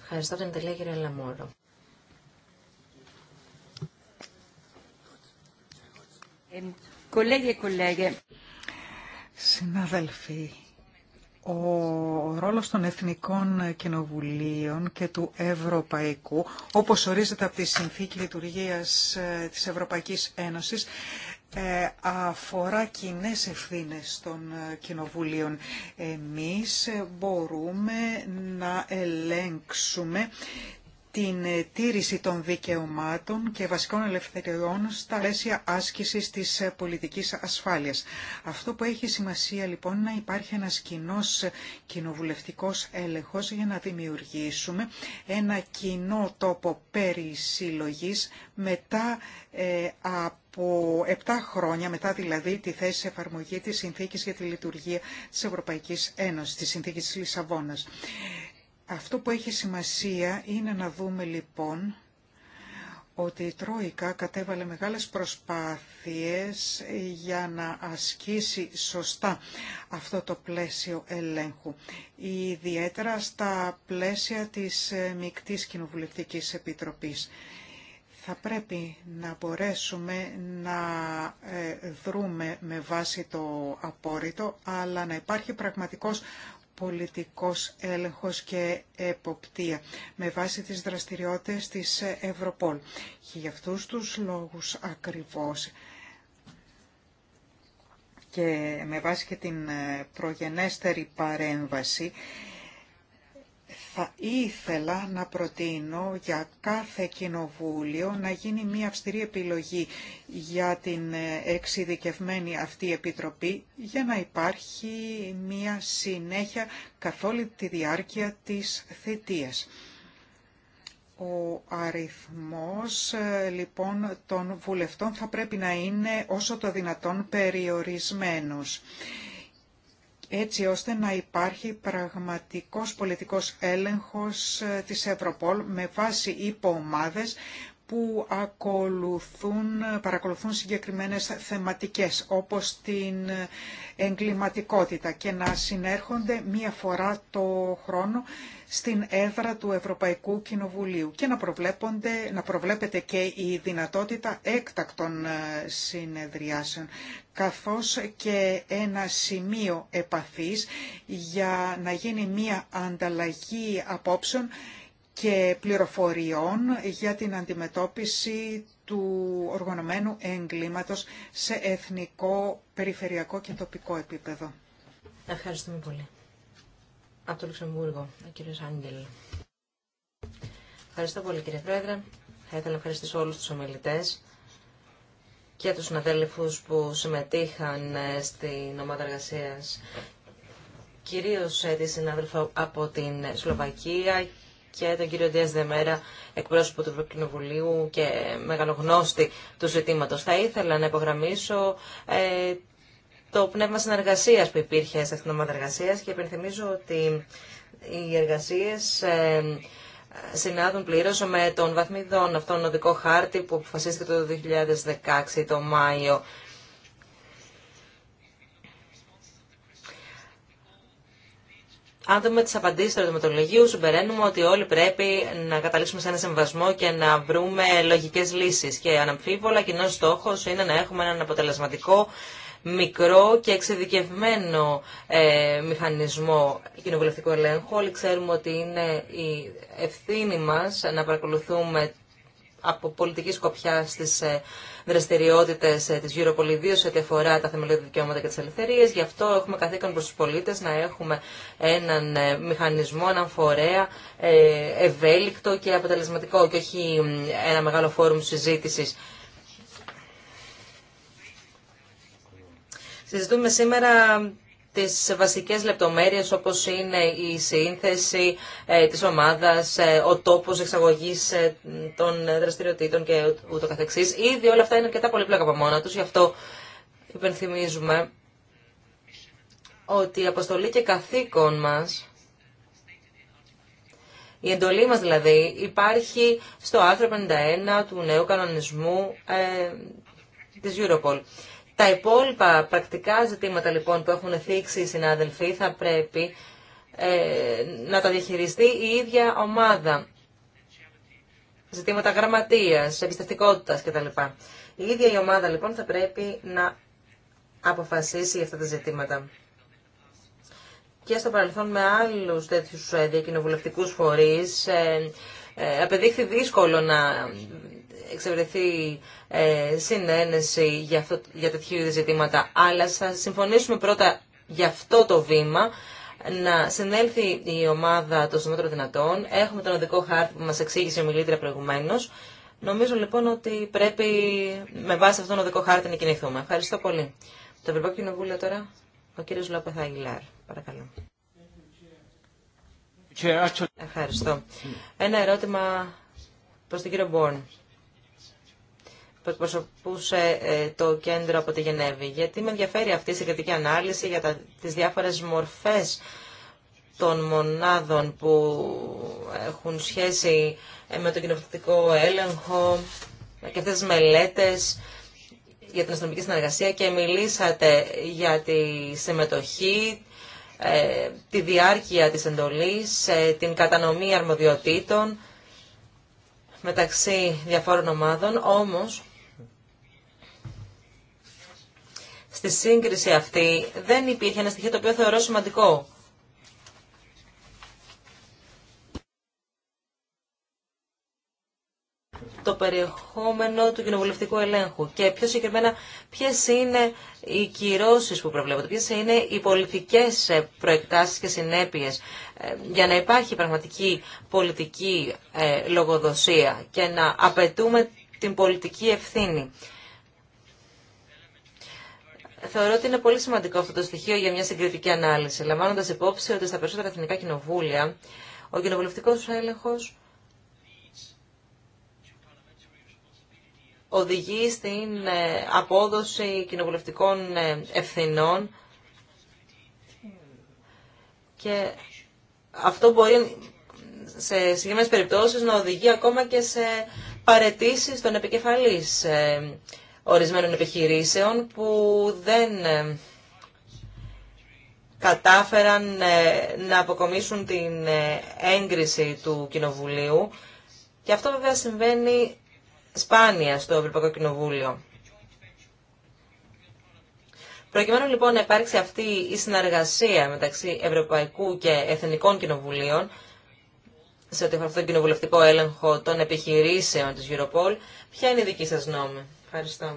D: Ευχαριστώ την τελεία κύριε Λαμόρο.
B: Συνάδελφοι, ο ρόλος των Εθνικών Κοινοβουλίων και του Ευρωπαϊκού, όπως ορίζεται από τη Συνθήκη Λειτουργίας ε, της Ευρωπαϊκής Ένωσης, ε, αφορά κοινέ ευθύνε των ε, κοινοβουλίων. Εμείς ε, μπορούμε να ελέγξουμε την ε, τήρηση των δικαιωμάτων και βασικών ελευθεριών στα πλαίσια άσκησης της ε, πολιτικής ασφάλειας. Αυτό που έχει σημασία λοιπόν είναι να υπάρχει ένας κοινό ε, κοινοβουλευτικός έλεγχος για να δημιουργήσουμε ένα κοινό τόπο περί μετά από 7 χρόνια, μετά δηλαδή τη θέση εφαρμογή της Συνθήκης για τη Λειτουργία της Ευρωπαϊκής Ένωσης, της Συνθήκης της Λισαβόνας. Αυτό που έχει σημασία είναι να δούμε λοιπόν ότι η Τρόικα κατέβαλε μεγάλες προσπάθειες για να ασκήσει σωστά αυτό το πλαίσιο ελέγχου, ιδιαίτερα στα πλαίσια της ε, Μικτής Κοινοβουλευτικής Επιτροπής. Θα πρέπει να μπορέσουμε να ε, δρούμε με βάση το απόρριτο, αλλά να υπάρχει πραγματικός πολιτικός έλεγχος και εποπτεία με βάση τις δραστηριότητες της Ευρωπόλ. Και για αυτούς τους λόγους ακριβώς και με βάση και την ε, προγενέστερη παρέμβαση θα ήθελα να προτείνω για κάθε κοινοβούλιο να γίνει μια αυστηρή επιλογή για την ε, εξειδικευμένη αυτή επιτροπή για να υπάρχει μια συνέχεια καθ' όλη τη διάρκεια της θητείας. Ο αριθμός ε, λοιπόν των βουλευτών θα πρέπει να είναι όσο το δυνατόν περιορισμένος έτσι ώστε να υπάρχει πραγματικός πολιτικός έλεγχος ε, της Ευρωπόλ με βάση υποομάδες που ακολουθούν, παρακολουθούν συγκεκριμένες θεματικές όπως την εγκληματικότητα και να συνέρχονται μία φορά το χρόνο στην έδρα του Ευρωπαϊκού Κοινοβουλίου και να, προβλέπονται, να προβλέπεται και η δυνατότητα έκτακτων ε, συνεδριάσεων καθώς και ένα σημείο επαφής για να γίνει μία ανταλλαγή απόψεων και πληροφοριών για την αντιμετώπιση του οργανωμένου εγκλήματος σε εθνικό, περιφερειακό και τοπικό επίπεδο.
D: Ευχαριστούμε πολύ. Από το Λουξεμβούργο, ο κύριος Άγγελ. Ευχαριστώ πολύ κύριε Πρόεδρε. Θα ήθελα να ευχαριστήσω όλους τους ομιλητές και τους συναδέλφους που συμμετείχαν ε, στην ομάδα εργασία κυρίως ε, τη συνάδελφα από την Σλοβακία και τον κύριο Δίας Δεμέρα, εκπρόσωπο του Ευρωκοινοβουλίου και μεγαλογνώστη του ζητήματος. Θα ήθελα να υπογραμμίσω ε, το πνεύμα συνεργασίας που υπήρχε σε αυτήν την ομάδα εργασίας και υπενθυμίζω ότι οι εργασίες... Ε, συνάδουν πλήρω με τον βαθμιδόν αυτόν οδικό χάρτη που αποφασίστηκε το 2016 το Μάιο Αν δούμε τι απαντήσει του ερωτηματολογίου, συμπεραίνουμε ότι όλοι πρέπει να καταλήξουμε σε ένα συμβασμό και να βρούμε λογικέ λύσει. Και αναμφίβολα, κοινό στόχο είναι να έχουμε έναν αποτελεσματικό, μικρό και εξειδικευμένο ε, μηχανισμό κοινοβουλευτικού ελέγχου. Όλοι ξέρουμε ότι είναι η ευθύνη μα να παρακολουθούμε από πολιτική σκοπιά στι ε, δραστηριότητε ε, τη Europol, σε ό,τι αφορά τα θεμελιώδη δικαιώματα και τι ελευθερίε. Γι' αυτό έχουμε καθήκον προ του πολίτε να έχουμε έναν ε, μηχανισμό, έναν φορέα ευέλικτο και αποτελεσματικό και όχι ένα μεγάλο φόρουμ συζήτηση. Συζητούμε σήμερα τις βασικές λεπτομέρειες όπως είναι η σύνθεση ε, της ομάδας, ε, ο τόπος εξαγωγής ε, των δραστηριοτήτων και ούτω καθεξής. Ήδη όλα αυτά είναι αρκετά πολύπλοκα από μόνα τους, γι' αυτό υπενθυμίζουμε ότι η αποστολή και καθήκον μας, η εντολή μας δηλαδή, υπάρχει στο άρθρο 51 του νέου κανονισμού ε, της Europol. Τα υπόλοιπα πρακτικά ζητήματα λοιπόν που έχουν θίξει οι συνάδελφοι θα πρέπει ε, να τα διαχειριστεί η ίδια ομάδα. Ζητήματα γραμματείας, εμπιστευτικότητας κτλ. Η ίδια η ομάδα λοιπόν θα πρέπει να αποφασίσει αυτά τα ζητήματα. Και στο παρελθόν με άλλους τέτοιους ε, διακοινοβουλευτικούς φορείς ε, ε, απεδείχθη δύσκολο να εξευρεθεί ε, συνένεση για, αυτό, για τέτοιου είδους ζητήματα, αλλά θα συμφωνήσουμε πρώτα για αυτό το βήμα, να συνέλθει η ομάδα των σημαντικών δυνατών. Έχουμε τον οδικό χάρτη που μας εξήγησε η μιλήτρια προηγουμένως. Νομίζω λοιπόν ότι πρέπει με βάση αυτόν τον οδικό χάρτη να κινηθούμε. Ευχαριστώ πολύ. Το Ευρωπαϊκό Κοινοβούλιο τώρα, ο κύριος Λόπεθ Αγγιλάρ. Παρακαλώ. Ευχαριστώ. Ένα ερώτημα προς τον κύριο Μπόρν που εκπροσωπούσε ε, το κέντρο από τη Γενέβη. Γιατί με ενδιαφέρει αυτή η συγκριτική ανάλυση για τα, τις διάφορες μορφές των μονάδων που έχουν σχέση ε, με τον κοινοβουλευτικό έλεγχο και αυτές τις μελέτες για την αστυνομική συνεργασία και μιλήσατε για τη συμμετοχή, ε, τη διάρκεια της εντολής, την κατανομή αρμοδιοτήτων μεταξύ διαφόρων ομάδων, όμως στη σύγκριση αυτή δεν υπήρχε ένα στοιχείο το οποίο θεωρώ σημαντικό. το περιεχόμενο του κοινοβουλευτικού ελέγχου και πιο συγκεκριμένα ποιε είναι οι κυρώσει που προβλέπονται, ποιε είναι οι πολιτικές προεκτάσεις και συνέπειε ε, για να υπάρχει πραγματική πολιτική ε, λογοδοσία και να απαιτούμε την πολιτική ευθύνη. Θεωρώ ότι είναι πολύ σημαντικό αυτό το στοιχείο για μια συγκριτική ανάλυση, λαμβάνοντα υπόψη ότι στα περισσότερα εθνικά κοινοβούλια ο κοινοβουλευτικό έλεγχο οδηγεί στην ε, απόδοση κοινοβουλευτικών ε, ευθυνών και αυτό μπορεί σε συγκεκριμένες περιπτώσεις να οδηγεί ακόμα και σε παρετήσεις των επικεφαλής ε, ορισμένων επιχειρήσεων που δεν ε, κατάφεραν ε, να αποκομίσουν την ε, έγκριση του Κοινοβουλίου και αυτό βέβαια συμβαίνει σπάνια στο Ευρωπαϊκό Κοινοβούλιο. Προκειμένου λοιπόν να υπάρξει αυτή η συνεργασία μεταξύ Ευρωπαϊκού και Εθνικών Κοινοβουλίων σε ό,τι αφορά αυτόν τον κοινοβουλευτικό έλεγχο των επιχειρήσεων της Europol, ποια είναι η δική σας νόμη. Ευχαριστώ.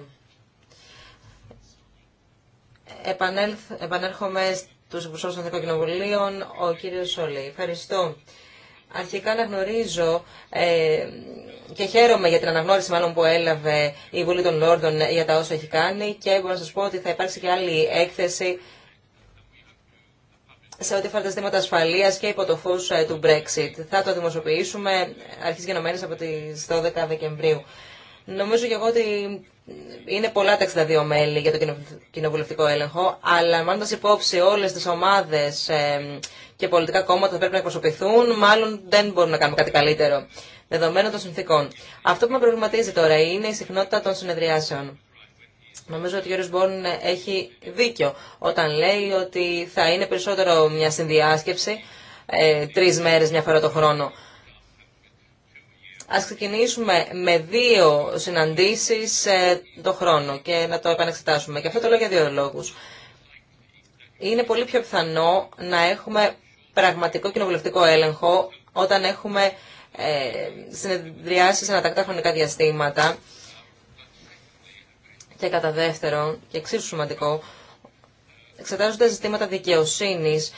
D: Επανέλθ, επανέρχομαι στους υπουργούς των Δικοκοινοβουλίων, ο κύριος Σόλη. Ευχαριστώ. Αρχικά να γνωρίζω ε, και χαίρομαι για την αναγνώριση μάλλον που έλαβε η Βουλή των Λόρδων για τα όσα έχει κάνει και μπορώ να σας πω ότι θα υπάρξει και άλλη έκθεση σε ό,τι αφορά τα ζητήματα ασφαλεία και υπό το φω ε, του Brexit. Θα το δημοσιοποιήσουμε αρχής γενομένης από τις 12 Δεκεμβρίου. Νομίζω και εγώ ότι είναι πολλά τα 62 μέλη για το κοινοβουλευτικό έλεγχο, αλλά λαμβάνοντα υπόψη όλε τι ομάδε και πολιτικά κόμματα θα πρέπει να εκπροσωπηθούν, μάλλον δεν μπορούμε να κάνουμε κάτι καλύτερο, δεδομένων των συνθήκων. Αυτό που με προβληματίζει τώρα είναι η συχνότητα των συνεδριάσεων. Νομίζω ότι ο Γιώργος Μπόρν έχει δίκιο όταν λέει ότι θα είναι περισσότερο μια συνδιάσκεψη, ε, τρει μέρε μια φορά το χρόνο ας ξεκινήσουμε με δύο συναντήσεις ε, το χρόνο και να το επανεξετάσουμε. Και αυτό το λέω για δύο λόγους. Είναι πολύ πιο πιθανό να έχουμε πραγματικό κοινοβουλευτικό έλεγχο όταν έχουμε ε, συνεδριάσει σε ανατακτά χρονικά διαστήματα και κατά δεύτερον, και εξίσου σημαντικό, εξετάζονται ζητήματα δικαιοσύνης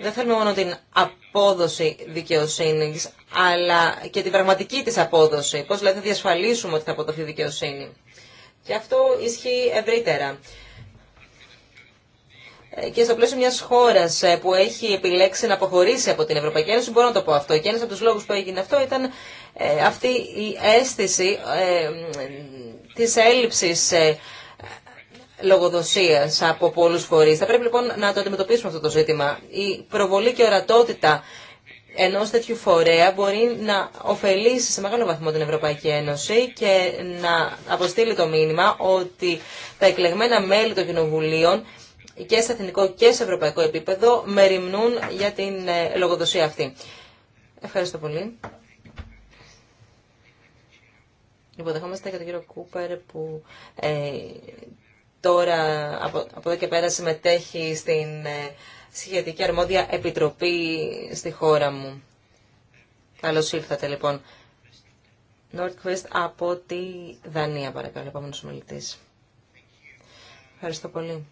D: δεν θέλουμε μόνο την απόδοση δικαιοσύνης, αλλά και την πραγματική της απόδοση. Πώς δηλαδή θα διασφαλίσουμε ότι θα αποδοθεί δικαιοσύνη. Και αυτό ισχύει ευρύτερα. Ε, και στο πλαίσιο μια χώρα ε, που έχει επιλέξει να αποχωρήσει από την Ευρωπαϊκή Ένωση, μπορώ να το πω αυτό. Και ένα από του λόγου που έγινε αυτό ήταν ε, αυτή η αίσθηση τη έλλειψη λογοδοσίας από πολλού φορεί. Θα πρέπει λοιπόν να το αντιμετωπίσουμε αυτό το ζήτημα. Η προβολή και ορατότητα ενό τέτοιου φορέα μπορεί να ωφελήσει σε μεγάλο βαθμό την Ευρωπαϊκή Ένωση και να αποστείλει το μήνυμα ότι τα εκλεγμένα μέλη των κοινοβουλίων και σε εθνικό και σε ευρωπαϊκό επίπεδο μεριμνούν για την ε, λογοδοσία αυτή. Ευχαριστώ πολύ. Υποδεχόμαστε λοιπόν, και τον κύριο Κούπερ που ε, τώρα από, από εδώ και πέρα συμμετέχει στην ε, σχετική αρμόδια επιτροπή στη χώρα μου. Καλώς ήρθατε λοιπόν. Nordquest από τη Δανία, παρακαλώ, επόμενο ομιλητή. Ευχαριστώ πολύ.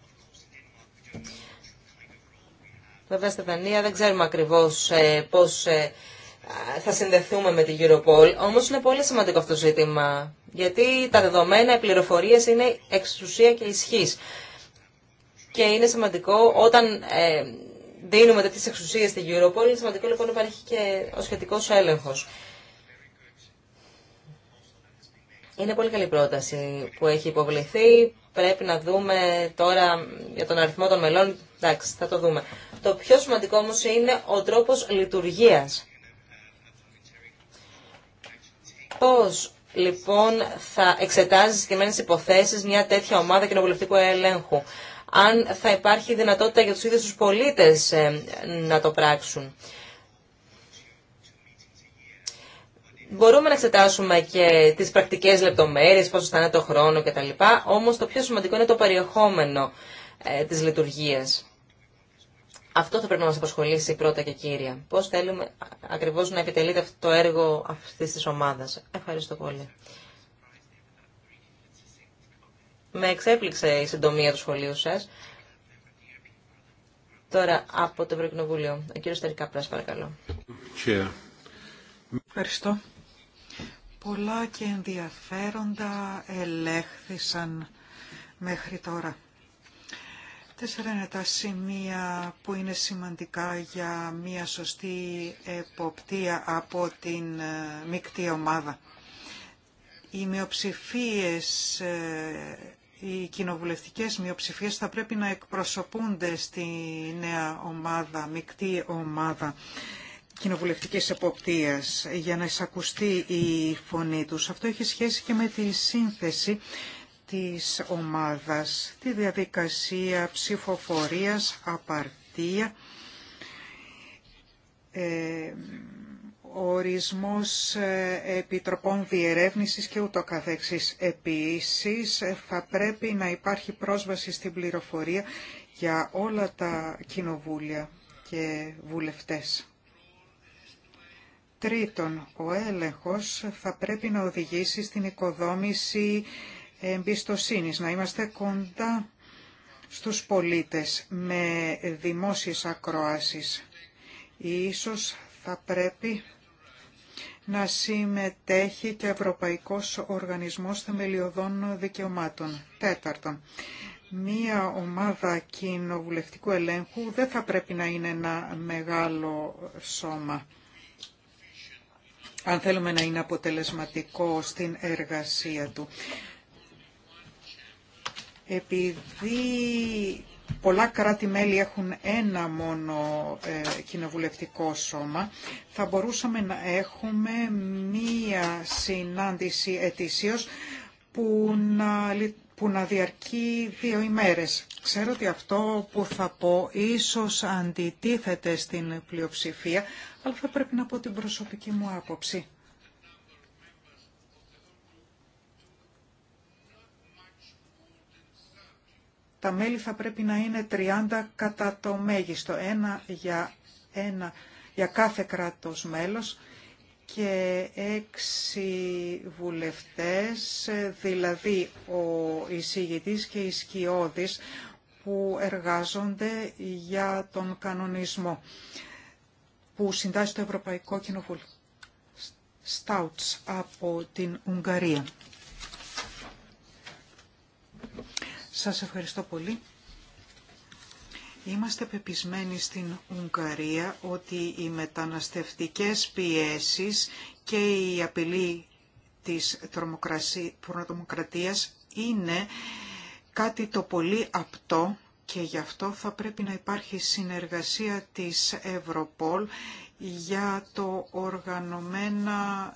D: Βέβαια, στη Δανία δεν ξέρουμε ακριβώς ε, πώς ε, θα συνδεθούμε με την Europol, όμως είναι πολύ σημαντικό αυτό το ζήτημα, γιατί τα δεδομένα, οι πληροφορίες είναι εξουσία και ισχύς. Και είναι σημαντικό όταν ε, δίνουμε τέτοιες εξουσίες στην Europol, είναι σημαντικό λοιπόν να υπάρχει και ο σχετικός έλεγχος. Είναι πολύ καλή πρόταση που έχει υποβληθεί. Πρέπει να δούμε τώρα για τον αριθμό των μελών. Εντάξει, θα το δούμε. Το πιο σημαντικό όμως είναι ο τρόπος λειτουργίας Πώς λοιπόν θα εξετάζει συγκεκριμένε υποθέσεις μια τέτοια ομάδα κοινοβουλευτικού ελέγχου, αν θα υπάρχει δυνατότητα για τους ίδιους τους πολίτες ε, να το πράξουν. Μπορούμε να εξετάσουμε και τις πρακτικές λεπτομέρειες, πόσο θα είναι το χρόνο κτλ. Όμως το πιο σημαντικό είναι το περιεχόμενο ε, της λειτουργίας. Αυτό θα πρέπει να μας απασχολήσει πρώτα και κύρια. Πώς θέλουμε ακριβώς να επιτελείται αυτό το έργο αυτής της ομάδας. Ευχαριστώ πολύ. Με εξέπληξε η συντομία του σχολείου σας. Τώρα από το Ευρωκοινοβούλιο. Ο κύριο Τερικάπρας, παρακαλώ.
B: Ευχαριστώ. Πολλά και ενδιαφέροντα ελέγχθησαν μέχρι τώρα. Τέσσερα είναι τα σημεία που είναι σημαντικά για μια σωστή εποπτεία από την ε, μεικτή ομάδα. Οι μειοψηφίες, ε, οι κοινοβουλευτικές μειοψηφίες θα πρέπει να εκπροσωπούνται στη νέα ομάδα, μεικτή ομάδα κοινοβουλευτικής εποπτείας για να εισακουστεί η φωνή τους. Αυτό έχει σχέση και με τη σύνθεση της ομάδας, τη διαδικασία ψηφοφορίας, απαρτία, ε, ορισμός ε, επιτροπών διερεύνησης και ούτω καθεξής. Επίσης, ε, θα πρέπει να υπάρχει πρόσβαση στην πληροφορία για όλα τα κοινοβούλια και βουλευτές. Τρίτον, ο έλεγχος θα πρέπει να οδηγήσει στην οικοδόμηση εμπιστοσύνης, να είμαστε κοντά στους πολίτες με δημόσιες ακροάσεις. Ίσως θα πρέπει να συμμετέχει και Ευρωπαϊκός Οργανισμός Θεμελιωδών Δικαιωμάτων. Τέταρτον, μία ομάδα κοινοβουλευτικού ελέγχου δεν θα πρέπει να είναι ένα μεγάλο σώμα. Αν θέλουμε να είναι αποτελεσματικό στην εργασία του. Επειδή πολλά κράτη-μέλη έχουν ένα μόνο ε, κοινοβουλευτικό σώμα, θα μπορούσαμε να έχουμε μία συνάντηση ετησίως που να, που να διαρκεί δύο ημέρες. Ξέρω ότι αυτό που θα πω ίσως αντιτίθεται στην πλειοψηφία, αλλά θα πρέπει να πω την προσωπική μου άποψη. τα μέλη θα πρέπει να είναι 30 κατά το μέγιστο, ένα για, ένα για κάθε κράτος μέλος και έξι βουλευτές, δηλαδή ο εισηγητής και οι σκιώδης που εργάζονται για τον κανονισμό που συντάσσει το Ευρωπαϊκό Κοινοβούλιο. Στάουτς από την Ουγγαρία. Σας ευχαριστώ πολύ. Είμαστε πεπισμένοι στην Ουγγαρία ότι οι μεταναστευτικές πιέσεις και η απειλή της τρομοκρατίας είναι κάτι το πολύ απτό και γι' αυτό θα πρέπει να υπάρχει συνεργασία της Ευρωπόλ για το,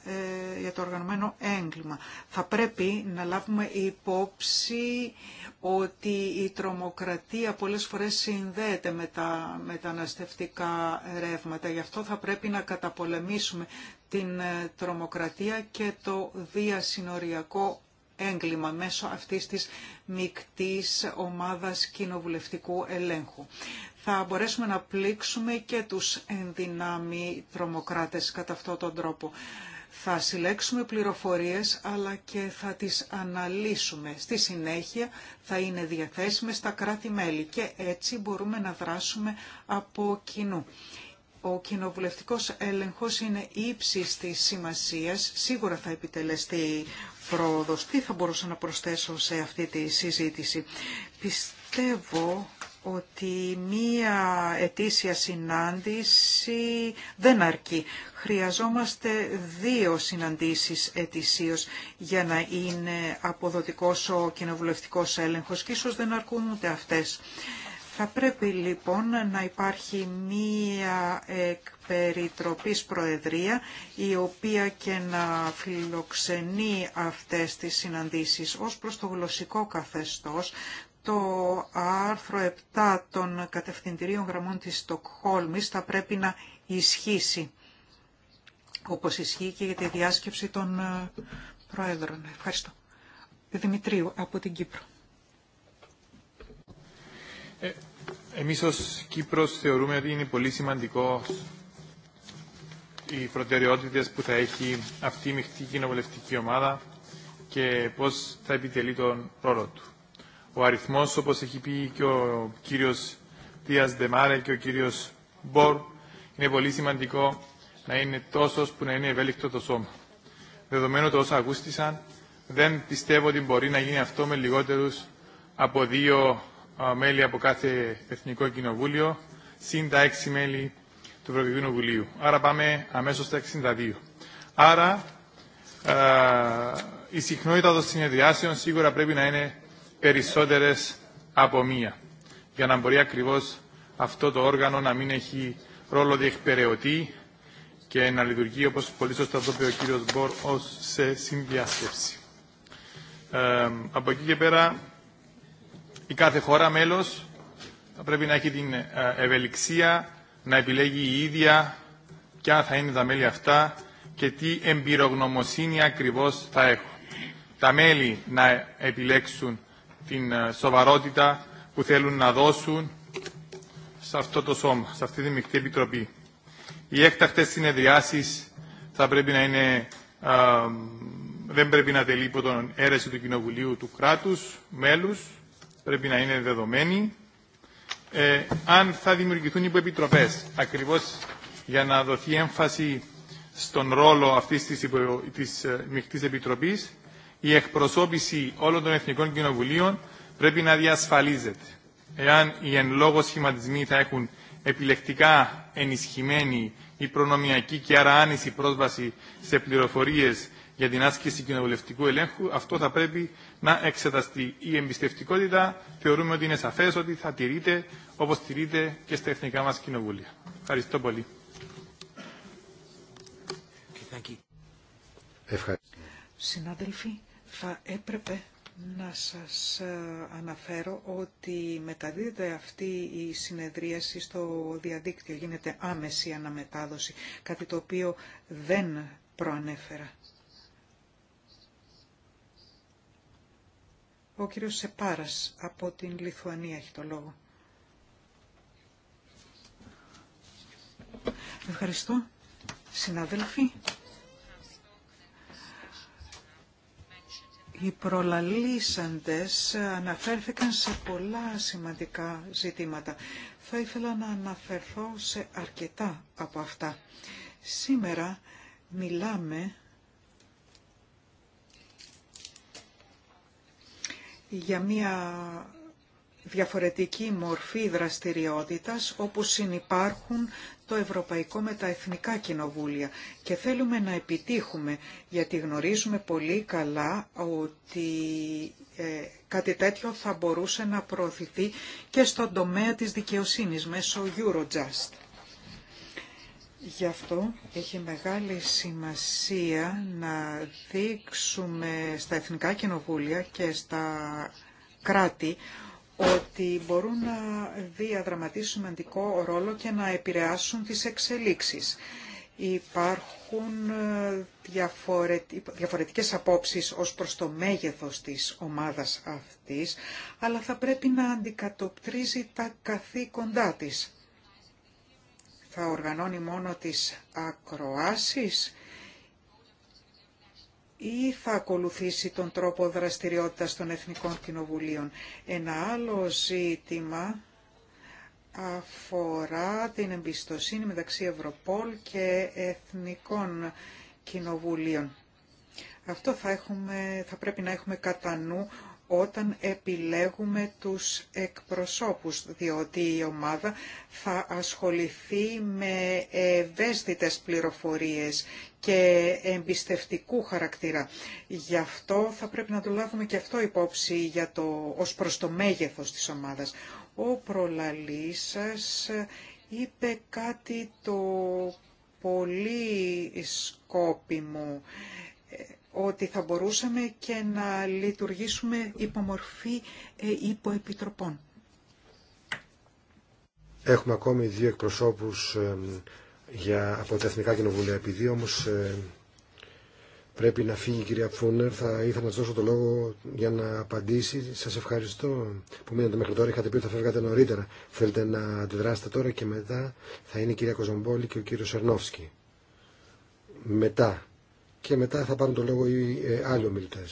B: ε, για το οργανωμένο έγκλημα. Θα πρέπει να λάβουμε υπόψη ότι η τρομοκρατία πολλές φορές συνδέεται με τα μεταναστευτικά ρεύματα. Γι' αυτό θα πρέπει να καταπολεμήσουμε την ε, τρομοκρατία και το διασυνοριακό έγκλημα μέσω αυτής της μικτής ομάδας κοινοβουλευτικού ελέγχου θα μπορέσουμε να πλήξουμε και τους ενδυνάμει τρομοκράτες κατά αυτόν τον τρόπο. Θα συλλέξουμε πληροφορίες αλλά και θα τις αναλύσουμε. Στη συνέχεια θα είναι διαθέσιμες στα κράτη-μέλη και έτσι μπορούμε να δράσουμε από κοινού. Ο κοινοβουλευτικός έλεγχος είναι ύψης της σημασίας. Σίγουρα θα επιτελεστεί πρόοδος. Τι θα μπορούσα να προσθέσω σε αυτή τη συζήτηση. Πιστεύω ότι μία ετήσια συνάντηση δεν αρκεί. Χρειαζόμαστε δύο συναντήσεις ετησίως για να είναι αποδοτικός ο κοινοβουλευτικός έλεγχος και ίσως δεν αρκούν ούτε αυτές. Θα πρέπει λοιπόν να υπάρχει μία εκπεριτροπής προεδρία η οποία και να φιλοξενεί αυτές τις συναντήσεις ως προς το γλωσσικό καθεστώς το άρθρο 7 των κατευθυντηρίων γραμμών της Στοκχόλμης θα πρέπει να ισχύσει, όπως ισχύει και για τη διάσκεψη των ε, Προέδρων. Ευχαριστώ. Δημητρίου από την Κύπρο.
A: Ε, εμείς ως Κύπρος θεωρούμε ότι είναι πολύ σημαντικό οι προτεραιότητες που θα έχει αυτή η μειχτή κοινοβουλευτική ομάδα και πώς θα επιτελεί τον ρόλο του ο αριθμός, όπως έχει πει και ο κύριος Τίας Δεμάρε και ο κύριος Μπορ, είναι πολύ σημαντικό να είναι τόσος που να είναι ευέλικτο το σώμα. Δεδομένου το όσα ακούστησαν, δεν πιστεύω ότι μπορεί να γίνει αυτό με λιγότερους από δύο μέλη από κάθε Εθνικό Κοινοβούλιο, συν τα έξι μέλη του Ευρωπαϊκού Βουλίου. Άρα πάμε αμέσως στα 62. Άρα, η συχνότητα των συνεδριάσεων σίγουρα πρέπει να είναι περισσότερες από μία, για να μπορεί ακριβώς αυτό το όργανο να μην έχει ρόλο διεκπαιρεωτή και να λειτουργεί, όπως πολύ σωστά το είπε ο κύριος Μπορ, ως σε συνδιάσκεψη. Ε, από εκεί και πέρα, η κάθε χώρα μέλος θα πρέπει να έχει την ε, ευελιξία να επιλέγει η ίδια ποια θα είναι τα μέλη αυτά και τι εμπειρογνωμοσύνη ακριβώς θα έχουν. Τα μέλη να επιλέξουν την ε, σοβαρότητα που θέλουν να δώσουν σε αυτό το σώμα, σε αυτή τη μεικτή επιτροπή. Οι έκτακτες συνεδριάσεις θα πρέπει να είναι, δεν πρέπει να τελεί υπό τον αίρεση του Κοινοβουλίου του κράτους, μέλους, πρέπει να είναι δεδομένοι. Ε, αν θα δημιουργηθούν υποεπιτροπές, ακριβώς για να δοθεί έμφαση στον ρόλο αυτής της, υπο, της ε, επιτροπής, η εκπροσώπηση όλων των Εθνικών Κοινοβουλίων πρέπει να διασφαλίζεται. Εάν οι εν λόγω σχηματισμοί θα έχουν επιλεκτικά ενισχυμένη η προνομιακή και άρα άνηση πρόσβαση σε πληροφορίες για την άσκηση κοινοβουλευτικού ελέγχου, αυτό θα πρέπει να εξεταστεί. Η εμπιστευτικότητα θεωρούμε ότι είναι σαφές ότι θα τηρείται όπως τηρείται και στα εθνικά μας κοινοβούλια. Ευχαριστώ πολύ.
C: Ευχαριστώ.
B: Συνάδελφοι, θα έπρεπε να σας ε, αναφέρω ότι μεταδίδεται αυτή η συνεδρίαση στο διαδίκτυο. Γίνεται άμεση αναμετάδοση, κάτι το οποίο δεν προανέφερα. Ο κύριος Σεπάρας από την Λιθουανία έχει το λόγο. Ευχαριστώ, συνάδελφοι. Οι προλαλήσαντες αναφέρθηκαν σε πολλά σημαντικά ζητήματα. Θα ήθελα να αναφερθώ σε αρκετά από αυτά. Σήμερα μιλάμε για μια διαφορετική μορφή δραστηριότητας όπου συνυπάρχουν Ευρωπαϊκό με τα Εθνικά Κοινοβούλια και θέλουμε να επιτύχουμε γιατί γνωρίζουμε πολύ καλά ότι ε, κάτι τέτοιο θα μπορούσε να προωθηθεί και στον τομέα της δικαιοσύνης μέσω Eurojust. Γι' αυτό έχει μεγάλη σημασία να δείξουμε στα Εθνικά Κοινοβούλια και στα κράτη ότι μπορούν να διαδραματίσουν σημαντικό ρόλο και να επηρεάσουν τις εξελίξεις. Υπάρχουν ε, διαφορετικές απόψεις ως προς το μέγεθος της ομάδας αυτής, αλλά θα πρέπει να αντικατοπτρίζει τα καθήκοντά της. Θα οργανώνει μόνο τις ακροάσεις ή θα ακολουθήσει τον τρόπο δραστηριότητας των Εθνικών Κοινοβουλίων. Ένα άλλο ζήτημα αφορά την εμπιστοσύνη μεταξύ Ευρωπόλ και Εθνικών Κοινοβουλίων. Αυτό θα, έχουμε, θα πρέπει να έχουμε κατά νου όταν επιλέγουμε τους εκπροσώπους, διότι η ομάδα θα ασχοληθεί με ευαίσθητες πληροφορίες και εμπιστευτικού χαρακτήρα. Γι' αυτό θα πρέπει να το λάβουμε και αυτό υπόψη για το, ως προς το μέγεθος της ομάδας. Ο προλαλής σας είπε κάτι το πολύ σκόπιμο ότι θα μπορούσαμε και να λειτουργήσουμε υπομορφή ε, υποεπιτροπών.
C: Έχουμε ακόμη δύο εκπροσώπους για, από τα Εθνικά Κοινοβούλια. Επειδή όμως ε, πρέπει να φύγει η κυρία Φούνερ, θα ήθελα να σας δώσω το λόγο για να απαντήσει. Σας ευχαριστώ που μείνατε μέχρι τώρα. Είχατε πει ότι θα φεύγατε νωρίτερα. Θέλετε να αντιδράσετε τώρα και μετά θα είναι η κυρία Κοζομπόλη και ο κύριος Σερνόφσκι. Μετά και μετά θα πάρουν το λόγο οι ε, άλλοι ομιλητέ.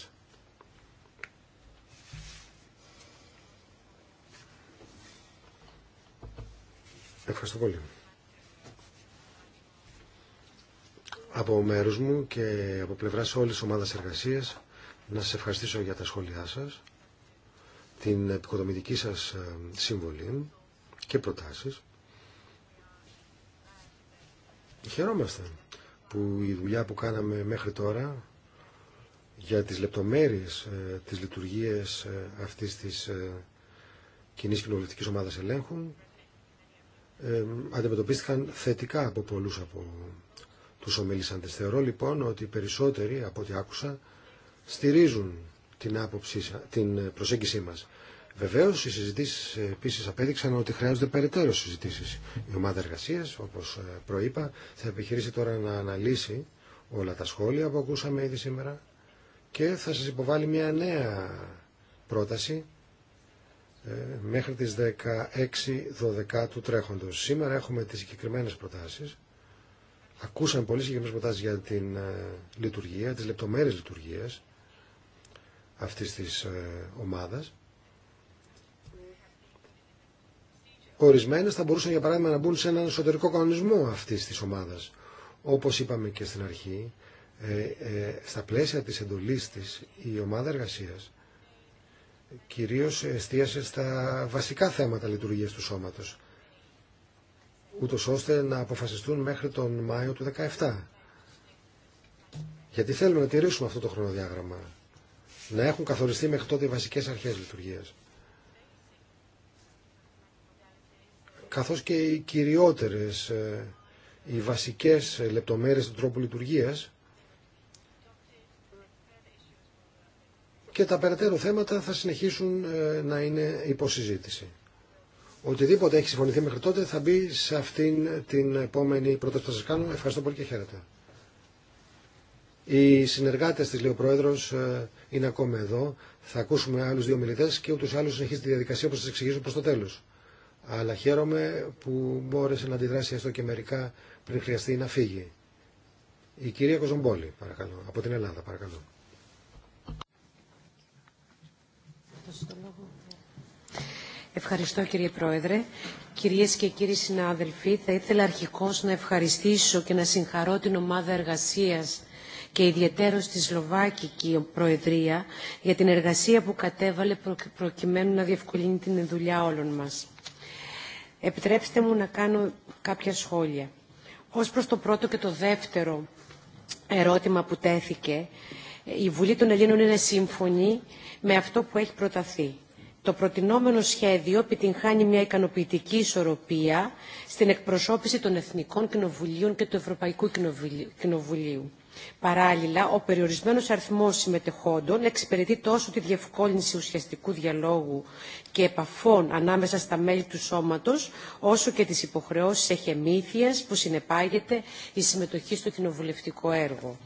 C: Ευχαριστώ πολύ. Από μέρους μου και από πλευράς όλης της ομάδας εργασίας να σας ευχαριστήσω για τα σχόλιά σας, την επικοδομητική σας ε, συμβολή και προτάσεις. Χαιρόμαστε που η δουλειά που κάναμε μέχρι τώρα για τις λεπτομέρειες ε, της λειτουργίας ε, αυτής της ε, κοινή κοινοβουλευτικής ομάδας ελέγχου ε, αντιμετωπίστηκαν θετικά από πολλούς από τους ομιλήσαντες. Θεωρώ λοιπόν ότι οι περισσότεροι από ό,τι άκουσα στηρίζουν την, άποψη, την προσέγγιση μας. Βεβαίω, οι συζητήσει ε, επίση απέδειξαν ότι χρειάζονται περαιτέρω συζητήσει. Η ομάδα εργασία, όπω ε, προείπα, θα επιχειρήσει τώρα να αναλύσει όλα τα σχόλια που ακούσαμε ήδη σήμερα και θα σας υποβάλει μια νέα πρόταση ε, μέχρι τις 16-12 του τρέχοντος. Σήμερα έχουμε τις συγκεκριμένες προτάσεις. Ακούσαμε πολλές συγκεκριμένες προτάσεις για την λειτουργία, τις λεπτομέρειες λειτουργίας αυτής της ομάδας. Ορισμένε θα μπορούσαν για παράδειγμα να μπουν σε έναν εσωτερικό κανονισμό αυτής της ομάδας. Όπως είπαμε και στην αρχή, ε, ε, στα πλαίσια τη εντολή τη, η ομάδα εργασίας κυρίως εστίασε στα βασικά θέματα λειτουργίας του σώματος ούτω ώστε να αποφασιστούν μέχρι τον Μάιο του 2017. Γιατί θέλουμε να τηρήσουμε αυτό το χρονοδιάγραμμα. Να έχουν καθοριστεί μέχρι τότε οι βασικέ αρχέ λειτουργία. καθώς και οι κυριότερες, ε, οι βασικές λεπτομέρειες του τρόπου λειτουργίας και τα περαιτέρω θέματα θα συνεχίσουν ε, να είναι υποσυζήτηση. Οτιδήποτε έχει συμφωνηθεί μέχρι τότε θα μπει σε αυτήν την επόμενη πρόταση που θα σας κάνω. Ευχαριστώ πολύ και χαίρετε. Οι συνεργάτες της, λέει ε, είναι ακόμα εδώ. Θα ακούσουμε άλλους δύο μιλητές και ούτως άλλως συνεχίζει τη διαδικασία όπως σας εξηγήσω προς το τέλος αλλά χαίρομαι που μπόρεσε να αντιδράσει έστω και μερικά πριν χρειαστεί να φύγει. Η κυρία Κοζομπόλη, παρακαλώ, από την Ελλάδα, παρακαλώ.
E: Ευχαριστώ κύριε Πρόεδρε. Κυρίες και κύριοι συνάδελφοι, θα ήθελα αρχικώς να ευχαριστήσω και να συγχαρώ την ομάδα εργασίας και ιδιαίτερο στη Σλοβάκικη Προεδρία για την εργασία που κατέβαλε προκειμένου να διευκολύνει την δουλειά όλων μας. Επιτρέψτε μου να κάνω κάποια σχόλια. Ως προς το πρώτο και το δεύτερο ερώτημα που τέθηκε, η Βουλή των Ελλήνων είναι σύμφωνη με αυτό που έχει προταθεί. Το προτινόμενο σχέδιο επιτυγχάνει μια ικανοποιητική ισορροπία στην εκπροσώπηση των Εθνικών Κοινοβουλίων και του Ευρωπαϊκού Κοινοβουλίου. Παράλληλα, ο περιορισμένος αριθμός συμμετεχόντων εξυπηρετεί τόσο τη διευκόλυνση ουσιαστικού διαλόγου και επαφών ανάμεσα στα μέλη του σώματος, όσο και τις υποχρεώσεις εχεμήθειας που συνεπάγεται η συμμετοχή στο κοινοβουλευτικό έργο.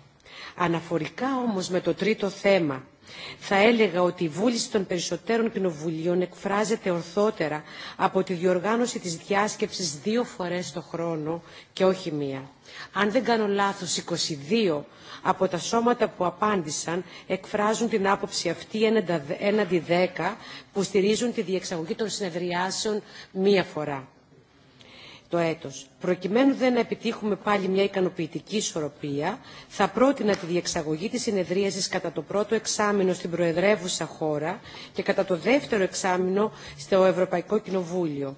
E: Αναφορικά όμως με το τρίτο θέμα θα έλεγα ότι η βούληση των περισσότερων κοινοβουλίων εκφράζεται ορθότερα από τη διοργάνωση της διάσκεψης δύο φορές το χρόνο και όχι μία. Αν δεν κάνω λάθος, 22 από τα σώματα που απάντησαν εκφράζουν την άποψη αυτή έναντι 10 που στηρίζουν τη διεξαγωγή των συνεδριάσεων μία φορά το έτος. Προκειμένου δεν να επιτύχουμε πάλι μια ικανοποιητική ισορροπία, θα πρότεινα τη διεξαγωγή της συνεδρίασης κατά το πρώτο εξάμεινο στην Προεδρεύουσα χώρα και κατά το δεύτερο εξάμεινο στο Ευρωπαϊκό Κοινοβούλιο.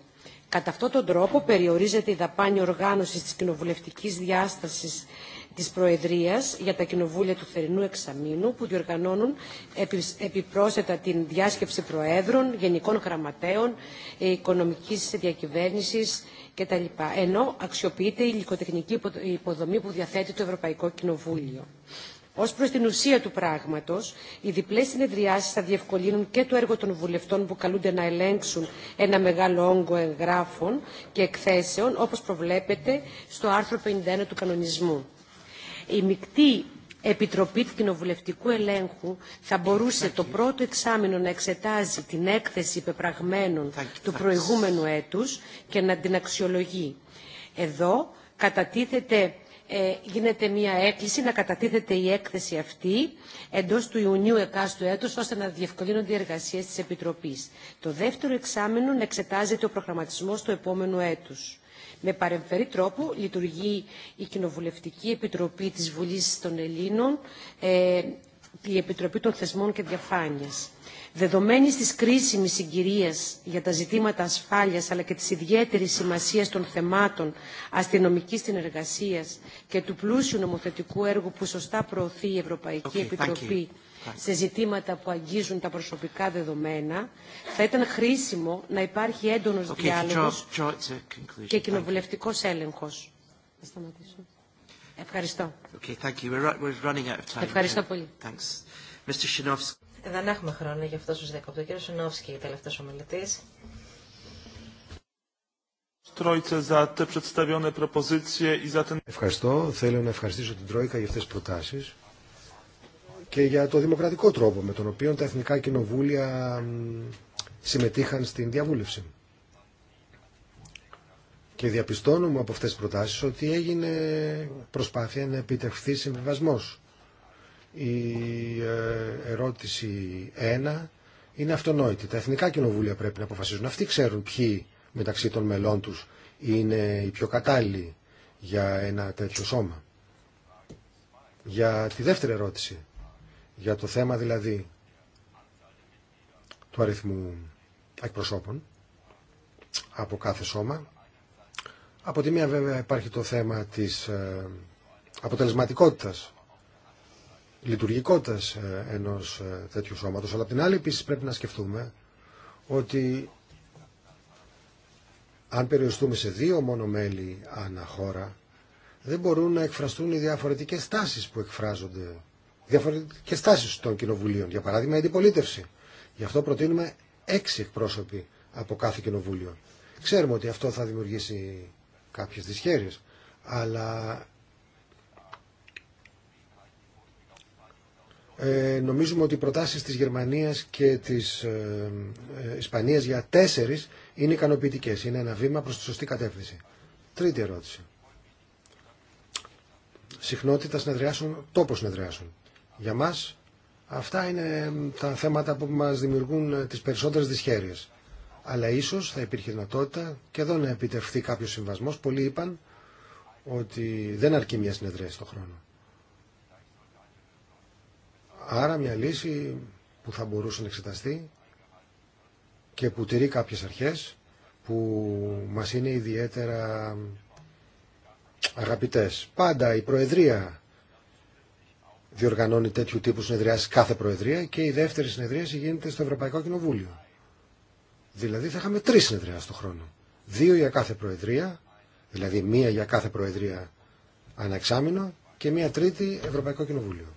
E: Κατά αυτόν τον τρόπο περιορίζεται η δαπάνη οργάνωσης της κοινοβουλευτικής διάστασης τη Προεδρία για τα Κοινοβούλια του Θερινού Εξαμήνου που διοργανώνουν επιπρόσθετα την διάσκεψη Προέδρων, Γενικών Γραμματέων, ε, οικονομική διακυβέρνηση κτλ. Ενώ αξιοποιείται η υλικοτεχνική υποδομή που διαθέτει το Ευρωπαϊκό Κοινοβούλιο. Ω προ την ουσία του πράγματο, οι διπλέ συνεδριάσει θα διευκολύνουν και το έργο των βουλευτών που καλούνται να ελέγξουν ένα μεγάλο όγκο εγγράφων και εκθέσεων, όπω προβλέπεται στο άρθρο 51 του κανονισμού η μεικτή Επιτροπή του Κοινοβουλευτικού Ελέγχου θα μπορούσε το πρώτο εξάμεινο να εξετάζει την έκθεση υπεπραγμένων του προηγούμενου έτους και να την αξιολογεί. Εδώ κατατίθεται ε, γίνεται μια έκκληση να κατατίθεται η έκθεση αυτή εντός του Ιουνίου εκάστου έτους ώστε να διευκολύνονται οι εργασίες της Επιτροπής. Το δεύτερο εξάμεινο να εξετάζεται ο προγραμματισμός του επόμενου έτους με παρεμφερή τρόπο λειτουργεί η Κοινοβουλευτική Επιτροπή της Βουλής των Ελλήνων, ε, η Επιτροπή των Θεσμών και Διαφάνειας. Δεδομένης της κρίσιμης συγκυρίας για τα ζητήματα ασφάλειας αλλά και της ιδιαίτερης σημασίας των θεμάτων αστυνομικής συνεργασίας και του πλούσιου νομοθετικού έργου που σωστά προωθεί η Ευρωπαϊκή okay, Επιτροπή σε ζητήματα που αγγίζουν τα προσωπικά δεδομένα, θα ήταν χρήσιμο να υπάρχει έντονος okay, διάλογος και κοινοβουλευτικός έλεγχος. Θα
D: σταματήσω. Ευχαριστώ.
B: Okay, thank you. We're, we're running out of time. Ευχαριστώ πολύ. Thanks.
A: Mr.
D: Δεν έχουμε χρόνο για αυτό σας διακόπτω. κύριο Σινόφσκι, τελευταίος ομιλητής.
C: Ευχαριστώ. Θέλω να ευχαριστήσω την Τρόικα για αυτές τις προτάσεις και για το δημοκρατικό τρόπο με τον οποίο τα εθνικά κοινοβούλια συμμετείχαν στην διαβούλευση. Και διαπιστώνουμε από αυτές τις προτάσεις ότι έγινε προσπάθεια να επιτευχθεί συμβιβασμός. Η ε, ερώτηση 1 είναι αυτονόητη. Τα εθνικά κοινοβούλια πρέπει να αποφασίζουν. Αυτοί ξέρουν ποιοι μεταξύ των μελών τους είναι οι πιο κατάλληλοι για ένα τέτοιο σώμα. Για τη δεύτερη ερώτηση για το θέμα δηλαδή του αριθμού εκπροσώπων από κάθε σώμα. Από τη μία βέβαια υπάρχει το θέμα της ε, αποτελεσματικότητας, λειτουργικότητας ε, ενός ε, τέτοιου σώματος, αλλά από την άλλη επίσης πρέπει να σκεφτούμε ότι αν περιοριστούμε σε δύο μόνο μέλη ανά χώρα, δεν μπορούν να εκφραστούν οι διαφορετικές τάσεις που εκφράζονται διαφορετικέ τάσει των κοινοβουλίων. Για παράδειγμα, η αντιπολίτευση. Γι' αυτό προτείνουμε έξι εκπρόσωποι από κάθε κοινοβούλιο. Ξέρουμε ότι αυτό θα δημιουργήσει κάποιες δυσχέρειες, αλλά ε, νομίζουμε ότι οι προτάσεις της Γερμανίας και της ε, ε Ισπανίας για τέσσερις είναι ικανοποιητικέ. Είναι ένα βήμα προς τη σωστή κατεύθυνση. Τρίτη ερώτηση. Συχνότητα συνεδριάσεων, τόπο συνεδριάσεων. Για μας αυτά είναι τα θέματα που μας δημιουργούν ε, τις περισσότερες δυσχέρειες. Αλλά ίσως θα υπήρχε δυνατότητα και εδώ να επιτευχθεί κάποιο συμβασμός. Πολλοί είπαν ότι δεν αρκεί μια συνεδρία στον χρόνο. Άρα μια λύση που θα μπορούσε να εξεταστεί και που τηρεί κάποιες αρχές που μας είναι ιδιαίτερα αγαπητές. Πάντα η Προεδρία διοργανώνει τέτοιου τύπου συνεδριάσεις κάθε Προεδρία και η δεύτερη συνεδρίαση γίνεται στο Ευρωπαϊκό Κοινοβούλιο. Δηλαδή θα είχαμε τρει συνεδριάσεις το χρόνο. Δύο για κάθε Προεδρία, δηλαδή μία για κάθε Προεδρία αναξάμεινο και μία τρίτη Ευρωπαϊκό Κοινοβούλιο.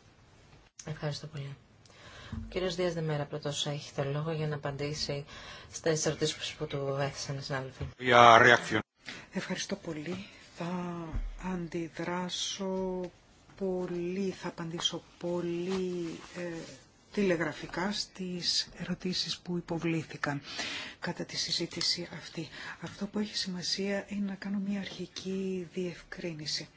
C: Ευχαριστώ πολύ.
D: Ο κύριος Δίας Δεμέρα πρώτος έχει το λόγο για να απαντήσει στι ερωτήσει που του έθεσαν
C: συνάδελφοι.
D: Ευχαριστώ πολύ. Θα
B: αντιδράσω πολύ, θα απαντήσω πολύ ε, τηλεγραφικά στις ερωτήσεις που υποβλήθηκαν κατά τη συζήτηση αυτή. Αυτό που έχει σημασία είναι να κάνω μια αρχική διευκρίνηση.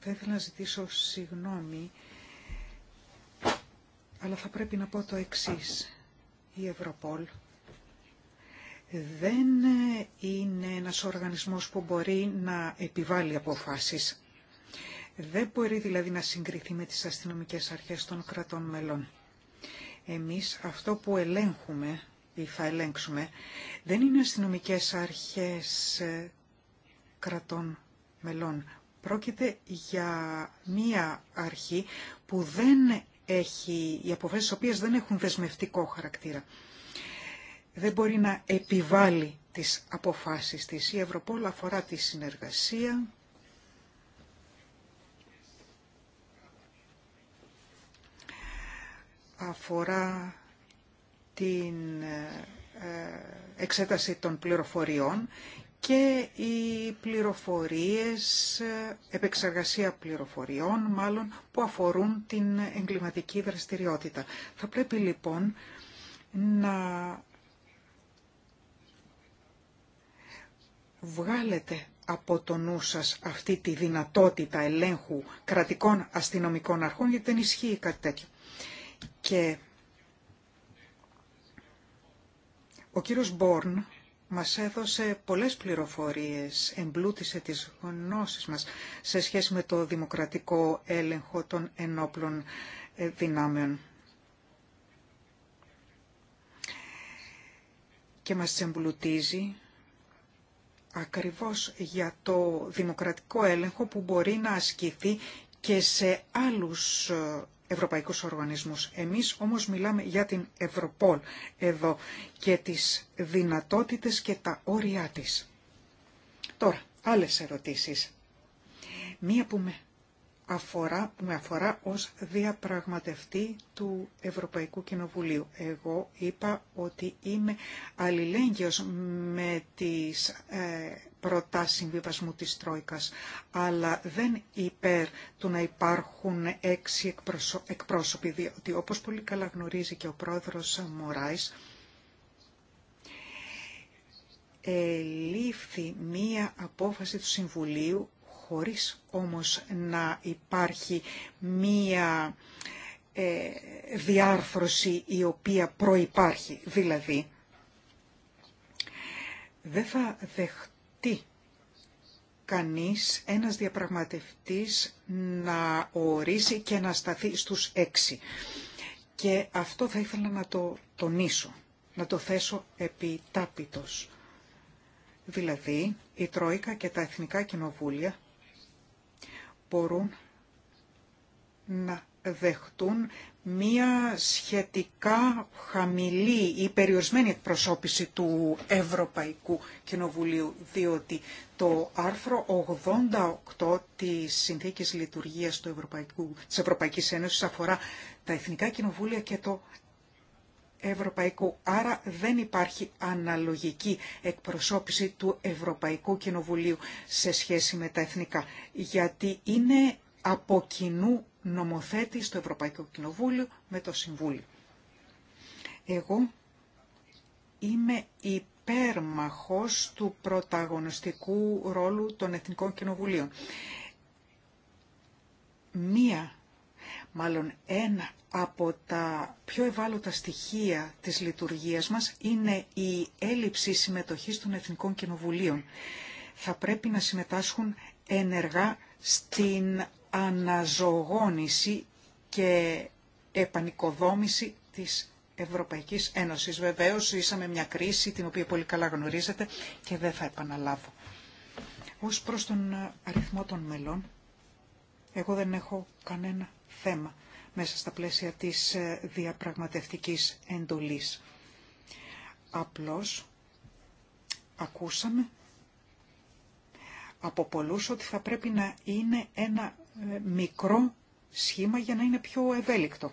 B: Θα ήθελα να ζητήσω συγγνώμη, αλλά θα πρέπει να πω το εξής. Η Ευρωπόλ δεν είναι ένας οργανισμός που μπορεί να επιβάλλει αποφάσεις. Δεν μπορεί δηλαδή να συγκριθεί με τις αστυνομικές αρχές των κρατών μελών. Εμείς αυτό που ελέγχουμε ή θα ελέγξουμε δεν είναι αστυνομικές αρχές ε, κρατών μελών. Πρόκειται για μία αρχή που δεν έχει, οι αποφάσεις οποίες δεν έχουν δεσμευτικό χαρακτήρα. Δεν μπορεί να επιβάλλει τις αποφάσεις της. Η Ευρωπόλα αφορά τη συνεργασία, αφορά την ε, εξέταση των πληροφοριών και οι πληροφορίες, ε, επεξεργασία πληροφοριών μάλλον, που αφορούν την εγκληματική δραστηριότητα. Θα πρέπει λοιπόν να βγάλετε από το νου σας αυτή τη δυνατότητα ελέγχου κρατικών αστυνομικών αρχών, γιατί δεν ισχύει κάτι τέτοιο. Και ο κύριος Μπόρν μας έδωσε πολλές πληροφορίες, εμπλούτησε τις γνώσεις μας σε σχέση με το δημοκρατικό έλεγχο των ενόπλων ε, δυνάμεων. Και μας εμπλουτίζει ακριβώς για το δημοκρατικό έλεγχο που μπορεί να ασκηθεί και σε άλλους ε, ευρωπαϊκούς οργανισμούς. Εμείς όμως μιλάμε για την Ευρωπόλ εδώ και τις δυνατότητες και τα όρια της. Τώρα, άλλες ερωτήσεις. Μία που με αφορά, με αφορά ως διαπραγματευτή του Ευρωπαϊκού Κοινοβουλίου. Εγώ είπα ότι είμαι αλληλέγγυος με τις ε, προτάσεις συμβίβασμου της Τρόικας, αλλά δεν υπέρ του να υπάρχουν έξι εκπρόσωποι, διότι όπως πολύ καλά γνωρίζει και ο πρόεδρος Μωράης, ελήφθη μία απόφαση του Συμβουλίου χωρίς όμως να υπάρχει μία ε, διάρθρωση η οποία προϋπάρχει. Δηλαδή, δεν θα δεχτεί κανείς ένας διαπραγματευτής να ορίσει και να σταθεί στους έξι. Και αυτό θα ήθελα να το τονίσω, να το θέσω επιτάπητος. Δηλαδή, η Τρόικα και τα Εθνικά Κοινοβούλια μπορούν να δεχτούν μία σχετικά χαμηλή ή περιορισμένη εκπροσώπηση του Ευρωπαϊκού Κοινοβουλίου, διότι το άρθρο 88 της Συνθήκης Λειτουργίας του Ευρωπαϊκού, της Ευρωπαϊκής Ένωσης αφορά τα Εθνικά Κοινοβούλια και το ευρωπαϊκού. Άρα δεν υπάρχει αναλογική εκπροσώπηση του Ευρωπαϊκού Κοινοβουλίου σε σχέση με τα εθνικά, γιατί είναι από κοινού νομοθέτη στο Ευρωπαϊκό Κοινοβούλιο με το Συμβούλιο. Εγώ είμαι υπέρμαχος του πρωταγωνιστικού ρόλου των Εθνικών Κοινοβουλίων. Μία μάλλον ένα από τα πιο ευάλωτα στοιχεία της λειτουργίας μας είναι η έλλειψη συμμετοχής των Εθνικών Κοινοβουλίων. Θα πρέπει να συμμετάσχουν ενεργά στην αναζωογόνηση και επανικοδόμηση της Ευρωπαϊκής Ένωσης. Βεβαίως, είσαμε μια κρίση την οποία πολύ καλά γνωρίζετε και δεν θα επαναλάβω. Ως προς τον αριθμό των μελών, εγώ δεν έχω κανένα θέμα μέσα στα πλαίσια της ε, διαπραγματευτικής εντολής. Απλώς ακούσαμε από πολλούς ότι θα πρέπει να είναι ένα ε, μικρό σχήμα για να είναι πιο ευέλικτο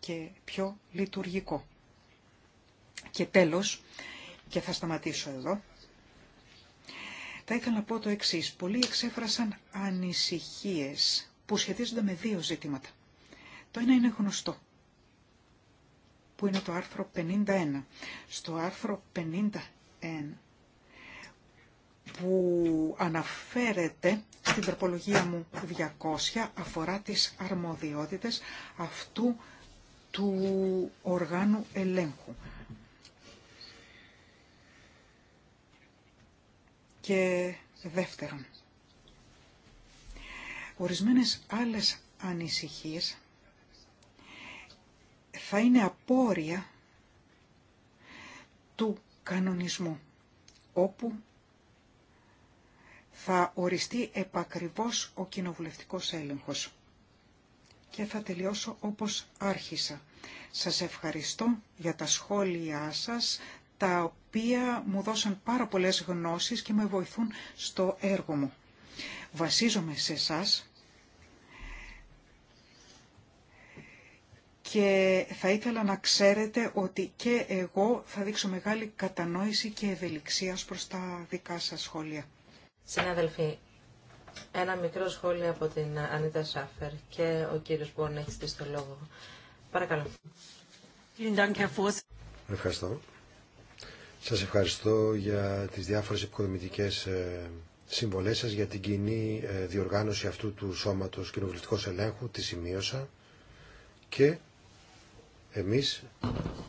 B: και πιο λειτουργικό. Και τέλος, και θα σταματήσω εδώ, θα ήθελα να πω το εξής. Πολλοί εξέφρασαν ανησυχίες που σχετίζονται με δύο ζητήματα. Το ένα είναι γνωστό, που είναι το άρθρο 51. Στο άρθρο 51 που αναφέρεται στην τροπολογία μου 200 αφορά τις αρμοδιότητες αυτού του οργάνου ελέγχου. Και δεύτερον, ορισμένες άλλες ανησυχίες θα είναι απόρρια του κανονισμού, όπου θα οριστεί επακριβώς ο κοινοβουλευτικός έλεγχος. Και θα τελειώσω όπως άρχισα. Σας ευχαριστώ για τα σχόλιά σας, τα οποία μου δώσαν πάρα πολλές γνώσεις και με βοηθούν στο έργο μου. Βασίζομαι σε σας και θα ήθελα να ξέρετε ότι και εγώ θα δείξω μεγάλη
D: κατανόηση και ευελιξία προς τα δικά σας σχόλια. Συνάδελφοι, ένα μικρό σχόλιο από την Ανίτα Σάφερ και ο κύριος Μπον έχει στήσει το λόγο. Παρακαλώ.
C: Ευχαριστώ. Σας ευχαριστώ για τις διάφορες επικοδομητικές ε, συμβολές σας, για την κοινή ε, διοργάνωση αυτού του σώματος κοινοβουλευτικός ελέγχου, τη σημείωσα και εμείς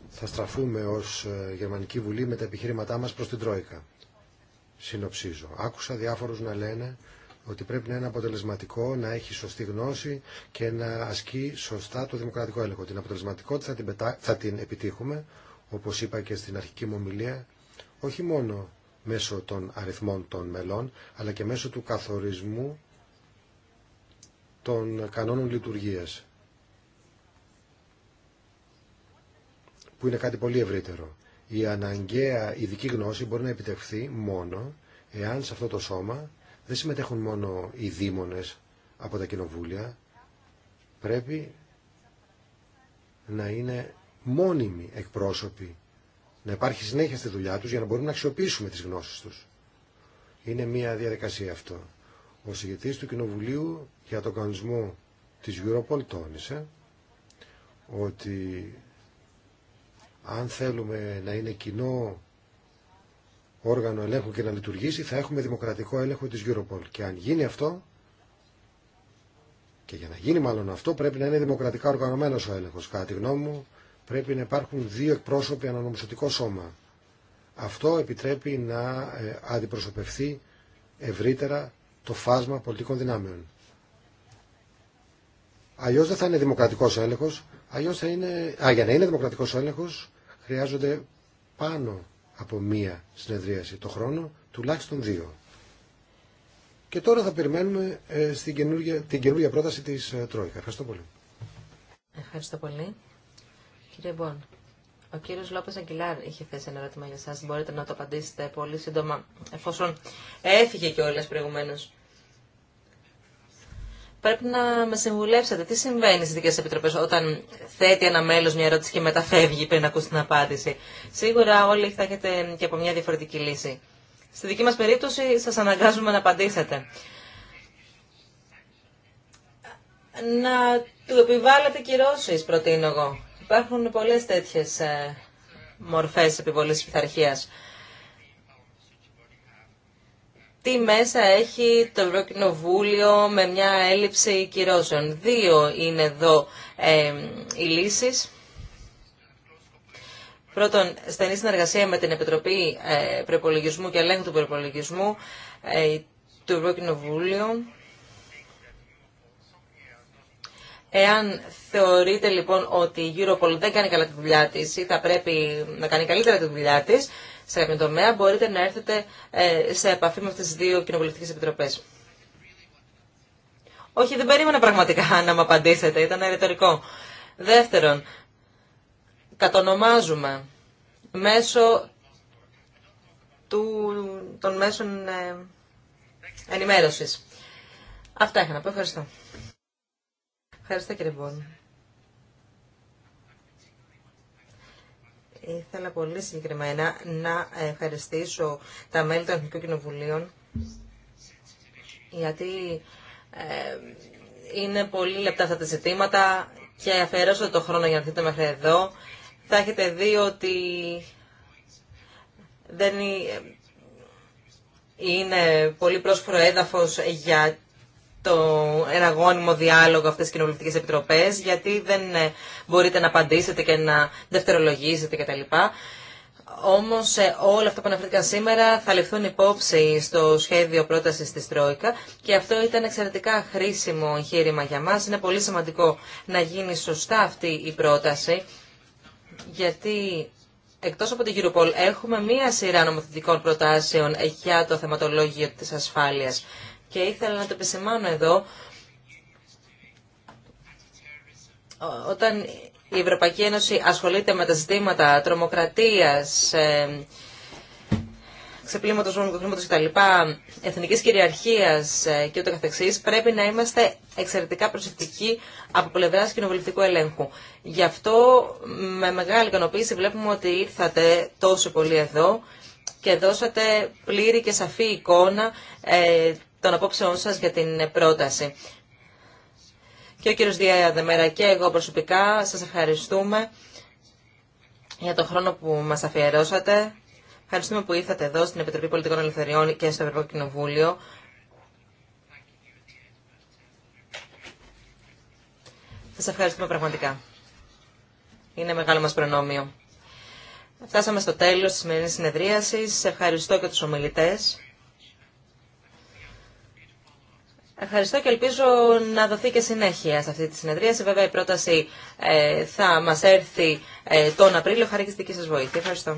C: θα στραφούμε ως ε, Γερμανική Βουλή με τα επιχείρηματά μας προς την Τρόικα. Συνοψίζω. Άκουσα διάφορους να λένε ότι πρέπει να είναι αποτελεσματικό, να έχει σωστή γνώση και να ασκεί σωστά το δημοκρατικό έλεγχο. Την αποτελεσματικότητα θα την, επιτύχουμε, όπως είπα και στην αρχική μου ομιλία, όχι μόνο μέσω των αριθμών των μελών, αλλά και μέσω του καθορισμού των κανόνων λειτουργίας. που είναι κάτι πολύ ευρύτερο. Η αναγκαία ειδική γνώση μπορεί να επιτευχθεί μόνο εάν σε αυτό το σώμα δεν συμμετέχουν μόνο οι δήμονες από τα κοινοβούλια, πρέπει να είναι μόνιμοι εκπρόσωποι, να υπάρχει συνέχεια στη δουλειά τους για να μπορούμε να αξιοποιήσουμε τις γνώσεις τους. Είναι μια διαδικασία αυτό. Ο συγκεκριτής του Κοινοβουλίου για τον κανονισμό της Europol τόνισε ότι αν θέλουμε να είναι κοινό όργανο ελέγχου και να λειτουργήσει, θα έχουμε δημοκρατικό έλεγχο της Europol. Και αν γίνει αυτό, και για να γίνει μάλλον αυτό, πρέπει να είναι δημοκρατικά οργανωμένος ο έλεγχος. Κατά τη γνώμη μου, πρέπει να υπάρχουν δύο εκπρόσωποι ανανομισωτικό σώμα. Αυτό επιτρέπει να ε, αντιπροσωπευθεί ευρύτερα το φάσμα πολιτικών δυνάμεων. Αλλιώ δεν θα είναι δημοκρατικό έλεγχος. αλλιώς είναι. Α, για να είναι δημοκρατικό έλεγχο, χρειάζονται πάνω από μία συνεδρίαση το χρόνο, τουλάχιστον δύο. Και τώρα θα περιμένουμε ε, στην καινούργια, την καινούργια πρόταση της ε, Τρόικα. Ευχαριστώ πολύ.
D: Ευχαριστώ πολύ. Κύριε Μπον, ο κύριος Λόπες Αγγιλάρ είχε θέσει ένα ερώτημα για εσάς. Μπορείτε να το απαντήσετε πολύ σύντομα, εφόσον έφυγε κιόλας προηγουμένως. Πρέπει να με συμβουλεύσετε τι συμβαίνει στι δικέ επιτροπέ όταν θέτει ένα μέλο μια ερώτηση και μεταφεύγει πριν ακούσει την απάντηση. Σίγουρα όλοι θα έχετε και από μια διαφορετική λύση. Στη δική μα περίπτωση σα αναγκάζουμε να απαντήσετε. Να του επιβάλλετε κυρώσει, προτείνω εγώ. Υπάρχουν πολλέ τέτοιε ε, μορφέ επιβολή πειθαρχία τι μέσα έχει το Ευρωκοινοβούλιο με μια έλλειψη κυρώσεων. Δύο είναι εδώ ε, οι λύσεις. Πρώτον, στενή συνεργασία με την Επιτροπή ε, Προπολογισμού και Ελέγχου του Προπολογισμού ε, του Ευρωκοινοβούλιο. Εάν θεωρείτε λοιπόν ότι η Europol δεν κάνει καλά τη δουλειά της ή θα πρέπει να κάνει καλύτερα τη δουλειά της, σε κάποιον τομέα, μπορείτε να έρθετε ε, σε επαφή με αυτές τις δύο κοινοβουλευτικές επιτροπές. Όχι, δεν περίμενα πραγματικά να μου απαντήσετε, ήταν ρητορικό. Δεύτερον, κατονομάζουμε μέσω του, των μέσων ε, ενημέρωσης. Αυτά είχα να πω. Ευχαριστώ. Ευχαριστώ κύριε Μπόλ. Ήθελα πολύ συγκεκριμένα να ευχαριστήσω τα μέλη των Εθνικών Κοινοβουλίων γιατί ε, είναι πολύ λεπτά αυτά τα ζητήματα και αφαιρέσω το χρόνο για να έρθετε μέχρι εδώ. Θα έχετε δει ότι δεν ε, είναι πολύ πρόσφορο έδαφος για το, ένα γόνιμο διάλογο αυτές τις κοινοβουλευτικές επιτροπές, γιατί δεν ε, μπορείτε να απαντήσετε και να δευτερολογήσετε κτλ. Όμως ε, όλα αυτά που αναφέρθηκαν σήμερα θα ληφθούν υπόψη στο σχέδιο πρότασης της Τρόικα και αυτό ήταν εξαιρετικά χρήσιμο εγχείρημα για μας. Είναι πολύ σημαντικό να γίνει σωστά αυτή η πρόταση γιατί εκτός από την Europol έχουμε μία σειρά νομοθετικών προτάσεων για το θεματολόγιο της ασφάλειας και ήθελα να το επισημάνω εδώ όταν η Ευρωπαϊκή Ένωση ασχολείται με τα ζητήματα τρομοκρατίας, ε, ξεπλήματος χρήματος κτλ, εθνικής κυριαρχίας ε, και ούτω καθεξής, πρέπει να είμαστε εξαιρετικά προσεκτικοί από πλευρά κοινοβουλευτικού ελέγχου. Γι' αυτό με μεγάλη ικανοποίηση βλέπουμε ότι ήρθατε τόσο πολύ εδώ και δώσατε πλήρη και σαφή εικόνα ε, των απόψεών σας για την πρόταση. Και ο κύριος Διαδεμέρα και εγώ προσωπικά σας ευχαριστούμε για τον χρόνο που μας αφιερώσατε. Ευχαριστούμε που ήρθατε εδώ στην Επιτροπή Πολιτικών Ελευθεριών και στο Ευρωπαϊκό Κοινοβούλιο. Σας ευχαριστούμε πραγματικά. Είναι μεγάλο μας προνόμιο. Φτάσαμε στο τέλος της σημερινής συνεδρίασης. Ευχαριστώ και τους ομιλητές. Ευχαριστώ και ελπίζω να δοθεί και συνέχεια σε αυτή τη Σε Βέβαια η πρόταση ε, θα μας έρθει ε, τον Απρίλιο χάρη σας βοήθεια. Ευχαριστώ.